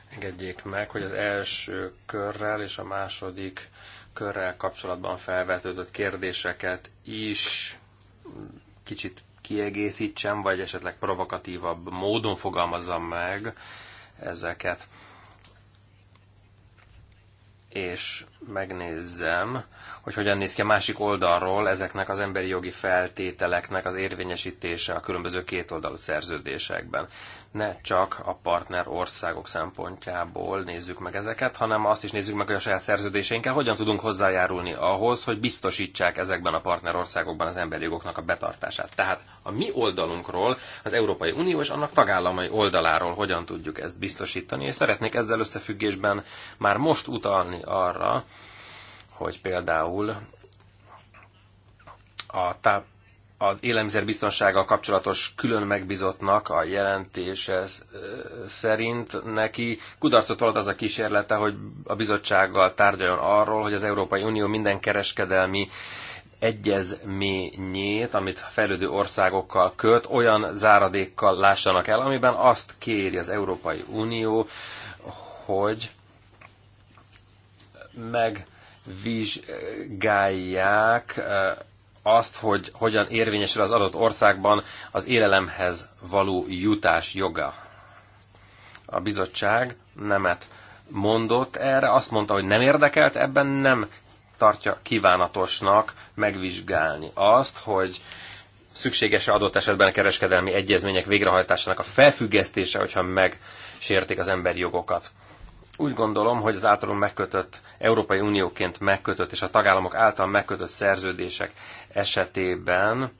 engedjék meg, hogy az első körrel és a második körrel kapcsolatban felvetődött kérdéseket is kicsit kiegészítsem, vagy esetleg provokatívabb módon fogalmazzam meg ezeket. És megnézzem, hogy hogyan néz ki a másik oldalról ezeknek az emberi jogi feltételeknek az érvényesítése a különböző kétoldalú szerződésekben. Ne csak a partner országok szempontjából nézzük meg ezeket, hanem azt is nézzük meg, hogy a saját szerződéseinkkel hogyan tudunk hozzájárulni ahhoz, hogy biztosítsák ezekben a partner országokban az emberi jogoknak a betartását. Tehát a mi oldalunkról, az Európai Unió és annak tagállamai oldaláról hogyan tudjuk ezt biztosítani, és szeretnék ezzel összefüggésben már most utalni arra, hogy például a táp, az élelmiszerbiztonsággal kapcsolatos külön megbizottnak a jelentése szerint neki kudarcot volt az a kísérlete, hogy a bizottsággal tárgyaljon arról, hogy az Európai Unió minden kereskedelmi egyezményét, amit fejlődő országokkal köt, olyan záradékkal lássanak el, amiben azt kéri az Európai Unió, hogy meg vizsgálják azt, hogy hogyan érvényesül az adott országban az élelemhez való jutás joga. A bizottság nemet mondott erre, azt mondta, hogy nem érdekelt, ebben nem tartja kívánatosnak megvizsgálni azt, hogy szükséges -e adott esetben a kereskedelmi egyezmények végrehajtásának a felfüggesztése, hogyha megsértik az emberi jogokat. Úgy gondolom, hogy az általunk megkötött, Európai Unióként megkötött és a tagállamok által megkötött szerződések esetében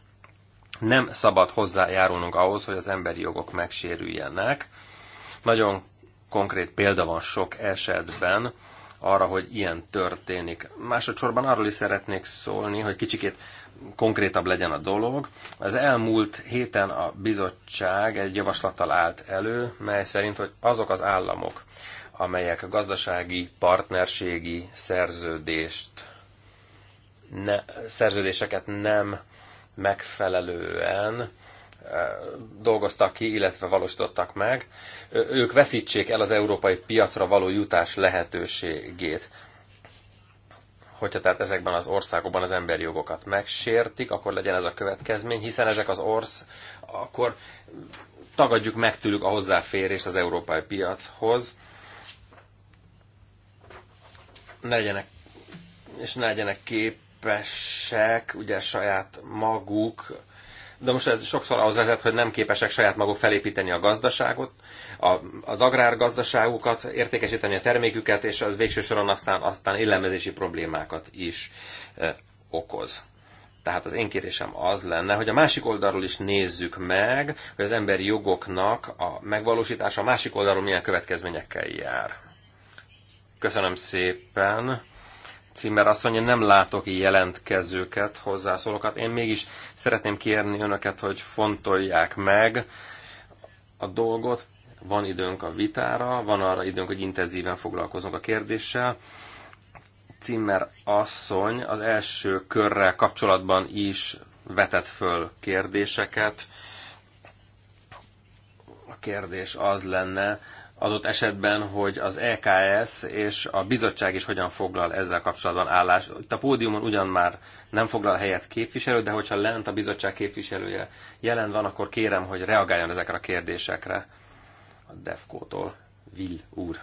nem szabad hozzájárulnunk ahhoz, hogy az emberi jogok megsérüljenek. Nagyon konkrét példa van sok esetben arra, hogy ilyen történik. Másodszorban arról is szeretnék szólni, hogy kicsikét konkrétabb legyen a dolog. Az elmúlt héten a bizottság egy javaslattal állt elő, mely szerint, hogy azok az államok, amelyek a gazdasági, partnerségi szerződést ne, szerződéseket nem megfelelően eh, dolgoztak ki, illetve valósítottak meg, ők veszítsék el az európai piacra való jutás lehetőségét. Hogyha tehát ezekben az országokban az emberi jogokat megsértik, akkor legyen ez a következmény, hiszen ezek az orsz, akkor tagadjuk meg tőlük a hozzáférést az európai piachoz, ne legyenek, és ne legyenek képesek ugye saját maguk de most ez sokszor ahhoz vezet, hogy nem képesek saját maguk felépíteni a gazdaságot, a, az agrárgazdaságukat, értékesíteni a terméküket, és az végső soron aztán, aztán illemezési problémákat is e, okoz. Tehát az én kérésem az lenne, hogy a másik oldalról is nézzük meg, hogy az emberi jogoknak a megvalósítása a másik oldalról milyen következményekkel jár. Köszönöm szépen. Cimmer azt mondja nem látok jelentkezőket, hozzászólókat. Én mégis szeretném kérni önöket, hogy fontolják meg a dolgot. Van időnk a vitára, van arra időnk, hogy intenzíven foglalkozunk a kérdéssel. Cimmer asszony az első körrel kapcsolatban is vetett föl kérdéseket. A kérdés az lenne, adott esetben, hogy az EKS és a bizottság is hogyan foglal ezzel kapcsolatban állás. Itt a pódiumon ugyan már nem foglal helyet képviselő, de hogyha lent a bizottság képviselője jelen van, akkor kérem, hogy reagáljon ezekre a kérdésekre a DEFCO-tól. úr.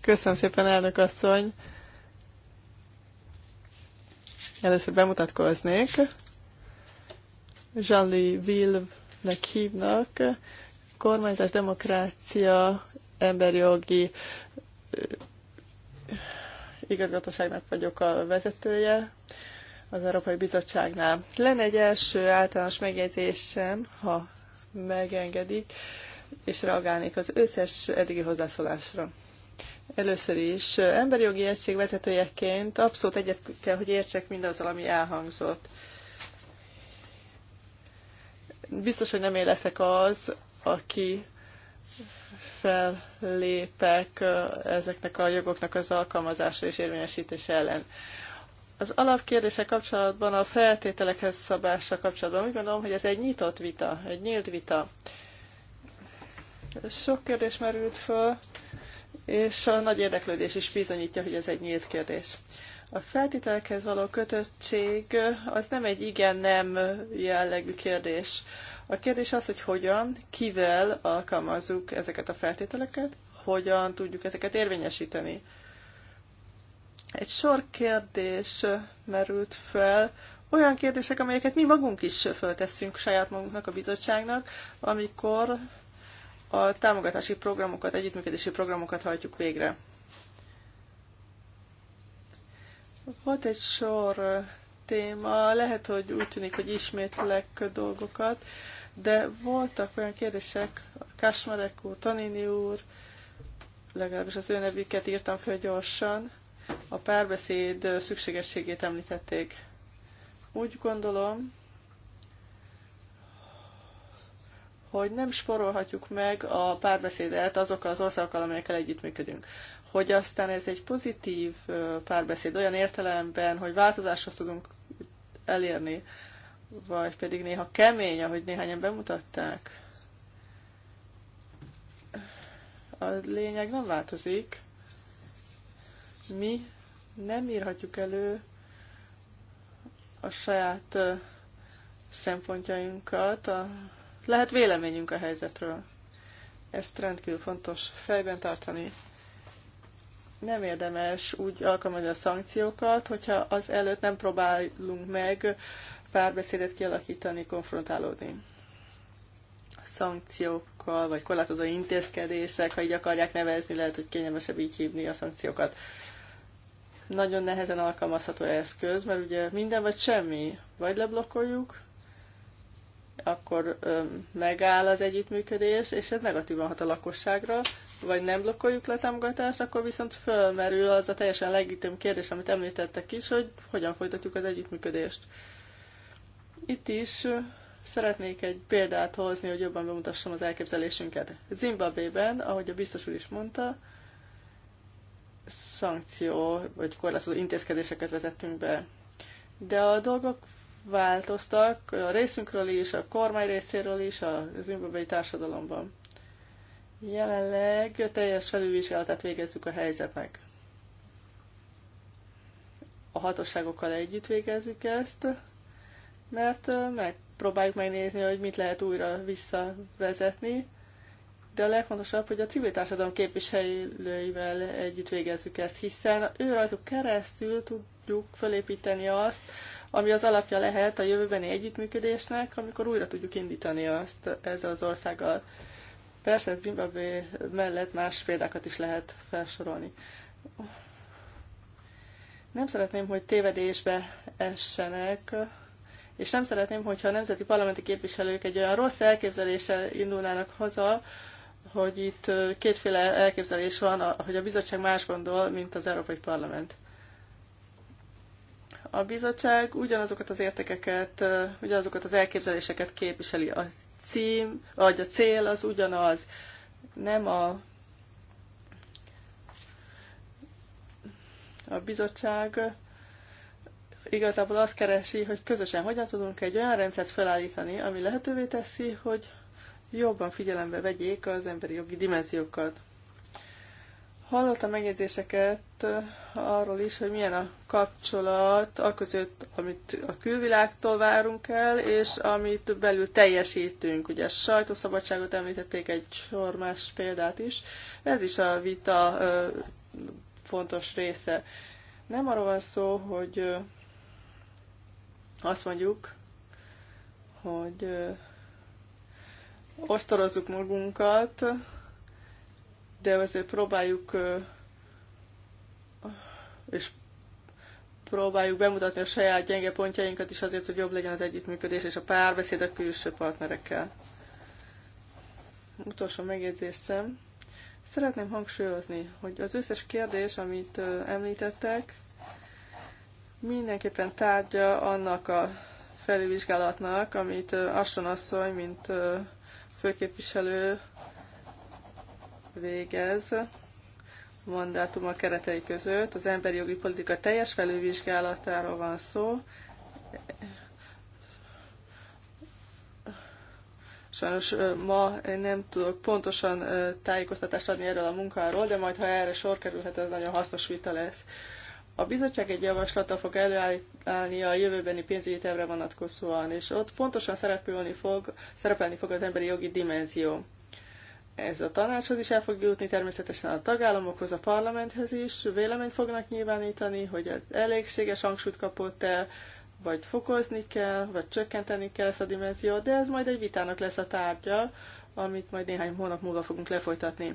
Köszönöm szépen, elnök asszony. Először bemutatkoznék. Jean-Louis ville hívnak. Kormányzás, demokrácia, emberjogi igazgatóságnak vagyok a vezetője az Európai Bizottságnál. Lenne egy első általános megjegyzésem, ha megengedik, és reagálnék az összes eddigi hozzászólásra. Először is emberi jogi egység vezetőjeként abszolút egyet kell, hogy értsek mindazzal, ami elhangzott. Biztos, hogy nem én leszek az, aki fellépek ezeknek a jogoknak az alkalmazása és érvényesítése ellen. Az alapkérdése kapcsolatban, a feltételekhez szabása kapcsolatban úgy gondolom, hogy ez egy nyitott vita, egy nyílt vita. Sok kérdés merült föl, és a nagy érdeklődés is bizonyítja, hogy ez egy nyílt kérdés. A feltételekhez való kötöttség az nem egy igen-nem jellegű kérdés. A kérdés az, hogy hogyan, kivel alkalmazzuk ezeket a feltételeket, hogyan tudjuk ezeket érvényesíteni. Egy sor kérdés merült fel, olyan kérdések, amelyeket mi magunk is föltesszünk saját magunknak, a bizottságnak, amikor a támogatási programokat, együttműködési programokat hajtjuk végre. Volt egy sor téma, lehet, hogy úgy tűnik, hogy ismétlek dolgokat, de voltak olyan kérdések, Kásmarek úr, Tanini úr, legalábbis az ő nevüket írtam föl gyorsan, a párbeszéd szükségességét említették. Úgy gondolom, hogy nem sporolhatjuk meg a párbeszédet azokkal az országokkal, amelyekkel együttműködünk. Hogy aztán ez egy pozitív párbeszéd olyan értelemben, hogy változáshoz tudunk elérni, vagy pedig néha kemény, ahogy néhányan bemutatták. A lényeg nem változik. Mi nem írhatjuk elő a saját szempontjainkat, a lehet véleményünk a helyzetről. Ezt rendkívül fontos fejben tartani. Nem érdemes úgy alkalmazni a szankciókat, hogyha az előtt nem próbálunk meg párbeszédet kialakítani, konfrontálódni. Szankciókkal, vagy korlátozó intézkedések, ha így akarják nevezni, lehet, hogy kényelmesebb így hívni a szankciókat nagyon nehezen alkalmazható eszköz, mert ugye minden vagy semmi, vagy leblokkoljuk, akkor megáll az együttműködés, és ez negatívan hat a lakosságra, vagy nem blokkoljuk le a támogatást, akkor viszont fölmerül az a teljesen legitim kérdés, amit említettek is, hogy hogyan folytatjuk az együttműködést. Itt is szeretnék egy példát hozni, hogy jobban bemutassam az elképzelésünket. Zimbabében, ahogy a biztos úr is mondta, szankció vagy korlátozó intézkedéseket vezettünk be. De a dolgok változtak a részünkről is, a kormány részéről is, az zimbabwei társadalomban. Jelenleg teljes felülvizsgálatát végezzük a helyzetnek. A hatóságokkal együtt végezzük ezt, mert megpróbáljuk megnézni, hogy mit lehet újra visszavezetni, de a legfontosabb, hogy a civil társadalom képviselőivel együtt végezzük ezt, hiszen ő rajtuk keresztül tudjuk felépíteni azt, ami az alapja lehet a jövőbeni együttműködésnek, amikor újra tudjuk indítani azt ezzel az országgal. Persze Zimbabwe mellett más példákat is lehet felsorolni. Nem szeretném, hogy tévedésbe essenek, és nem szeretném, hogyha a nemzeti parlamenti képviselők egy olyan rossz elképzeléssel indulnának haza, hogy itt kétféle elképzelés van, hogy a bizottság más gondol, mint az Európai Parlament. A bizottság ugyanazokat az értékeket, ugyanazokat az elképzeléseket képviseli. A cím, vagy a cél az ugyanaz. Nem a a bizottság igazából azt keresi, hogy közösen hogyan tudunk egy olyan rendszert felállítani, ami lehetővé teszi, hogy jobban figyelembe vegyék az emberi jogi dimenziókat. Hallottam megjegyzéseket arról is, hogy milyen a kapcsolat a között, amit a külvilágtól várunk el, és amit belül teljesítünk. Ugye a sajtószabadságot említették egy sor más példát is. Ez is a vita fontos része. Nem arról van szó, hogy azt mondjuk, hogy ostorozzuk magunkat, de azért próbáljuk és próbáljuk bemutatni a saját gyenge pontjainkat is azért, hogy jobb legyen az együttműködés és a párbeszéd a külső partnerekkel. Utolsó megjegyzésem. Szeretném hangsúlyozni, hogy az összes kérdés, amit említettek, mindenképpen tárgya annak a felülvizsgálatnak, amit Aston asszony, mint főképviselő végez a keretei között. Az emberi jogi politika teljes felülvizsgálatáról van szó. Sajnos ma én nem tudok pontosan tájékoztatást adni erről a munkáról, de majd ha erre sor kerülhet, ez nagyon hasznos vita lesz. A bizottság egy javaslata fog előállni a jövőbeni pénzügyi tervre vonatkozóan, és ott pontosan szerepelni fog, szerepelni fog az emberi jogi dimenzió. Ez a tanácshoz is el fog jutni, természetesen a tagállamokhoz, a parlamenthez is. Véleményt fognak nyilvánítani, hogy ez elégséges hangsúlyt kapott el, vagy fokozni kell, vagy csökkenteni kell ezt a dimenziót, de ez majd egy vitának lesz a tárgya, amit majd néhány hónap múlva fogunk lefolytatni.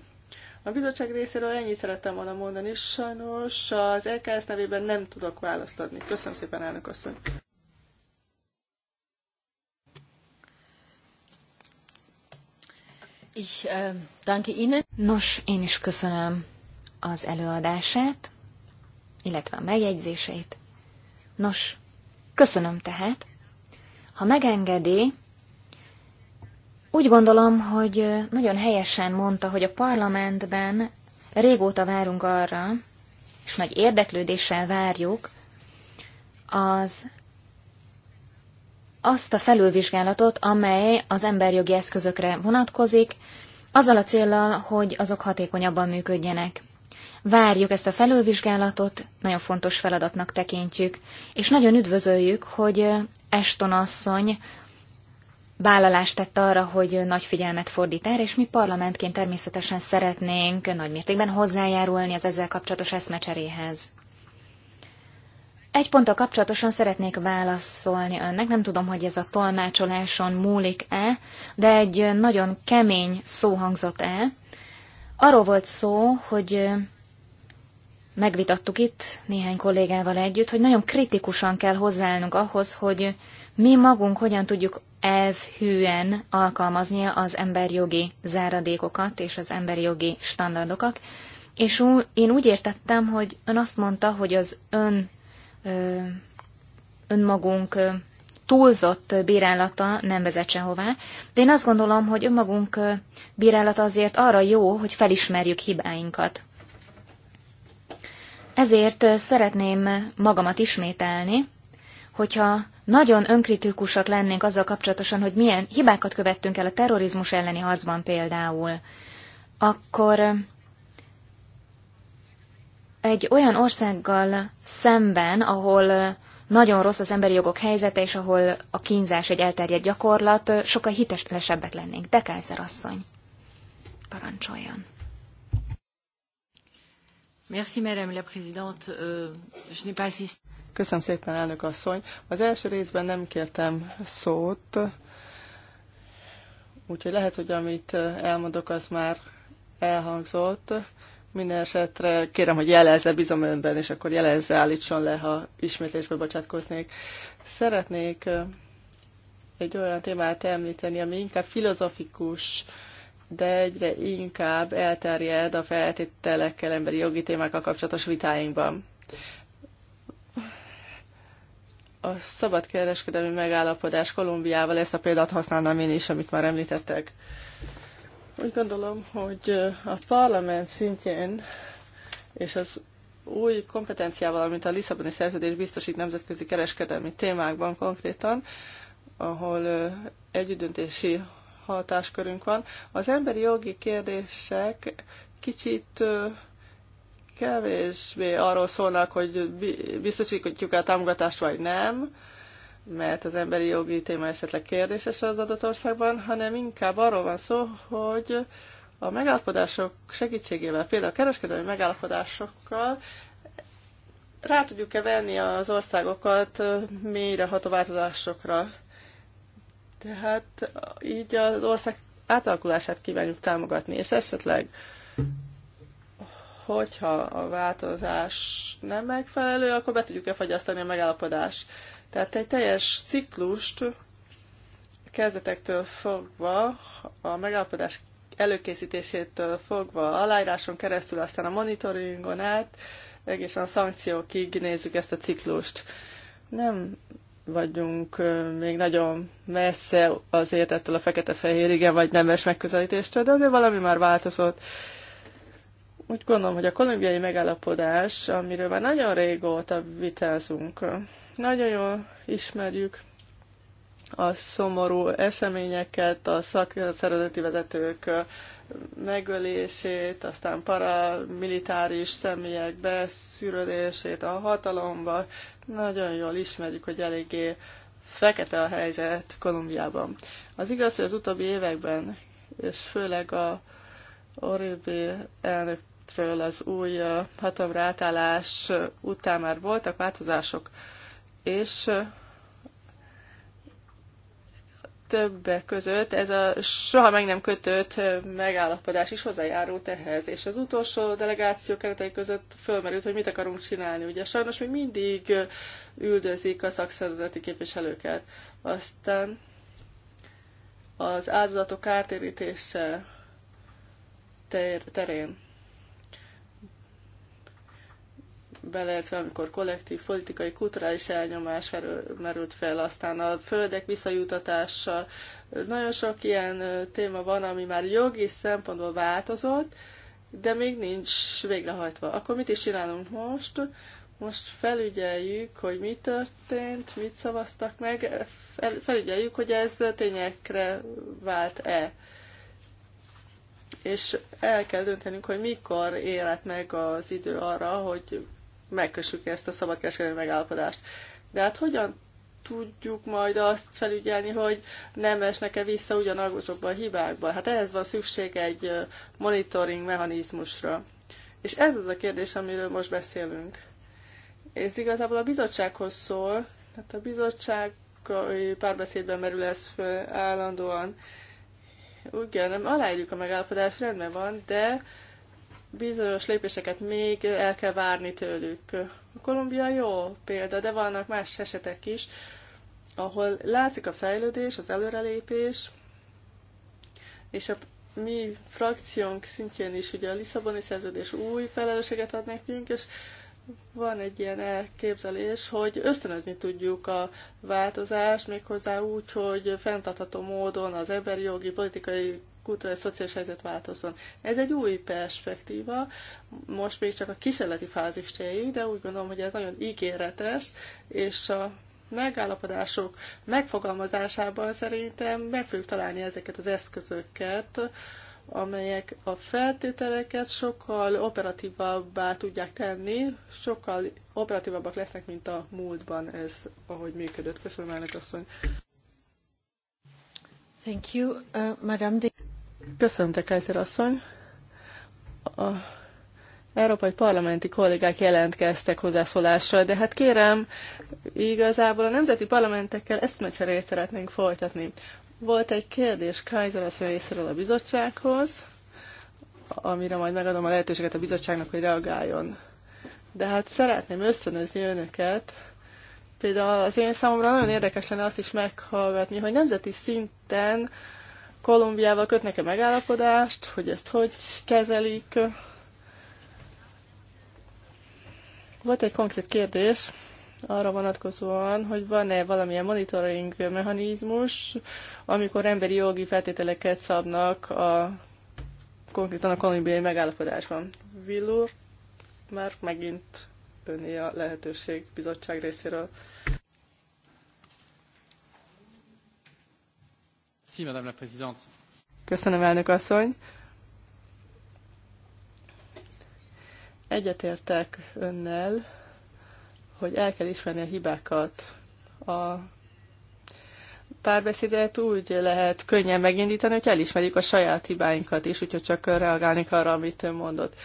A bizottság részéről ennyit szerettem volna mondani, sajnos az LKS nevében nem tudok választ adni. Köszönöm szépen, elnök asszony! Ich äh, danke Ihnen. Nos, én is köszönöm az előadását, illetve a megjegyzéseit. Nos, köszönöm tehát. Ha megengedi, úgy gondolom, hogy nagyon helyesen mondta, hogy a parlamentben régóta várunk arra, és nagy érdeklődéssel várjuk az azt a felülvizsgálatot, amely az emberjogi eszközökre vonatkozik, azzal a céllal, hogy azok hatékonyabban működjenek. Várjuk ezt a felülvizsgálatot, nagyon fontos feladatnak tekintjük, és nagyon üdvözöljük, hogy Eston asszony vállalást tett arra, hogy nagy figyelmet fordít erre, és mi parlamentként természetesen szeretnénk nagy mértékben hozzájárulni az ezzel kapcsolatos eszmecseréhez. Egy ponttal kapcsolatosan szeretnék válaszolni önnek, nem tudom, hogy ez a tolmácsoláson múlik-e, de egy nagyon kemény szó hangzott el. Arról volt szó, hogy megvitattuk itt néhány kollégával együtt, hogy nagyon kritikusan kell hozzáállnunk ahhoz, hogy mi magunk hogyan tudjuk elvhűen alkalmazni az emberjogi záradékokat és az emberi jogi standardokat. És ú, én úgy értettem, hogy ön azt mondta, hogy az ön ö, önmagunk ö, túlzott bírálata nem vezet sehová, de én azt gondolom, hogy önmagunk ö, bírálata azért arra jó, hogy felismerjük hibáinkat. Ezért szeretném magamat ismételni, hogyha nagyon önkritikusak lennénk azzal kapcsolatosan, hogy milyen hibákat követtünk el a terrorizmus elleni harcban például, akkor egy olyan országgal szemben, ahol nagyon rossz az emberi jogok helyzete, és ahol a kínzás egy elterjedt gyakorlat, sokkal hitelesebbek lennénk. De Kaiser asszony, parancsoljon. Merci, Madame la Présidente. Euh, je n'ai pas assisté. Köszönöm szépen, elnök asszony. Az első részben nem kértem szót, úgyhogy lehet, hogy amit elmondok, az már elhangzott. Minden esetre kérem, hogy jelezze, bízom önben, és akkor jelezze, állítson le, ha ismétlésbe bocsátkoznék. Szeretnék egy olyan témát említeni, ami inkább filozofikus, de egyre inkább elterjed a feltételekkel emberi jogi témákkal kapcsolatos vitáinkban a szabadkereskedelmi megállapodás Kolumbiával, ezt a példát használnám én is, amit már említettek. Úgy gondolom, hogy a parlament szintjén és az új kompetenciával, amit a Lisszaboni szerződés biztosít nemzetközi kereskedelmi témákban konkrétan, ahol együttdöntési hatáskörünk van, az emberi jogi kérdések kicsit kevésbé arról szólnak, hogy biztosítjuk a támogatást vagy nem, mert az emberi jogi téma esetleg kérdéses az adott országban, hanem inkább arról van szó, hogy a megállapodások segítségével, például a kereskedelmi megállapodásokkal rá tudjuk kevelni az országokat mélyreható változásokra. Tehát így az ország átalakulását kívánjuk támogatni, és esetleg hogyha a változás nem megfelelő, akkor be tudjuk-e fagyasztani a megállapodást. Tehát egy teljes ciklust kezdetektől fogva, a megállapodás előkészítésétől fogva, aláíráson keresztül, aztán a monitoringon át, egészen a szankciókig nézzük ezt a ciklust. Nem vagyunk még nagyon messze azért ettől a fekete-fehér igen vagy nemes megközelítéstől, de azért valami már változott úgy gondolom, hogy a kolumbiai megállapodás, amiről már nagyon régóta vitázunk, nagyon jól ismerjük a szomorú eseményeket, a szakszervezeti vezetők megölését, aztán paramilitáris személyek beszűrődését a hatalomba. Nagyon jól ismerjük, hogy eléggé fekete a helyzet Kolumbiában. Az igaz, hogy az utóbbi években, és főleg a Oribe elnök 2015-ről az új hatalomra átállás után már voltak változások, és többek között ez a soha meg nem kötött megállapodás is hozzájárult ehhez, és az utolsó delegáció keretei között fölmerült, hogy mit akarunk csinálni. Ugye sajnos még mindig üldözik a szakszervezeti képviselőket. Aztán az áldozatok kártérítése terén. beleértve, amikor kollektív, politikai, kulturális elnyomás merült fel, aztán a földek visszajutatása. Nagyon sok ilyen téma van, ami már jogi szempontból változott, de még nincs végrehajtva. Akkor mit is csinálunk most? Most felügyeljük, hogy mi történt, mit szavaztak meg, felügyeljük, hogy ez tényekre vált-e és el kell döntenünk, hogy mikor érett meg az idő arra, hogy megkössük ezt a szabadkereskedelmi megállapodást. De hát hogyan tudjuk majd azt felügyelni, hogy nem esnek-e vissza ugyanazokba a hibákba? Hát ehhez van szükség egy monitoring mechanizmusra. És ez az a kérdés, amiről most beszélünk. Ez igazából a bizottsághoz szól, hát a bizottság párbeszédben merül ez föl állandóan. Ugyan, nem aláírjuk a megállapodást, rendben van, de bizonyos lépéseket még el kell várni tőlük. A Kolumbia jó példa, de vannak más esetek is, ahol látszik a fejlődés, az előrelépés, és a mi frakciónk szintjén is ugye a Lisszaboni szerződés új felelősséget ad nekünk, és van egy ilyen elképzelés, hogy ösztönözni tudjuk a változást méghozzá úgy, hogy fenntartható módon az emberi jogi, politikai kulturális, szociális helyzet változzon. Ez egy új perspektíva, most még csak a kísérleti fázist éljük, de úgy gondolom, hogy ez nagyon ígéretes, és a megállapodások megfogalmazásában szerintem meg fogjuk találni ezeket az eszközöket, amelyek a feltételeket sokkal operatívabbá tudják tenni, sokkal operatívabbak lesznek, mint a múltban ez, ahogy működött. Köszönöm, elnök asszony. Thank you, uh, Madame de... Köszönöm, te Kaiser asszony. A európai parlamenti kollégák jelentkeztek hozzászólásra, de hát kérem, igazából a nemzeti parlamentekkel eszmecserét szeretnénk folytatni. Volt egy kérdés Kaiser asszony részéről a bizottsághoz, amire majd megadom a lehetőséget a bizottságnak, hogy reagáljon. De hát szeretném ösztönözni önöket, például az én számomra nagyon érdekes lenne azt is meghallgatni, hogy nemzeti szinten Kolumbiával kötnek-e megállapodást, hogy ezt hogy kezelik. Volt egy konkrét kérdés arra vonatkozóan, hogy van-e valamilyen monitoring mechanizmus, amikor emberi jogi feltételeket szabnak a konkrétan a kolumbiai megállapodásban. Villur, már megint öné a lehetőség bizottság részéről. Merci, Madame la Présidente. Köszönöm, elnök asszony. Egyetértek önnel, hogy el kell ismerni a hibákat. A párbeszédet úgy lehet könnyen megindítani, hogy elismerjük a saját hibáinkat is, úgyhogy csak reagálni arra, amit ön mondott.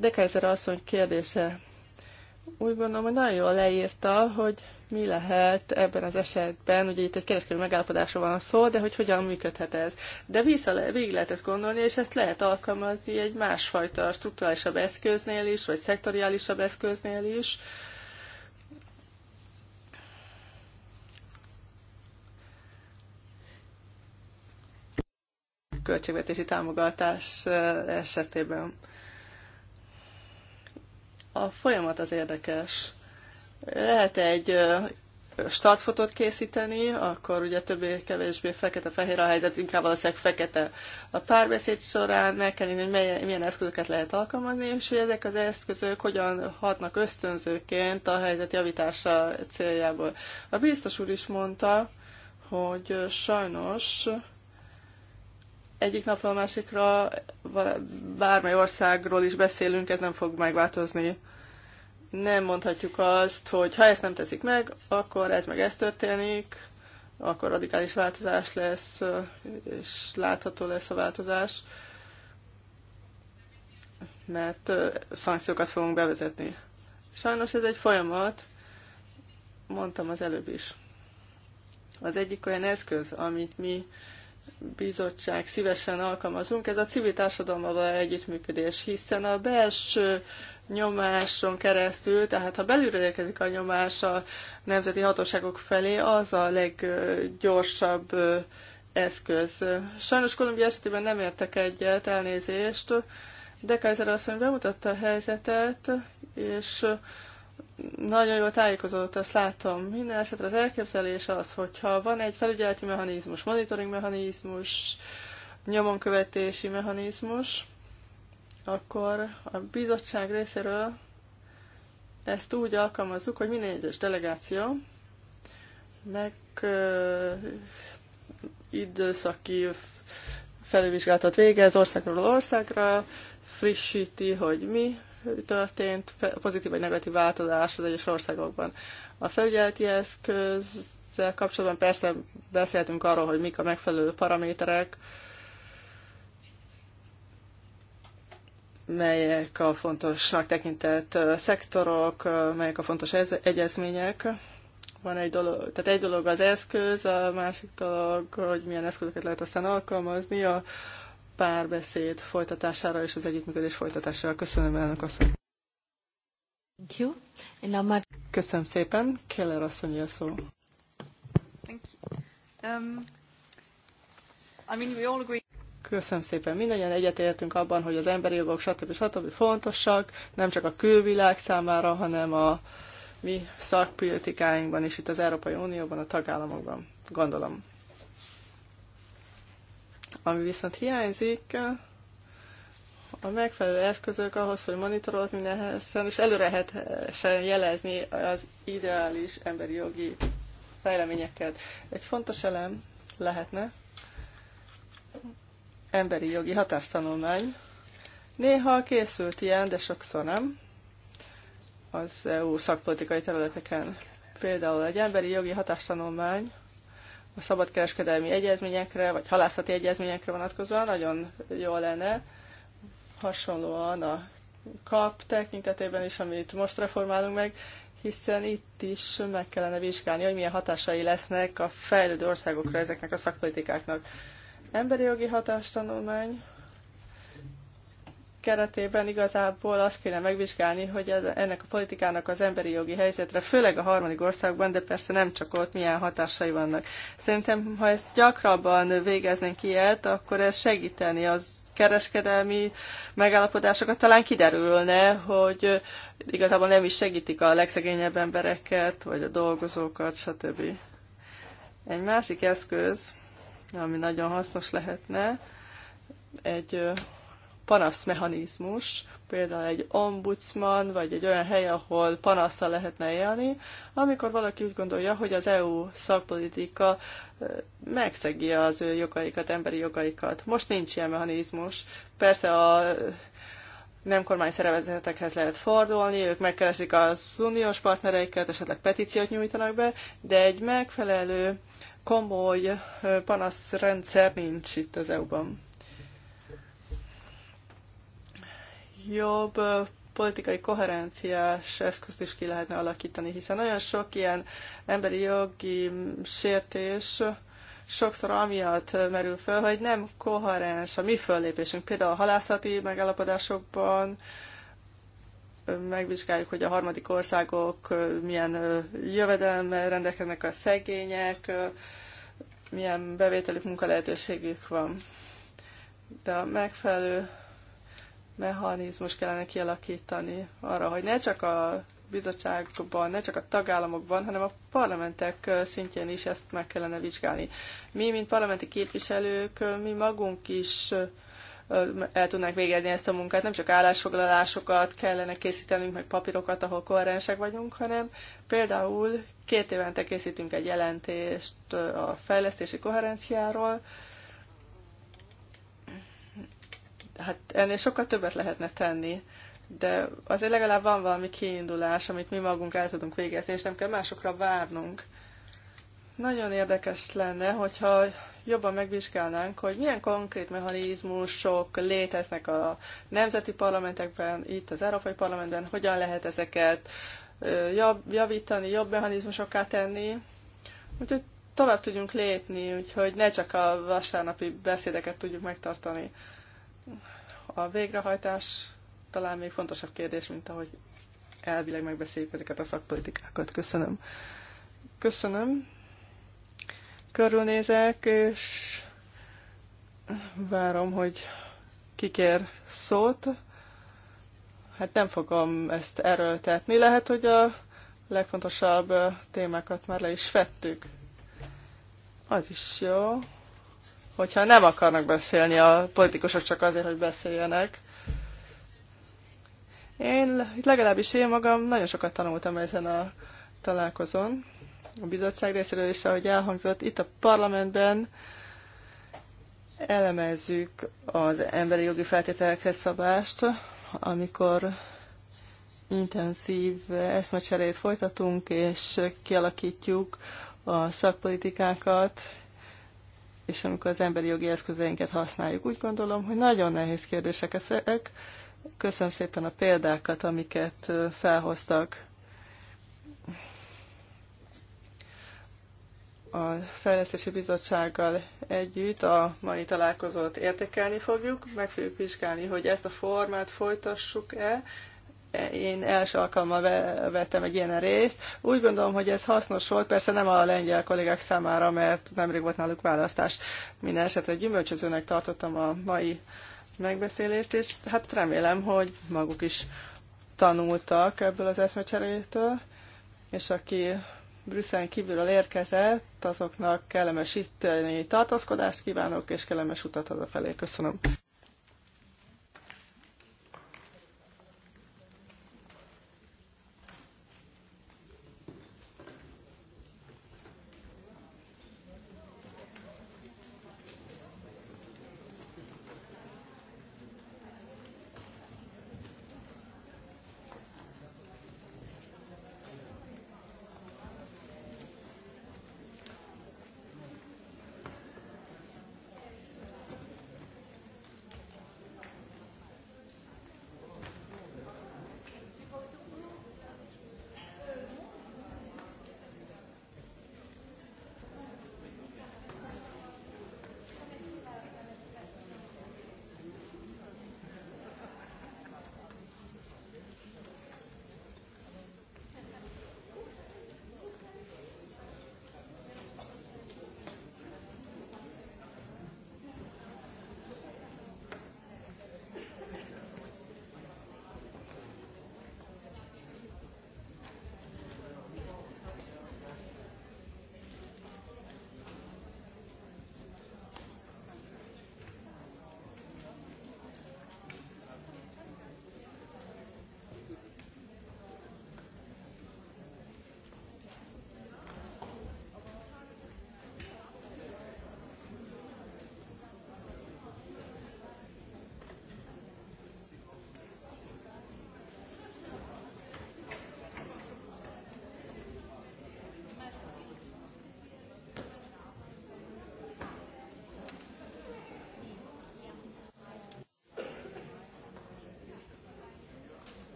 De Kaiser asszony kérdése. Úgy gondolom, hogy nagyon jól leírta, hogy mi lehet ebben az esetben, ugye itt egy kereskedő megállapodásról van szó, de hogy hogyan működhet ez. De vissza le, végig lehet ezt gondolni, és ezt lehet alkalmazni egy másfajta strukturálisabb eszköznél is, vagy szektoriálisabb eszköznél is. költségvetési támogatás esetében. A folyamat az érdekes. Lehet egy startfotót készíteni, akkor ugye többé-kevésbé fekete-fehér a helyzet, inkább valószínűleg fekete. A párbeszéd során meg kell nézni, hogy milyen eszközöket lehet alkalmazni, és hogy ezek az eszközök hogyan hatnak ösztönzőként a helyzet javítása céljából. A biztos úr is mondta, hogy sajnos egyik napról a másikra bármely országról is beszélünk, ez nem fog megváltozni nem mondhatjuk azt, hogy ha ezt nem teszik meg, akkor ez meg ez történik, akkor radikális változás lesz, és látható lesz a változás, mert szankciókat fogunk bevezetni. Sajnos ez egy folyamat, mondtam az előbb is. Az egyik olyan eszköz, amit mi bizottság szívesen alkalmazunk, ez a civil társadalmaval együttműködés, hiszen a belső nyomáson keresztül, tehát ha belülről érkezik a nyomás a nemzeti hatóságok felé, az a leggyorsabb eszköz. Sajnos Kolumbia esetében nem értek egyet, elnézést, de Kaiser asszony bemutatta a helyzetet, és nagyon jól tájékozott, azt látom. Minden esetre az elképzelés az, hogyha van egy felügyeleti mechanizmus, monitoring mechanizmus, nyomonkövetési mechanizmus, akkor a bizottság részéről ezt úgy alkalmazzuk, hogy minden egyes delegáció meg időszaki felülvizsgálatot végez országról országra, frissíti, hogy mi történt, pozitív vagy negatív változás az egyes országokban. A felügyeleti eszközzel kapcsolatban persze beszéltünk arról, hogy mik a megfelelő paraméterek, melyek a fontosnak tekintett szektorok, melyek a fontos egyezmények. Van egy dolog, tehát egy dolog az eszköz, a másik dolog, hogy milyen eszközöket lehet aztán alkalmazni a párbeszéd folytatására és az együttműködés folytatására. Köszönöm, elnök asszony. Thank you. Köszönöm szépen. Keller asszony a szó. Thank you. Um, I mean, we all agree. Köszönöm szépen. Mindannyian egyetértünk abban, hogy az emberi jogok stb. stb. fontosak, nem csak a külvilág számára, hanem a mi szakpolitikáinkban és itt az Európai Unióban, a tagállamokban, gondolom. Ami viszont hiányzik, a megfelelő eszközök ahhoz, hogy monitorozni nehezen, és előre lehessen jelezni az ideális emberi jogi fejleményeket. Egy fontos elem lehetne emberi jogi hatástanulmány. Néha készült ilyen, de sokszor nem az EU szakpolitikai területeken. Például egy emberi jogi hatástanulmány a szabadkereskedelmi egyezményekre, vagy halászati egyezményekre vonatkozóan nagyon jó lenne. Hasonlóan a kap tekintetében is, amit most reformálunk meg, hiszen itt is meg kellene vizsgálni, hogy milyen hatásai lesznek a fejlődő országokra ezeknek a szakpolitikáknak. Emberi jogi hatástanulmány keretében igazából azt kéne megvizsgálni, hogy ez, ennek a politikának az emberi jogi helyzetre, főleg a harmadik országban, de persze nem csak ott, milyen hatásai vannak. Szerintem, ha ezt gyakrabban végeznénk ilyet, akkor ez segíteni az kereskedelmi megállapodásokat, talán kiderülne, hogy igazából nem is segítik a legszegényebb embereket, vagy a dolgozókat, stb. Egy másik eszköz, ami nagyon hasznos lehetne, egy panaszmechanizmus, például egy ombudsman, vagy egy olyan hely, ahol panaszsal lehetne élni, amikor valaki úgy gondolja, hogy az EU szakpolitika megszegi az ő jogaikat, emberi jogaikat. Most nincs ilyen mechanizmus. Persze a nem kormány szervezetekhez lehet fordulni, ők megkeresik az uniós partnereiket, esetleg petíciót nyújtanak be, de egy megfelelő komoly panaszrendszer nincs itt az EU-ban. Jobb politikai koherenciás eszközt is ki lehetne alakítani, hiszen nagyon sok ilyen emberi jogi sértés sokszor amiatt merül föl, hogy nem koherens a mi föllépésünk. Például a halászati megállapodásokban, megvizsgáljuk, hogy a harmadik országok milyen jövedelemmel rendelkeznek a szegények, milyen bevételi munkalehetőségük van. De a megfelelő mechanizmus kellene kialakítani arra, hogy ne csak a bizottságokban, ne csak a tagállamokban, hanem a parlamentek szintjén is ezt meg kellene vizsgálni. Mi, mint parlamenti képviselők, mi magunk is el tudnánk végezni ezt a munkát. Nem csak állásfoglalásokat kellene készítenünk, meg papírokat, ahol koherensek vagyunk, hanem például két évente készítünk egy jelentést a fejlesztési koherenciáról. Hát ennél sokkal többet lehetne tenni, de azért legalább van valami kiindulás, amit mi magunk el tudunk végezni, és nem kell másokra várnunk. Nagyon érdekes lenne, hogyha jobban megvizsgálnánk, hogy milyen konkrét mechanizmusok léteznek a nemzeti parlamentekben, itt az Európai Parlamentben, hogyan lehet ezeket javítani, jobb mechanizmusokká tenni. Úgyhogy tovább tudjunk lépni, úgyhogy ne csak a vasárnapi beszédeket tudjuk megtartani. A végrehajtás talán még fontosabb kérdés, mint ahogy elvileg megbeszéljük ezeket a szakpolitikákat. Köszönöm. Köszönöm körülnézek, és várom, hogy kikér szót. Hát nem fogom ezt erőltetni. Lehet, hogy a legfontosabb témákat már le is vettük. Az is jó, hogyha nem akarnak beszélni a politikusok csak azért, hogy beszéljenek. Én, legalábbis én magam nagyon sokat tanultam ezen a találkozón a bizottság részéről is, ahogy elhangzott, itt a parlamentben elemezzük az emberi jogi feltételekhez szabást, amikor intenzív eszmecserét folytatunk, és kialakítjuk a szakpolitikákat, és amikor az emberi jogi eszközeinket használjuk. Úgy gondolom, hogy nagyon nehéz kérdések ezek. Köszönöm szépen a példákat, amiket felhoztak. a Fejlesztési Bizottsággal együtt a mai találkozót értékelni fogjuk, meg fogjuk vizsgálni, hogy ezt a formát folytassuk-e. Én első alkalommal vettem egy ilyen részt. Úgy gondolom, hogy ez hasznos volt, persze nem a lengyel kollégák számára, mert nemrég volt náluk választás. Minden esetre gyümölcsözőnek tartottam a mai megbeszélést, és hát remélem, hogy maguk is tanultak ebből az eszmecserétől, és aki Brüsszelen kívülről érkezett, azoknak kellemes itteni tartózkodást kívánok, és kellemes utat hazafelé. Köszönöm.